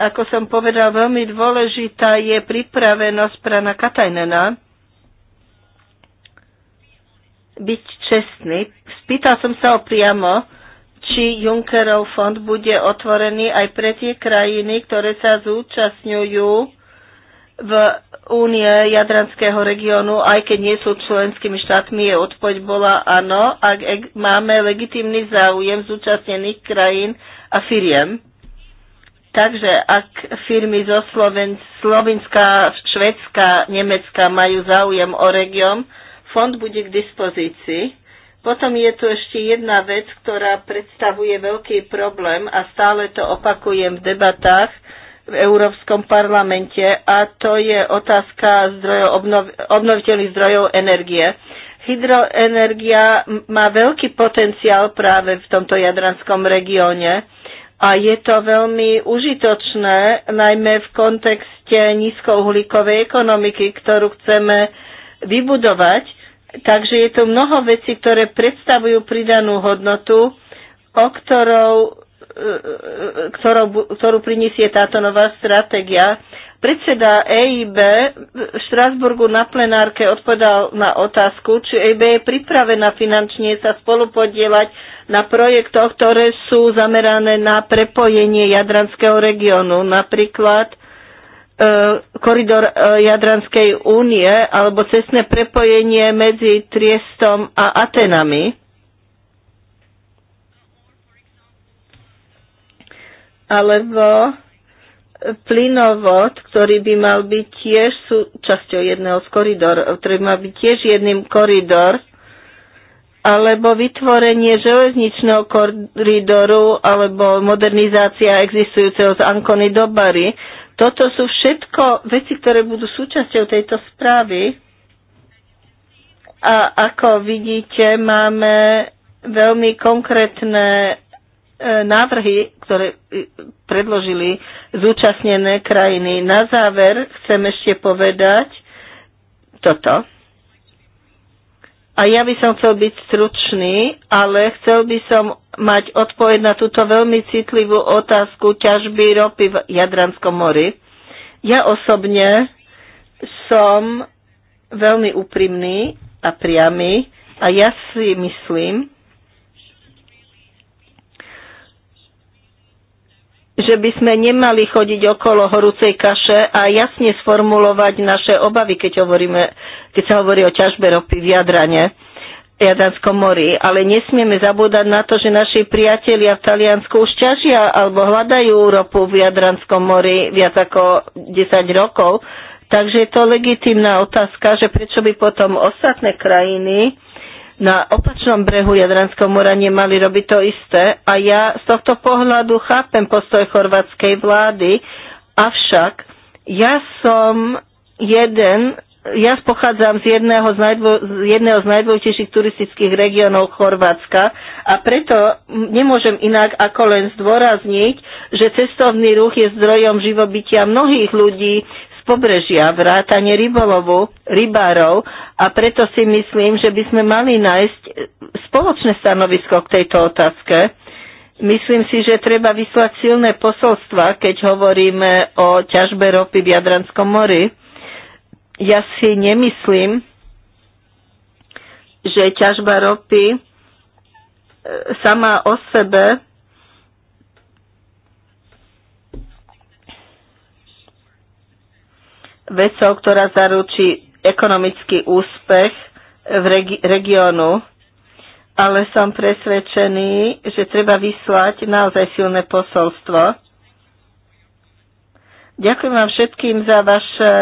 ako som povedal, veľmi dôležitá je pripravenosť prana Katajnena byť čestný. Spýtal som sa ho priamo, či Junckerov fond bude otvorený aj pre tie krajiny, ktoré sa zúčastňujú v únie Jadranského regiónu, aj keď nie sú členskými štátmi, je odpoď bola áno, ak e- máme legitímny záujem zúčastnených krajín a firiem. Takže ak firmy zo Sloven- Slovenska, Švedska, Nemecka majú záujem o región, fond bude k dispozícii potom je tu ešte jedna vec, ktorá predstavuje veľký problém a stále to opakujem v debatách v Európskom parlamente a to je otázka zdrojov, obnov, obnoviteľných zdrojov energie. Hydroenergia má veľký potenciál práve v tomto jadranskom regióne a je to veľmi užitočné, najmä v kontexte nízkouhlíkovej ekonomiky, ktorú chceme vybudovať. Takže je to mnoho vecí, ktoré predstavujú pridanú hodnotu, o ktorou, e, e, ktorou, ktorú priniesie táto nová stratégia. Predseda EIB v Štrásburgu na plenárke odpovedal na otázku, či EIB je pripravená finančne sa spolupodielať na projektoch, ktoré sú zamerané na prepojenie Jadranského regiónu, napríklad E, koridor e, Jadranskej únie alebo cestné prepojenie medzi Triestom a Atenami. Alebo plynovod, ktorý by mal byť tiež súčasťou jedného z koridorov, ktorý by mal byť tiež jedným koridor, alebo vytvorenie železničného koridoru, alebo modernizácia existujúceho z Ankony do Bary. Toto sú všetko veci, ktoré budú súčasťou tejto správy. A ako vidíte, máme veľmi konkrétne e, návrhy, ktoré e, predložili zúčastnené krajiny. Na záver chcem ešte povedať toto. A ja by som chcel byť stručný, ale chcel by som mať odpoveď na túto veľmi citlivú otázku ťažby ropy v Jadranskom mori. Ja osobne som veľmi úprimný a priamy a ja si myslím, že by sme nemali chodiť okolo horúcej kaše a jasne sformulovať naše obavy, keď, hovoríme, keď sa hovorí o ťažbe ropy v Jadrane. Jadranskom mori. Ale nesmieme zabúdať na to, že naši priatelia v Taliansku už ťažia alebo hľadajú ropu v Jadranskom mori viac ako 10 rokov. Takže je to legitímna otázka, že prečo by potom ostatné krajiny na opačnom brehu Jadranského mora nemali robiť to isté. A ja z tohto pohľadu chápem postoj chorvátskej vlády, avšak ja som jeden ja pochádzam z jedného z, najdvo, z jedného z najdôležitejších turistických regiónov Chorvátska a preto nemôžem inak ako len zdôrazniť, že cestovný ruch je zdrojom živobytia mnohých ľudí z pobrežia, vrátane rybolovu, rybárov a preto si myslím, že by sme mali nájsť spoločné stanovisko k tejto otázke. Myslím si, že treba vyslať silné posolstva, keď hovoríme o ťažbe ropy v Jadranskom mori ja si nemyslím, že ťažba ropy e, sama o sebe vecou, ktorá zaručí ekonomický úspech v regi- regiónu, ale som presvedčený, že treba vyslať naozaj silné posolstvo. Ďakujem vám všetkým za vaše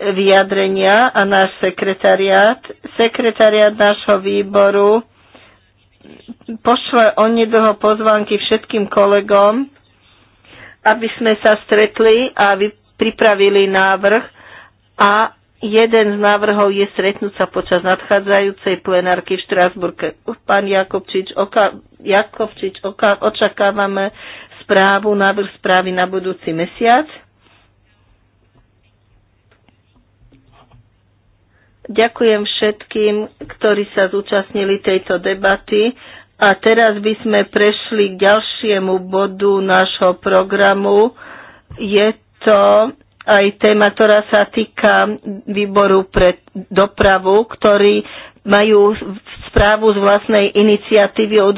vyjadrenia a náš sekretariát. Sekretariát nášho výboru pošle onedlho pozvánky všetkým kolegom, aby sme sa stretli a pripravili návrh a jeden z návrhov je stretnúť sa počas nadchádzajúcej plenárky v Štrásburke. Pán Jakobčič, oka, Jakobčič oka, očakávame správu, návrh správy na budúci mesiac. Ďakujem všetkým, ktorí sa zúčastnili tejto debaty. A teraz by sme prešli k ďalšiemu bodu nášho programu. Je to aj téma, ktorá sa týka výboru pre dopravu, ktorý majú správu z vlastnej iniciatívy o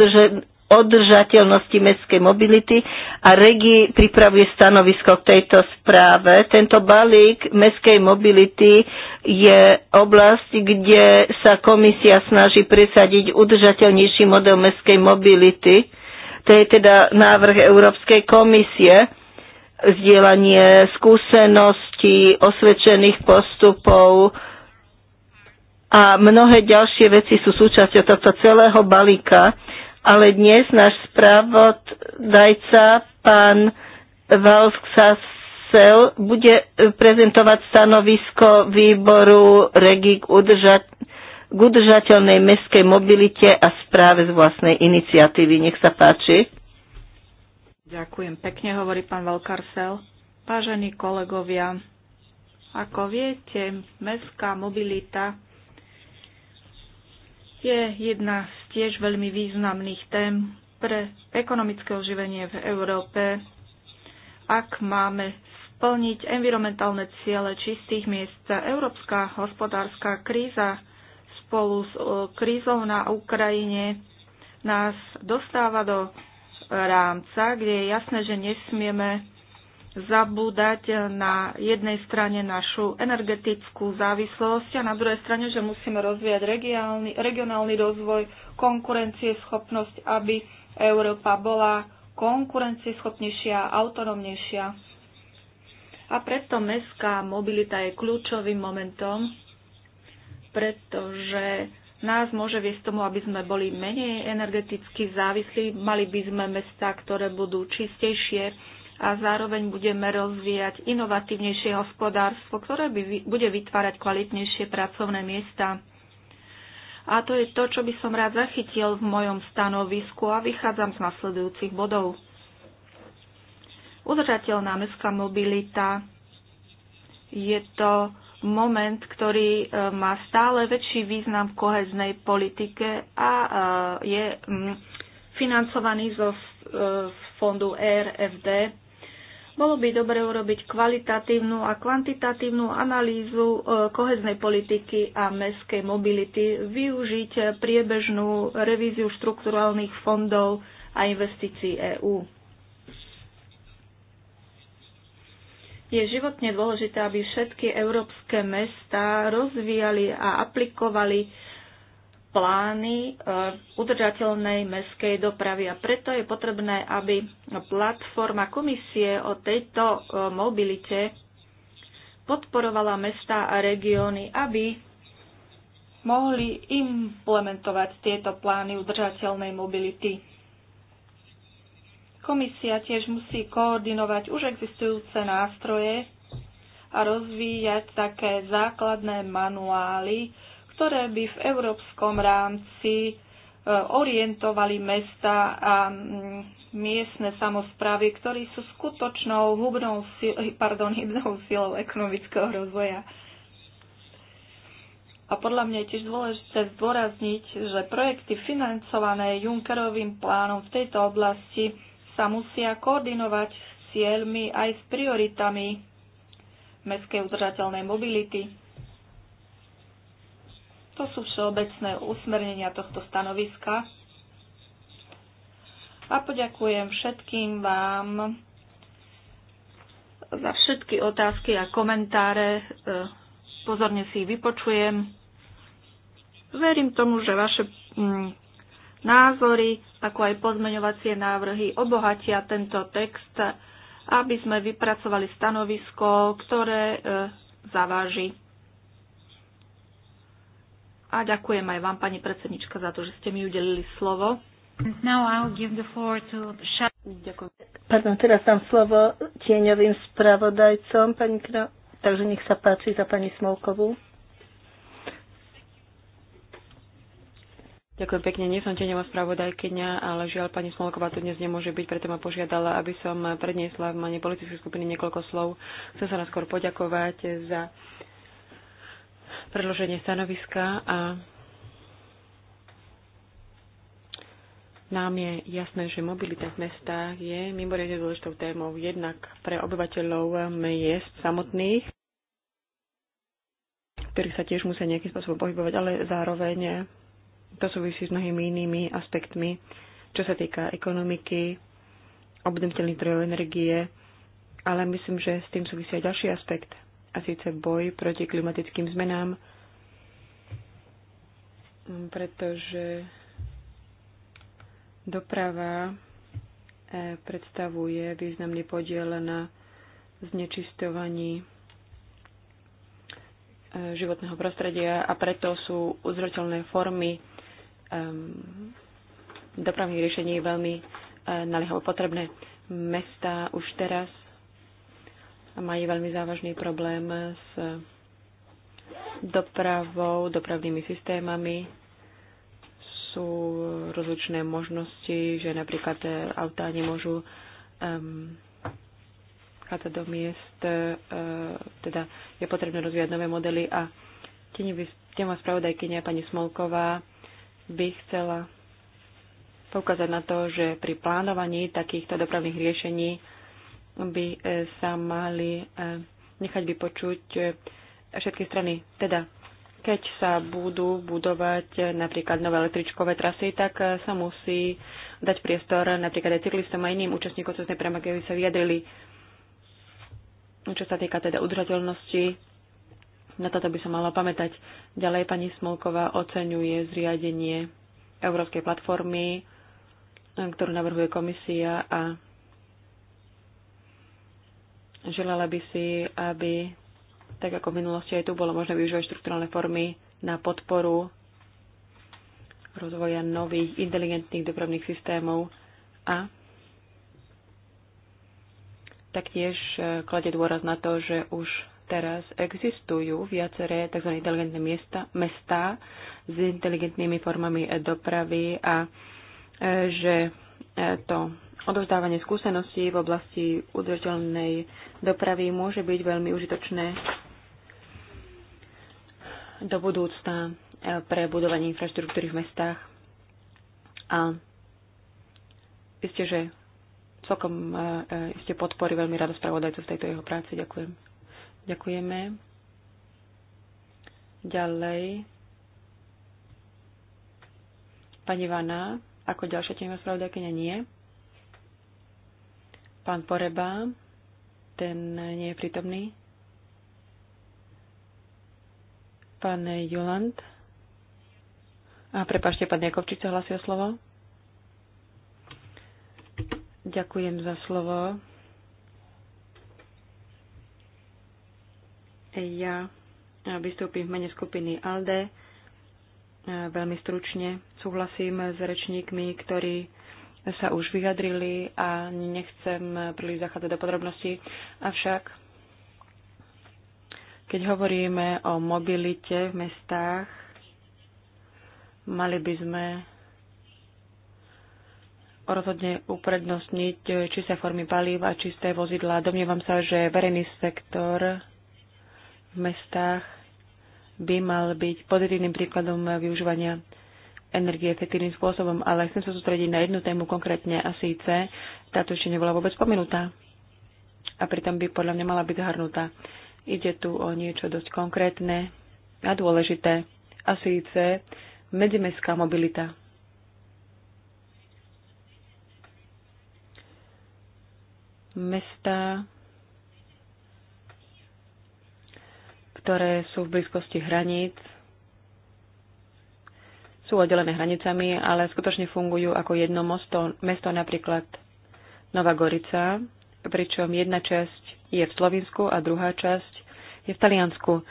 održateľnosti mestskej mobility a REGI pripravuje stanovisko k tejto správe. Tento balík mestskej mobility je oblasť, kde sa komisia snaží presadiť udržateľnejší model mestskej mobility. To je teda návrh Európskej komisie vzdielanie skúseností, osvedčených postupov, a mnohé ďalšie veci sú súčasťou tohto celého balíka ale dnes náš správodajca, pán Valsk Sasel, bude prezentovať stanovisko výboru REGI k, udrža- k udržateľnej mestskej mobilite a správe z vlastnej iniciatívy. Nech sa páči. Ďakujem pekne, hovorí pán Valkarsel. Vážení kolegovia, ako viete, mestská mobilita je jedna z tiež veľmi významných tém pre ekonomické oživenie v Európe, ak máme splniť environmentálne ciele čistých miest. Európska hospodárska kríza spolu s e, krízou na Ukrajine nás dostáva do rámca, kde je jasné, že nesmieme zabúdať na jednej strane našu energetickú závislosť a na druhej strane, že musíme rozvíjať regionálny, regionálny rozvoj, konkurencieschopnosť, aby Európa bola konkurencieschopnejšia, autonómnejšia. A preto mestská mobilita je kľúčovým momentom, pretože nás môže viesť tomu, aby sme boli menej energeticky závislí, mali by sme mesta, ktoré budú čistejšie, a zároveň budeme rozvíjať inovatívnejšie hospodárstvo, ktoré by, bude vytvárať kvalitnejšie pracovné miesta. A to je to, čo by som rád zachytil v mojom stanovisku a vychádzam z nasledujúcich bodov. Udržateľná mestská mobilita je to moment, ktorý e, má stále väčší význam v koheznej politike a e, je mm, financovaný zo e, fondu ERFD. Bolo by dobre urobiť kvalitatívnu a kvantitatívnu analýzu e, koheznej politiky a mestskej mobility, využiť priebežnú revíziu štrukturálnych fondov a investícií EÚ. je životne dôležité, aby všetky európske mesta rozvíjali a aplikovali plány e, udržateľnej meskej dopravy a preto je potrebné, aby platforma komisie o tejto e, mobilite podporovala mesta a regióny, aby mohli implementovať tieto plány udržateľnej mobility. Komisia tiež musí koordinovať už existujúce nástroje a rozvíjať také základné manuály, ktoré by v európskom rámci e, orientovali mesta a mm, miestne samozprávy, ktorí sú skutočnou hubnou, pardon, hybnou silou ekonomického rozvoja. A podľa mňa je tiež dôležité zdôrazniť, že projekty financované Junckerovým plánom v tejto oblasti sa musia koordinovať s cieľmi aj s prioritami mestskej udržateľnej mobility. To sú všeobecné usmernenia tohto stanoviska. A poďakujem všetkým vám za všetky otázky a komentáre. E, pozorne si ich vypočujem. Verím tomu, že vaše mm, názory, ako aj pozmeňovacie návrhy obohatia tento text, aby sme vypracovali stanovisko, ktoré e, zaváži a ďakujem aj vám, pani predsednička, za to, že ste mi udelili slovo. Pardon, teraz dám slovo tieňovým spravodajcom, pani Kra... Takže nech sa páči za pani Smolkovú. Ďakujem pekne, nie som tieňová spravodajkyňa, ale žiaľ pani Smolková tu dnes nemôže byť, preto ma požiadala, aby som predniesla v mane politickej skupiny niekoľko slov. Chcem sa naskôr poďakovať za predloženie stanoviska a nám je jasné, že mobilita v mestách je mimoriadne dôležitou témou jednak pre obyvateľov miest samotných, ktorých sa tiež musia nejakým spôsobom pohybovať, ale zároveň to súvisí s mnohými inými aspektmi, čo sa týka ekonomiky, obnoviteľných zdrojov energie, ale myslím, že s tým súvisí aj ďalší aspekt – a síce boj proti klimatickým zmenám, pretože doprava e, predstavuje významný podiel na znečistovaní e, životného prostredia a preto sú uzrateľné formy e, dopravných riešení veľmi naliehavo potrebné. Mesta už teraz majú veľmi závažný problém s dopravou, dopravnými systémami. Sú rozličné možnosti, že napríklad e, autá nemôžu um, chádzať do miest, uh, teda je potrebné rozvíjať nové modely a téma spravodajkynia pani Smolková by chcela poukázať na to, že pri plánovaní takýchto dopravných riešení by e, sa mali e, nechať vypočuť e, všetky strany. Teda, keď sa budú budovať napríklad nové električkové trasy, tak sa musí dať priestor napríklad aj cyklistom a iným účastníkom cestnej premávky, aby sa vyjadrili, čo sa týka teda udržateľnosti na toto by sa mala pamätať. Ďalej pani Smolková oceňuje zriadenie Európskej platformy, ktorú navrhuje komisia a Želala by si, aby tak ako v minulosti aj tu bolo možné využívať štruktúralne formy na podporu rozvoja nových inteligentných dopravných systémov a taktiež e, kladie dôraz na to, že už teraz existujú viaceré tzv. inteligentné miesta, mestá s inteligentnými formami dopravy a e, že e, to odovzdávanie skúseností v oblasti udržateľnej dopravy môže byť veľmi užitočné do budúcna eh, pre budovanie infraštruktúry v mestách. A isté, že celkom eh, isté podpory veľmi rado spravodajcu v tejto jeho práci. Ďakujem. Ďakujeme. Ďalej. Pani Vana, ako ďalšia téma spravodajkynia nie. Pán Poreba, ten nie je prítomný. Pán Juland. A prepašte, pán Jakovčík sa hlasí o slovo. Ďakujem za slovo. Ja vystúpim v mene skupiny ALDE. Veľmi stručne súhlasím s rečníkmi, ktorí sa už vyjadrili a nechcem príliš zachádzať do podrobností. Avšak, keď hovoríme o mobilite v mestách, mali by sme rozhodne uprednostniť čisté formy palív a čisté vozidlá. Domnievam sa, že verejný sektor v mestách by mal byť pozitívnym príkladom využívania energie efektívnym spôsobom, ale chcem sa sústrediť na jednu tému konkrétne a síce táto ešte nebola vôbec spomenutá a pritom by podľa mňa mala byť zahrnutá. Ide tu o niečo dosť konkrétne a dôležité a síce medzimestská mobilita. Mesta, ktoré sú v blízkosti hraníc, sú oddelené hranicami, ale skutočne fungujú ako jedno mosto, mesto, napríklad Nová Gorica, pričom jedna časť je v Slovensku a druhá časť je v Taliansku.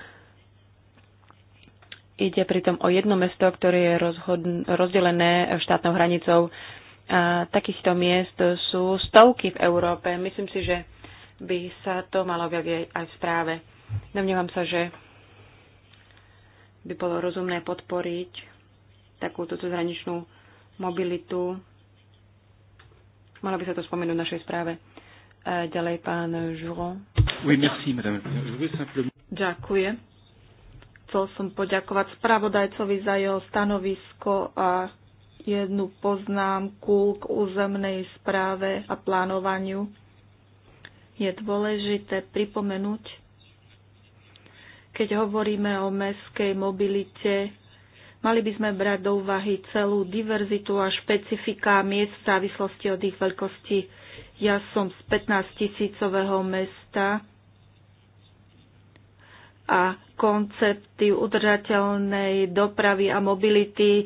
Ide pritom o jedno mesto, ktoré je rozhodn- rozdelené štátnou hranicou. A takýchto miest sú stovky v Európe. Myslím si, že by sa to malo objaviť aj v správe. Domnievam sa, že by bolo rozumné podporiť takúto cezhraničnú mobilitu. Malo by sa to spomenúť v našej správe. Ďalej pán Juron. Oui, merci, madame. Simplement... Ďakujem. Chcel som poďakovať spravodajcovi za jeho stanovisko a jednu poznámku k územnej správe a plánovaniu. Je dôležité pripomenúť, keď hovoríme o meskej mobilite, Mali by sme brať do úvahy celú diverzitu a špecifika miest v závislosti od ich veľkosti. Ja som z 15 tisícového mesta a koncepty udržateľnej dopravy a mobility eh,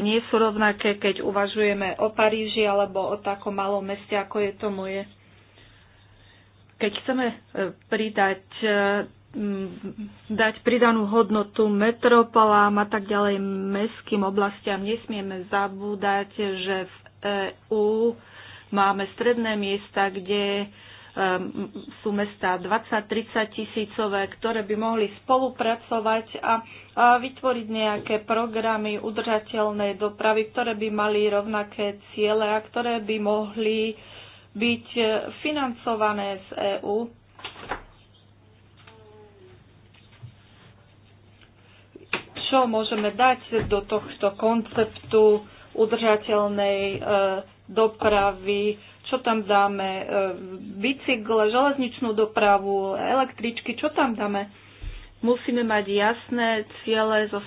nie sú rovnaké, keď uvažujeme o Paríži alebo o takom malom meste, ako je to moje. Keď chceme eh, pridať eh, Mm, dať pridanú hodnotu metropolám a tak ďalej mestským oblastiam. Nesmieme zabúdať, že v EÚ máme stredné miesta, kde sú mesta 20-30 tisícové, ktoré by mohli spolupracovať a, a vytvoriť nejaké programy udržateľnej dopravy, ktoré by mali rovnaké ciele a ktoré by mohli byť eh, financované z EÚ čo môžeme dať do tohto konceptu udržateľnej e, dopravy, čo tam dáme, e, bicykle, železničnú dopravu, električky, čo tam dáme. Musíme mať jasné ciele zo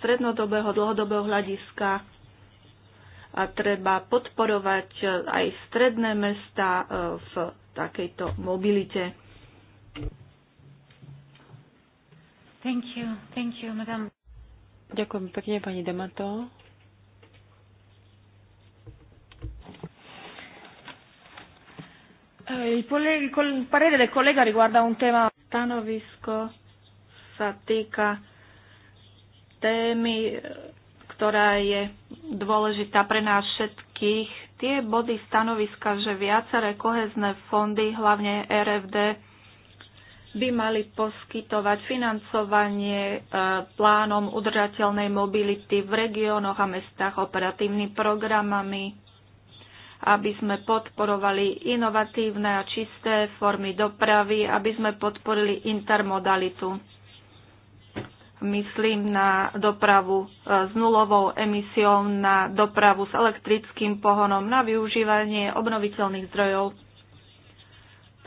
strednodobého, dlhodobého hľadiska a treba podporovať e, aj stredné mesta v takejto mobilite. Thank you, thank you, madam. Ďakujem pekne, pani Damato. Eh, parere del collega riguarda un tema. Stanovisko sa týka témy, ktorá je dôležitá pre nás všetkých. Tie body stanoviska, že viaceré kohezné fondy, hlavne RFD, by mali poskytovať financovanie e, plánom udržateľnej mobility v regiónoch a mestách operatívnymi programami, aby sme podporovali inovatívne a čisté formy dopravy, aby sme podporili intermodalitu. Myslím na dopravu e, s nulovou emisiou, na dopravu s elektrickým pohonom, na využívanie obnoviteľných zdrojov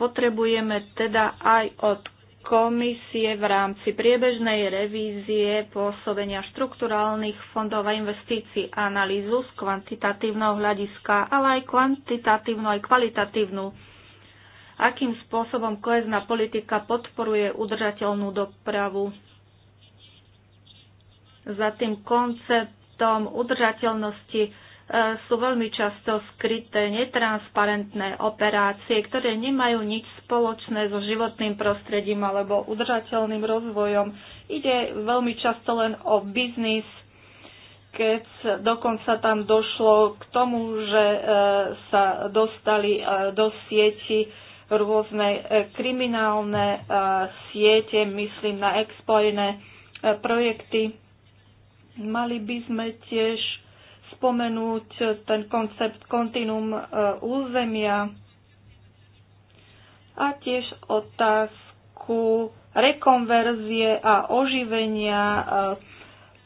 Potrebujeme teda aj od komisie v rámci priebežnej revízie pôsobenia štrukturálnych fondov a investícií analýzu z kvantitatívneho hľadiska, ale aj kvantitatívnu, aj kvalitatívnu, akým spôsobom kohezná politika podporuje udržateľnú dopravu. Za tým konceptom udržateľnosti sú veľmi často skryté, netransparentné operácie, ktoré nemajú nič spoločné so životným prostredím alebo udržateľným rozvojom. Ide veľmi často len o biznis, keď dokonca tam došlo k tomu, že e, sa dostali e, do sieti rôzne e, kriminálne siete, myslím na expojené projekty. Mali by sme tiež spomenúť ten koncept kontinuum e, územia a tiež otázku rekonverzie a oživenia e,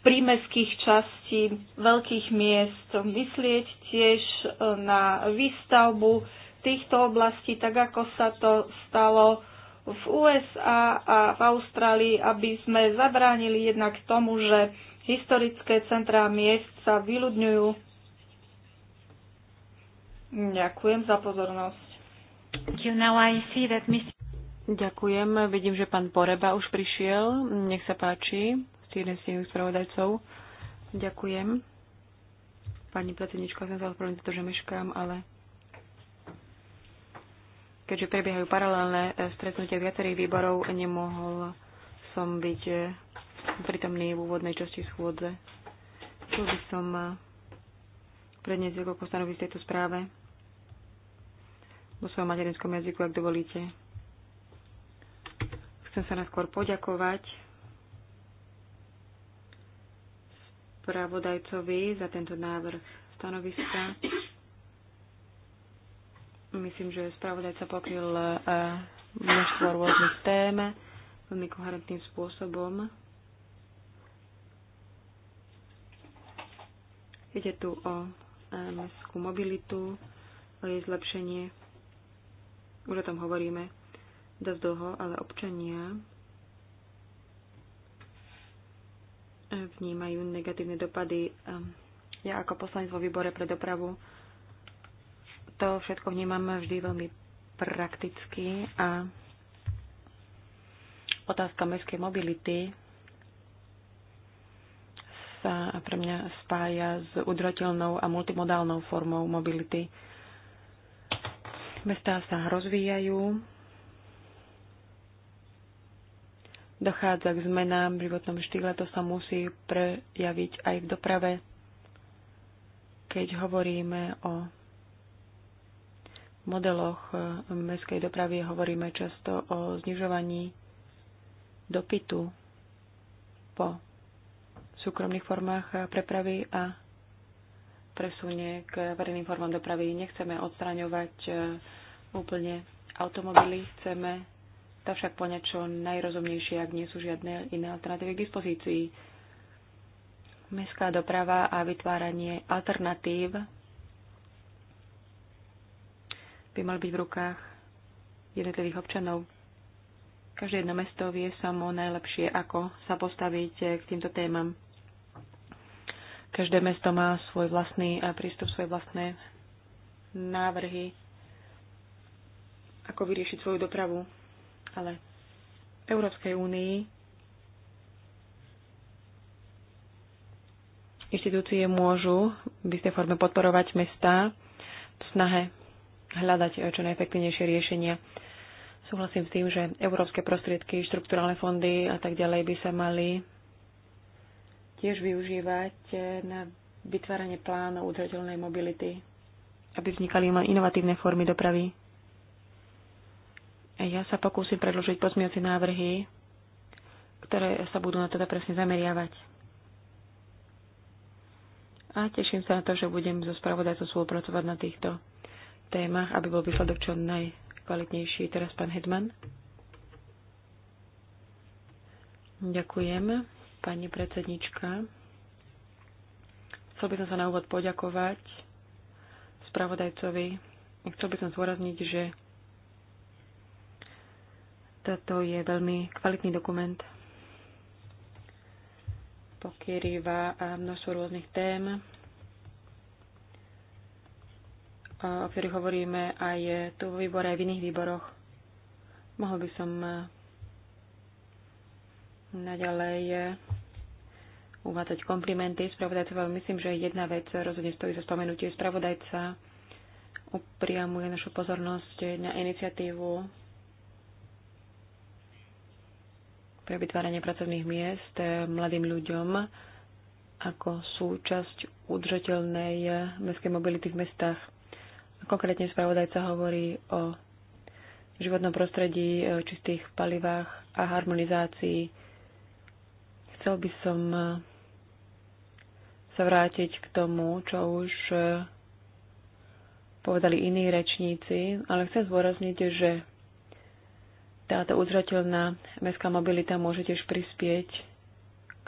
prímeských častí veľkých miest. Myslieť tiež e, na výstavbu týchto oblastí, tak ako sa to stalo v USA a v Austrálii, aby sme zabránili jednak tomu, že Historické centrá miest sa vyľudňujú. Ďakujem za pozornosť. Ďakujem. Vidím, že pán Poreba už prišiel. Nech sa páči. Ste jeden z spravodajcov. Ďakujem. Pani predsednička, som sa ospravedlniť to, že meškám, ale keďže prebiehajú paralelné eh, stretnutia viacerých výborov, nemohol som byť eh, som pritomný v úvodnej časti schôdze. Chcel by som eh, predniesť niekoľko stanoví v tejto správe vo svojom materinskom jazyku, ak dovolíte. Chcem sa naskôr poďakovať spravodajcovi za tento návrh stanoviska. Myslím, že spravodajca pokryl eh, množstvo rôznych tém veľmi koherentným spôsobom. Ide tu o mestskú mobilitu, o jej zlepšenie. Už o tom hovoríme dosť dlho, ale občania vnímajú negatívne dopady. Ja ako poslanec vo výbore pre dopravu to všetko vnímam vždy veľmi prakticky a otázka mestskej mobility sa pre mňa spája s udrateľnou a multimodálnou formou mobility. Mestá sa rozvíjajú, dochádza k zmenám v životnom štýle, to sa musí prejaviť aj v doprave, keď hovoríme o modeloch mestskej dopravy hovoríme často o znižovaní dopytu po súkromných formách eh, prepravy a presunie k verejným formám dopravy. Nechceme odstraňovať eh, úplne automobily, chceme tá však poňať čo najrozumnejšie, ak nie sú žiadne iné alternatívy k dispozícii. Mestská doprava a vytváranie alternatív by mal byť v rukách jednotlivých občanov. Každé jedno mesto vie samo najlepšie, ako sa postaviť eh, k týmto témam. Každé mesto má svoj vlastný eh, prístup, svoje vlastné návrhy, ako vyriešiť svoju dopravu. Ale v Európskej únii inštitúcie môžu v istej forme podporovať mesta v snahe hľadať eh, čo najefektívnejšie riešenia. Súhlasím s tým, že európske prostriedky, štrukturálne fondy a tak ďalej by sa mali tiež využívať e, na vytváranie plánov udržateľnej mobility, aby vznikali inovatívne formy dopravy. Ja sa pokúsim predložiť pozmiace návrhy, ktoré sa budú na teda presne zameriavať. A teším sa na to, že budem so spravodajcom spolupracovať na týchto témach, aby bol výsledok čo najkvalitnejší. Teraz pán Hedman. Ďakujem pani predsednička. Chcel by som sa na úvod poďakovať spravodajcovi. Chcel by som zdôrazniť, že toto je veľmi kvalitný dokument. Pokrýva množstvo rôznych tém, o ktorých hovoríme aj tu vo výbore, aj v iných výboroch. Mohol by som naďalej uvádzať komplimenty spravodajcovi, ale myslím, že jedna vec rozhodne stojí za spomenutie. Spravodajca upriamuje našu pozornosť na iniciatívu pre vytváranie pracovných miest mladým ľuďom ako súčasť udržateľnej mestskej mobility v mestách. Konkrétne spravodajca hovorí o životnom prostredí, čistých palivách a harmonizácii. Chcel by som sa vrátiť k tomu, čo už e, povedali iní rečníci, ale chcem zvorazniť, že táto uzrateľná mestská mobilita môže tiež prispieť k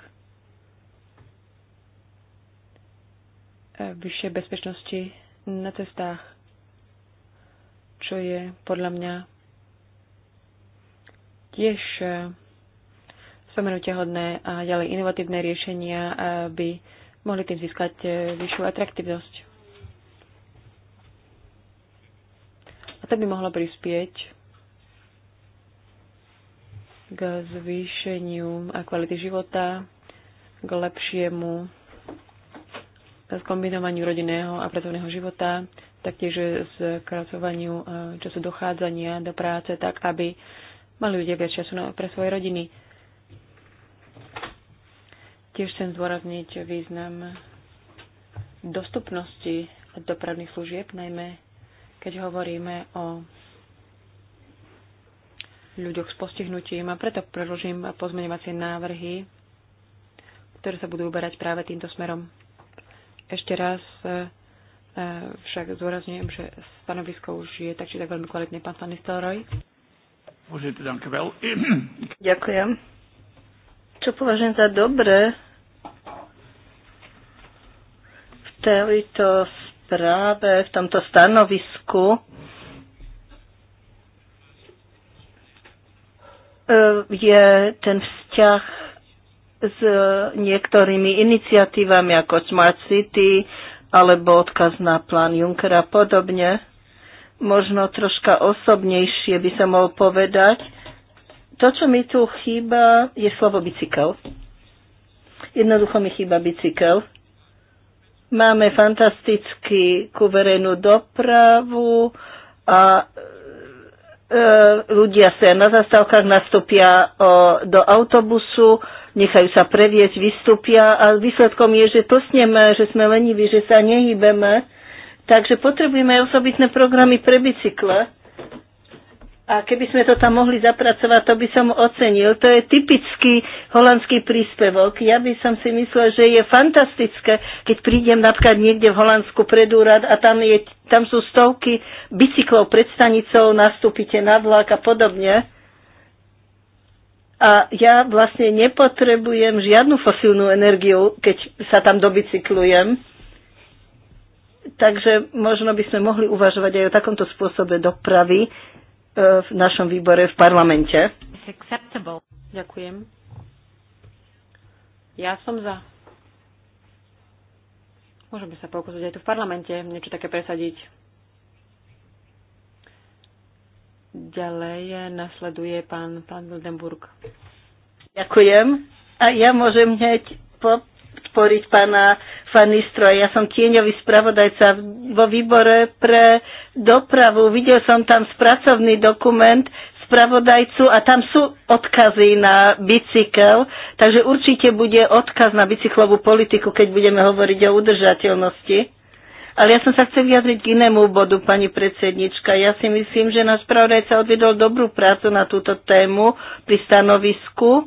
e, vyššej bezpečnosti na cestách, čo je podľa mňa tiež e, spomenutia hodné a ďalej inovatívne riešenia by mohli tým získať e, vyššiu atraktivnosť. A to by mohlo prispieť k zvýšeniu a kvality života, k lepšiemu skombinovaniu rodinného a pracovného života, taktiež skracovaniu e, času dochádzania do práce, tak aby mali ľudia viac času pre svoje rodiny. Tiež chcem zdôrazniť význam dostupnosti dopravných služieb, najmä keď hovoríme o ľuďoch s postihnutím a preto predložím pozmeňovacie návrhy, ktoré sa budú uberať práve týmto smerom. Ešte raz e, e, však zdôrazňujem, že stanovisko už je tak či tak veľmi kvalitné. Pán Fanny Stelroj. Ďakujem. Čo považujem za dobré tejto správe, v tomto stanovisku e, je ten vzťah s niektorými iniciatívami ako Smart City alebo odkaz na plán Junckera a podobne. Možno troška osobnejšie by sa mohol povedať. To, čo mi tu chýba, je slovo bicykel. Jednoducho mi chýba bicykel. Máme fantastický verejnú dopravu a e, ľudia sa na zastávkach nastúpia do autobusu, nechajú sa previesť, vystúpia a výsledkom je, že sneme, že sme leniví, že sa nehýbeme. Takže potrebujeme aj osobitné programy pre bicykle. A keby sme to tam mohli zapracovať, to by som ocenil. To je typický holandský príspevok. Ja by som si myslel, že je fantastické, keď prídem napríklad niekde v Holandsku pred úrad a tam, je, tam sú stovky bicyklov pred stanicou, nastúpite na vlak a podobne. A ja vlastne nepotrebujem žiadnu fosílnu energiu, keď sa tam dobicyklujem. Takže možno by sme mohli uvažovať aj o takomto spôsobe dopravy, E, v našom výbore v parlamente. Ďakujem. Ja som za. Môžeme sa pokúsiť aj tu v parlamente niečo také presadiť. Ďalej nasleduje pán, pán Wildenburg. Ďakujem. A ja môžem hneď po podporiť pána Fanistroja. Ja som tieňový spravodajca vo výbore pre dopravu. Videl som tam spracovný dokument spravodajcu a tam sú odkazy na bicykel, takže určite bude odkaz na bicyklovú politiku, keď budeme hovoriť o udržateľnosti. Ale ja som sa chcel vyjadriť k inému bodu, pani predsednička. Ja si myslím, že náš spravodajca odvedol dobrú prácu na túto tému pri stanovisku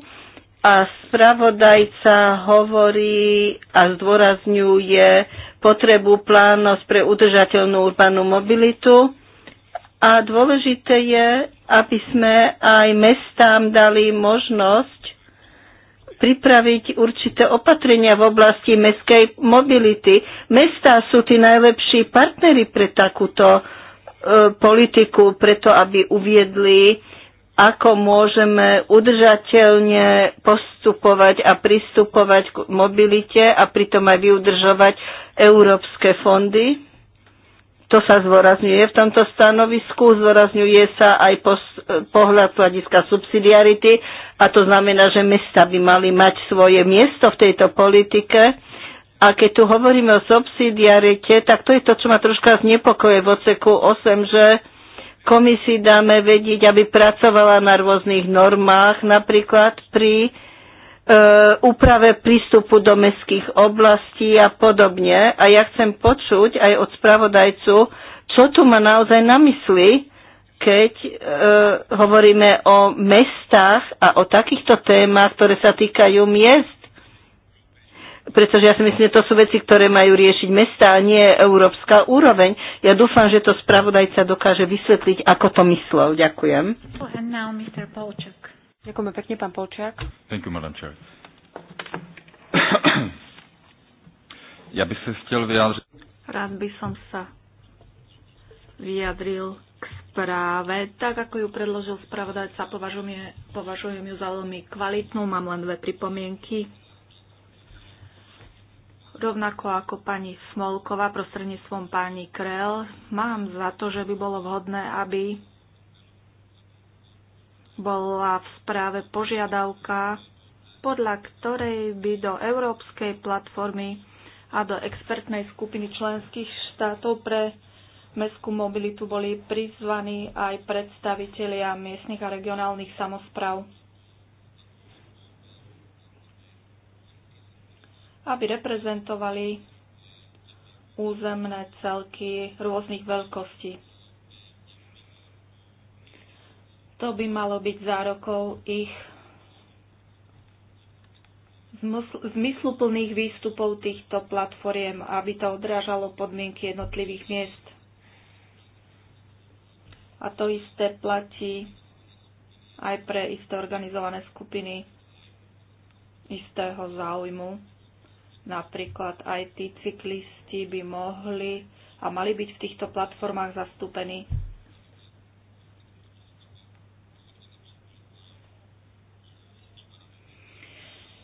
a spravodajca hovorí a zdôrazňuje potrebu plánnosť pre udržateľnú urbanú mobilitu. A dôležité je, aby sme aj mestám dali možnosť pripraviť určité opatrenia v oblasti mestskej mobility. Mestá sú tí najlepší partnery pre takúto e, politiku, preto aby uviedli ako môžeme udržateľne postupovať a pristupovať k mobilite a pritom aj vyudržovať európske fondy. To sa zvorazňuje v tomto stanovisku, zvorazňuje sa aj pohľad hľadiska subsidiarity a to znamená, že mesta by mali mať svoje miesto v tejto politike. A keď tu hovoríme o subsidiarite, tak to je to, čo ma troška znepokoje v oceku 8, že komisii dáme vedieť, aby pracovala na rôznych normách, napríklad pri e, úprave prístupu do mestských oblastí a podobne. A ja chcem počuť aj od spravodajcu, čo tu má naozaj na mysli, keď e, hovoríme o mestách a o takýchto témach, ktoré sa týkajú miest pretože ja si myslím, že to sú veci, ktoré majú riešiť mesta a nie európska úroveň. Ja dúfam, že to spravodajca dokáže vysvetliť, ako to myslel. Ďakujem. Oh, Ďakujem pekne, pán Polčiak. Thank you, madam chair. [CLEARS THROAT] ja by som chcel vyjadriť. Rád by som sa vyjadril k správe. Tak, ako ju predložil spravodajca, považujem, považujem ju za veľmi kvalitnú. Mám len dve pripomienky rovnako ako pani Smolková prostredníctvom pani Krel, mám za to, že by bolo vhodné, aby bola v správe požiadavka, podľa ktorej by do Európskej platformy a do expertnej skupiny členských štátov pre mestskú mobilitu boli prizvaní aj predstavitelia miestnych a regionálnych samozpráv. aby reprezentovali územné celky rôznych veľkostí. To by malo byť zárokou ich zmysluplných výstupov týchto platformiem, aby to odrážalo podmienky jednotlivých miest. A to isté platí aj pre isté organizované skupiny istého záujmu Napríklad aj tí cyklisti by mohli a mali byť v týchto platformách zastúpení.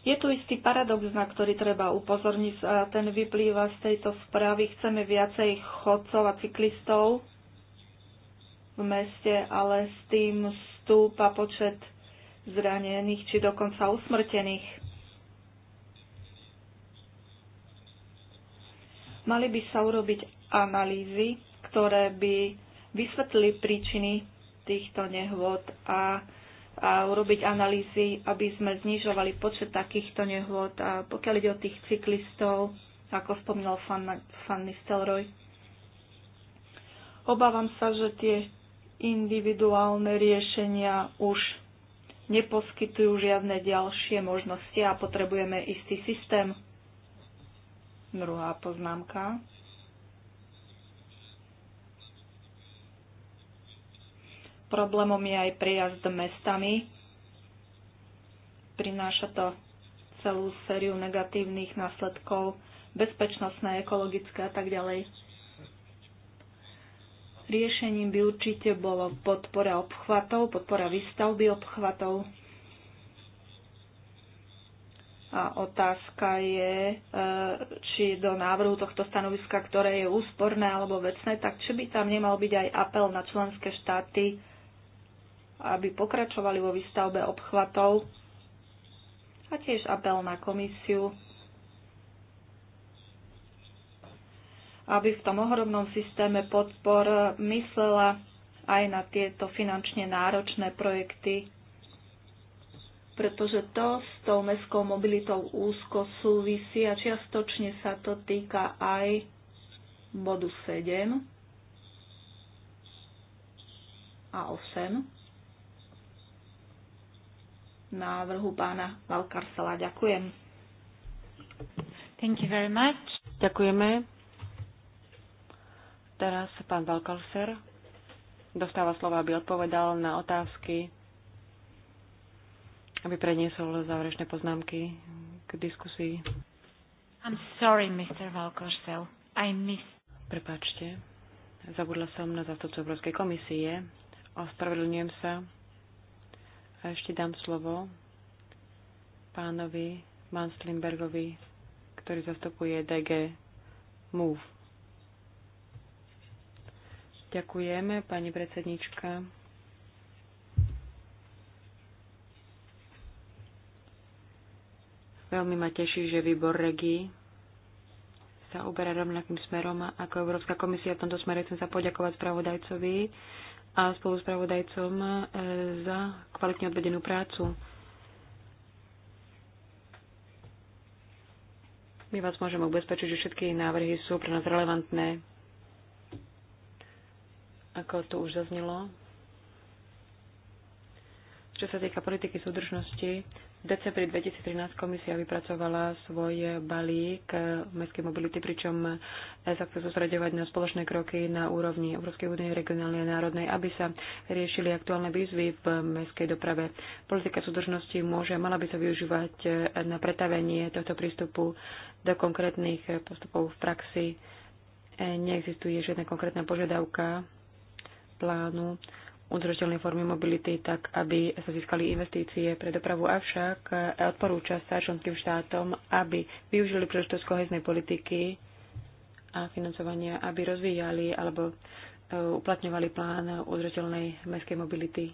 Je tu istý paradox, na ktorý treba upozorniť a ten vyplýva z tejto správy. Chceme viacej chodcov a cyklistov v meste, ale s tým stúpa počet zranených či dokonca usmrtených. Mali by sa urobiť analýzy, ktoré by vysvetlili príčiny týchto nehôd a, a urobiť analýzy, aby sme znižovali počet takýchto nehôd. A pokiaľ ide o tých cyklistov, ako spomínal Fanny Stelroj. obávam sa, že tie individuálne riešenia už neposkytujú žiadne ďalšie možnosti a potrebujeme istý systém. Druhá poznámka. Problémom je aj prijazd mestami. Prináša to celú sériu negatívnych následkov, bezpečnostné, ekologické a tak ďalej. Riešením by určite bolo podpora obchvatov, podpora výstavby obchvatov, a otázka je, e, či do návrhu tohto stanoviska, ktoré je úsporné alebo väčšné, tak či by tam nemal byť aj apel na členské štáty, aby pokračovali vo výstavbe obchvatov a tiež apel na komisiu, aby v tom ohromnom systéme podpor myslela aj na tieto finančne náročné projekty pretože to s tou mestskou mobilitou úzko súvisí a čiastočne sa to týka aj bodu 7 a 8 návrhu pána Valkarsela. Ďakujem. Thank you very much. Ďakujeme. Teraz pán Valkarsel dostáva slova, aby odpovedal na otázky aby predniesol záverečné poznámky k diskusii. I'm sorry, Mr. Valkorsel. I miss... Prepačte. Zabudla som na zastupcu Európskej komisie. Ospravedlňujem sa. A ešte dám slovo pánovi Manslimbergovi, ktorý zastupuje DG MOVE. Ďakujeme, pani predsednička. Veľmi ma teší, že výbor regí sa uberá rovnakým smerom ako Európska komisia. V tomto smere chcem sa poďakovať spravodajcovi a spoluspravodajcom e, za kvalitne odvedenú prácu. My vás môžeme ubezpečiť, že všetky návrhy sú pre nás relevantné. Ako to už zaznelo. Čo sa týka politiky súdržnosti, v decembri 2013 komisia vypracovala svoj balík mestskej mobility, pričom sa chce sústredovať na spoločné kroky na úrovni Európskej únie, regionálnej a národnej, aby sa riešili aktuálne výzvy v mestskej doprave. Politika súdržnosti môže a mala by sa využívať na pretavenie tohto prístupu do konkrétnych postupov v praxi. Neexistuje žiadna konkrétna požiadavka plánu udržateľnej formy mobility, tak aby sa získali investície pre dopravu. Avšak e, odporúča sa členským štátom, aby využili príležitosť koheznej politiky a financovania, aby rozvíjali alebo e, uplatňovali plán udržateľnej mestskej mobility.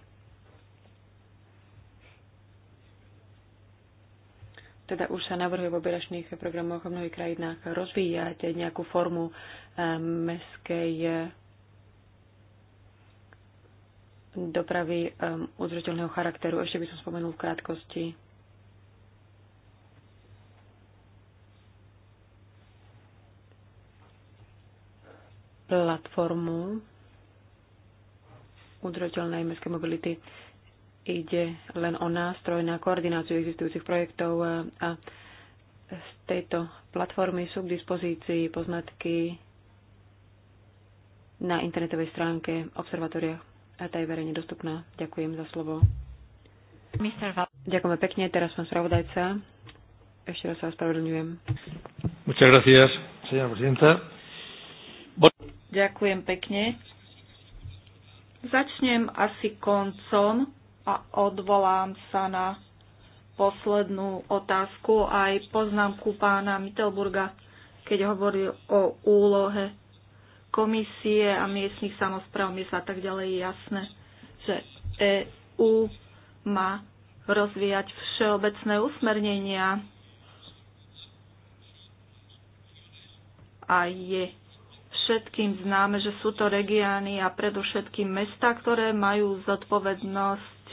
Teda už sa navrhuje v operačných programoch v mnohých krajinách rozvíjať nejakú formu e, mestskej dopravy um, udržateľného charakteru. Ešte by som spomenul v krátkosti. platformu udržateľnej mestskej mobility. Ide len o nástroj na koordináciu existujúcich projektov a z tejto platformy sú k dispozícii poznatky na internetovej stránke observatóriach a tá je verejne dostupná. Ďakujem za slovo. Ďakujeme pekne, teraz som spravodajca. Ešte raz sa ospravedlňujem. Muchas gracias, señora presidenta. Ďakujem pekne. Začnem asi koncom a odvolám sa na poslednú otázku aj poznámku pána Mittelburga, keď hovoril o úlohe komisie a miestnych samozpráv. Mne sa tak ďalej je jasné, že EÚ má rozvíjať všeobecné usmernenia a je všetkým známe, že sú to regiány a predovšetkým mesta, ktoré majú zodpovednosť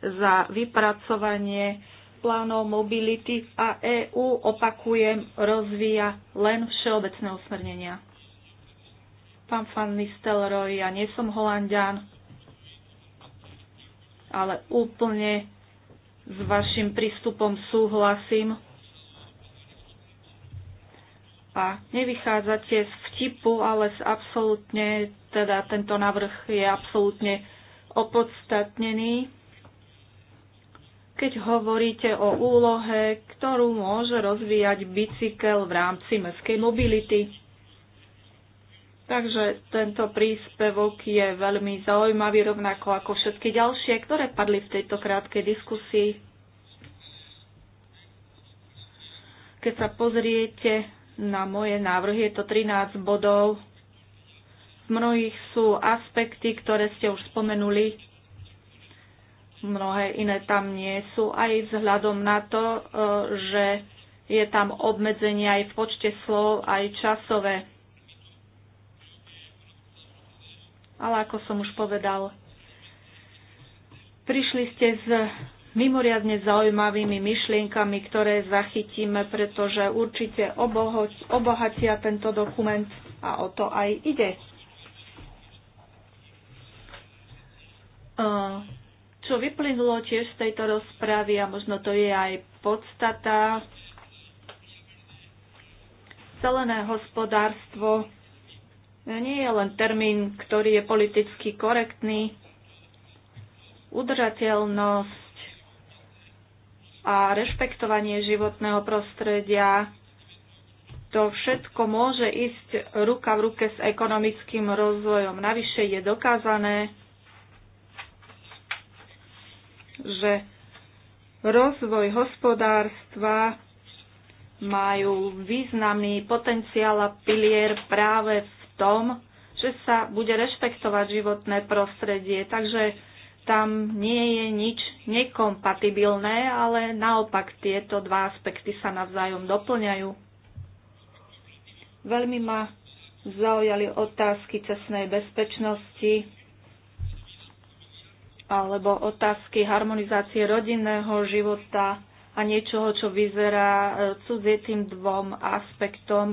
za vypracovanie plánov mobility a EÚ, opakujem, rozvíja len všeobecné usmernenia. Pán Fan Nistelrooy, ja nie som holandian, ale úplne s vašim prístupom súhlasím. A nevychádzate z vtipu, ale z absolútne, teda tento návrh je absolútne opodstatnený. Keď hovoríte o úlohe, ktorú môže rozvíjať bicykel v rámci mestskej mobility, Takže tento príspevok je veľmi zaujímavý, rovnako ako všetky ďalšie, ktoré padli v tejto krátkej diskusii. Keď sa pozriete na moje návrhy, je to 13 bodov. V mnohých sú aspekty, ktoré ste už spomenuli. Mnohé iné tam nie sú, aj vzhľadom na to, eh, že je tam obmedzenie aj v počte slov, aj časové Ale ako som už povedal, prišli ste s mimoriadne zaujímavými myšlienkami, ktoré zachytíme, pretože určite obohatia tento dokument a o to aj ide. Eh, čo vyplynulo tiež z tejto rozpravy a možno to je aj podstata, celené hospodárstvo No nie je len termín, ktorý je politicky korektný. Udržateľnosť a rešpektovanie životného prostredia, to všetko môže ísť ruka v ruke s ekonomickým rozvojom. Navyše je dokázané, že rozvoj hospodárstva majú významný potenciál a pilier práve v tom, že sa bude rešpektovať životné prostredie. Takže tam nie je nič nekompatibilné, ale naopak tieto dva aspekty sa navzájom doplňajú. Veľmi ma zaujali otázky cestnej bezpečnosti alebo otázky harmonizácie rodinného života a niečoho, čo vyzerá e, cudzie tým dvom aspektom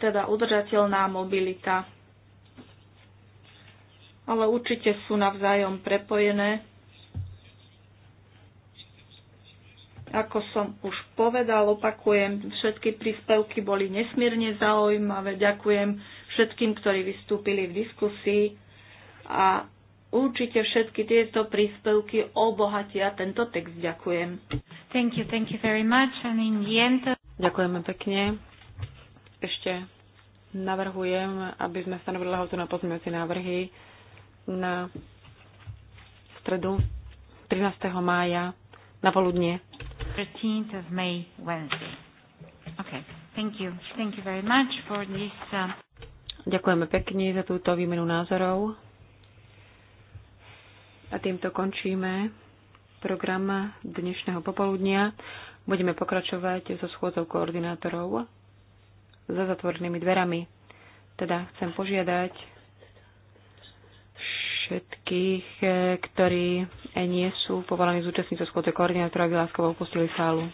teda udržateľná mobilita. Ale určite sú navzájom prepojené. Ako som už povedal, opakujem, všetky príspevky boli nesmierne zaujímavé. Ďakujem všetkým, ktorí vystúpili v diskusii a určite všetky tieto príspevky obohatia tento text. Ďakujem. Thank you, thank you very much. And in the end... Ďakujeme pekne ešte navrhujem, aby sme stanovili lehotu na pozmeňujúce návrhy na stredu 13. mája na poludne. 13th of May, Wednesday. Okay. Thank you. Thank you very much for this. Uh... Ďakujeme pekne za túto výmenu názorov. A týmto končíme program dnešného popoludnia. Budeme pokračovať so schôdzou koordinátorov za zatvorenými dverami. Teda chcem požiadať všetkých, eh, ktorí eh, nie sú povolaní zúčastniť sa skôr koordinátora, aby láskovo opustili sálu.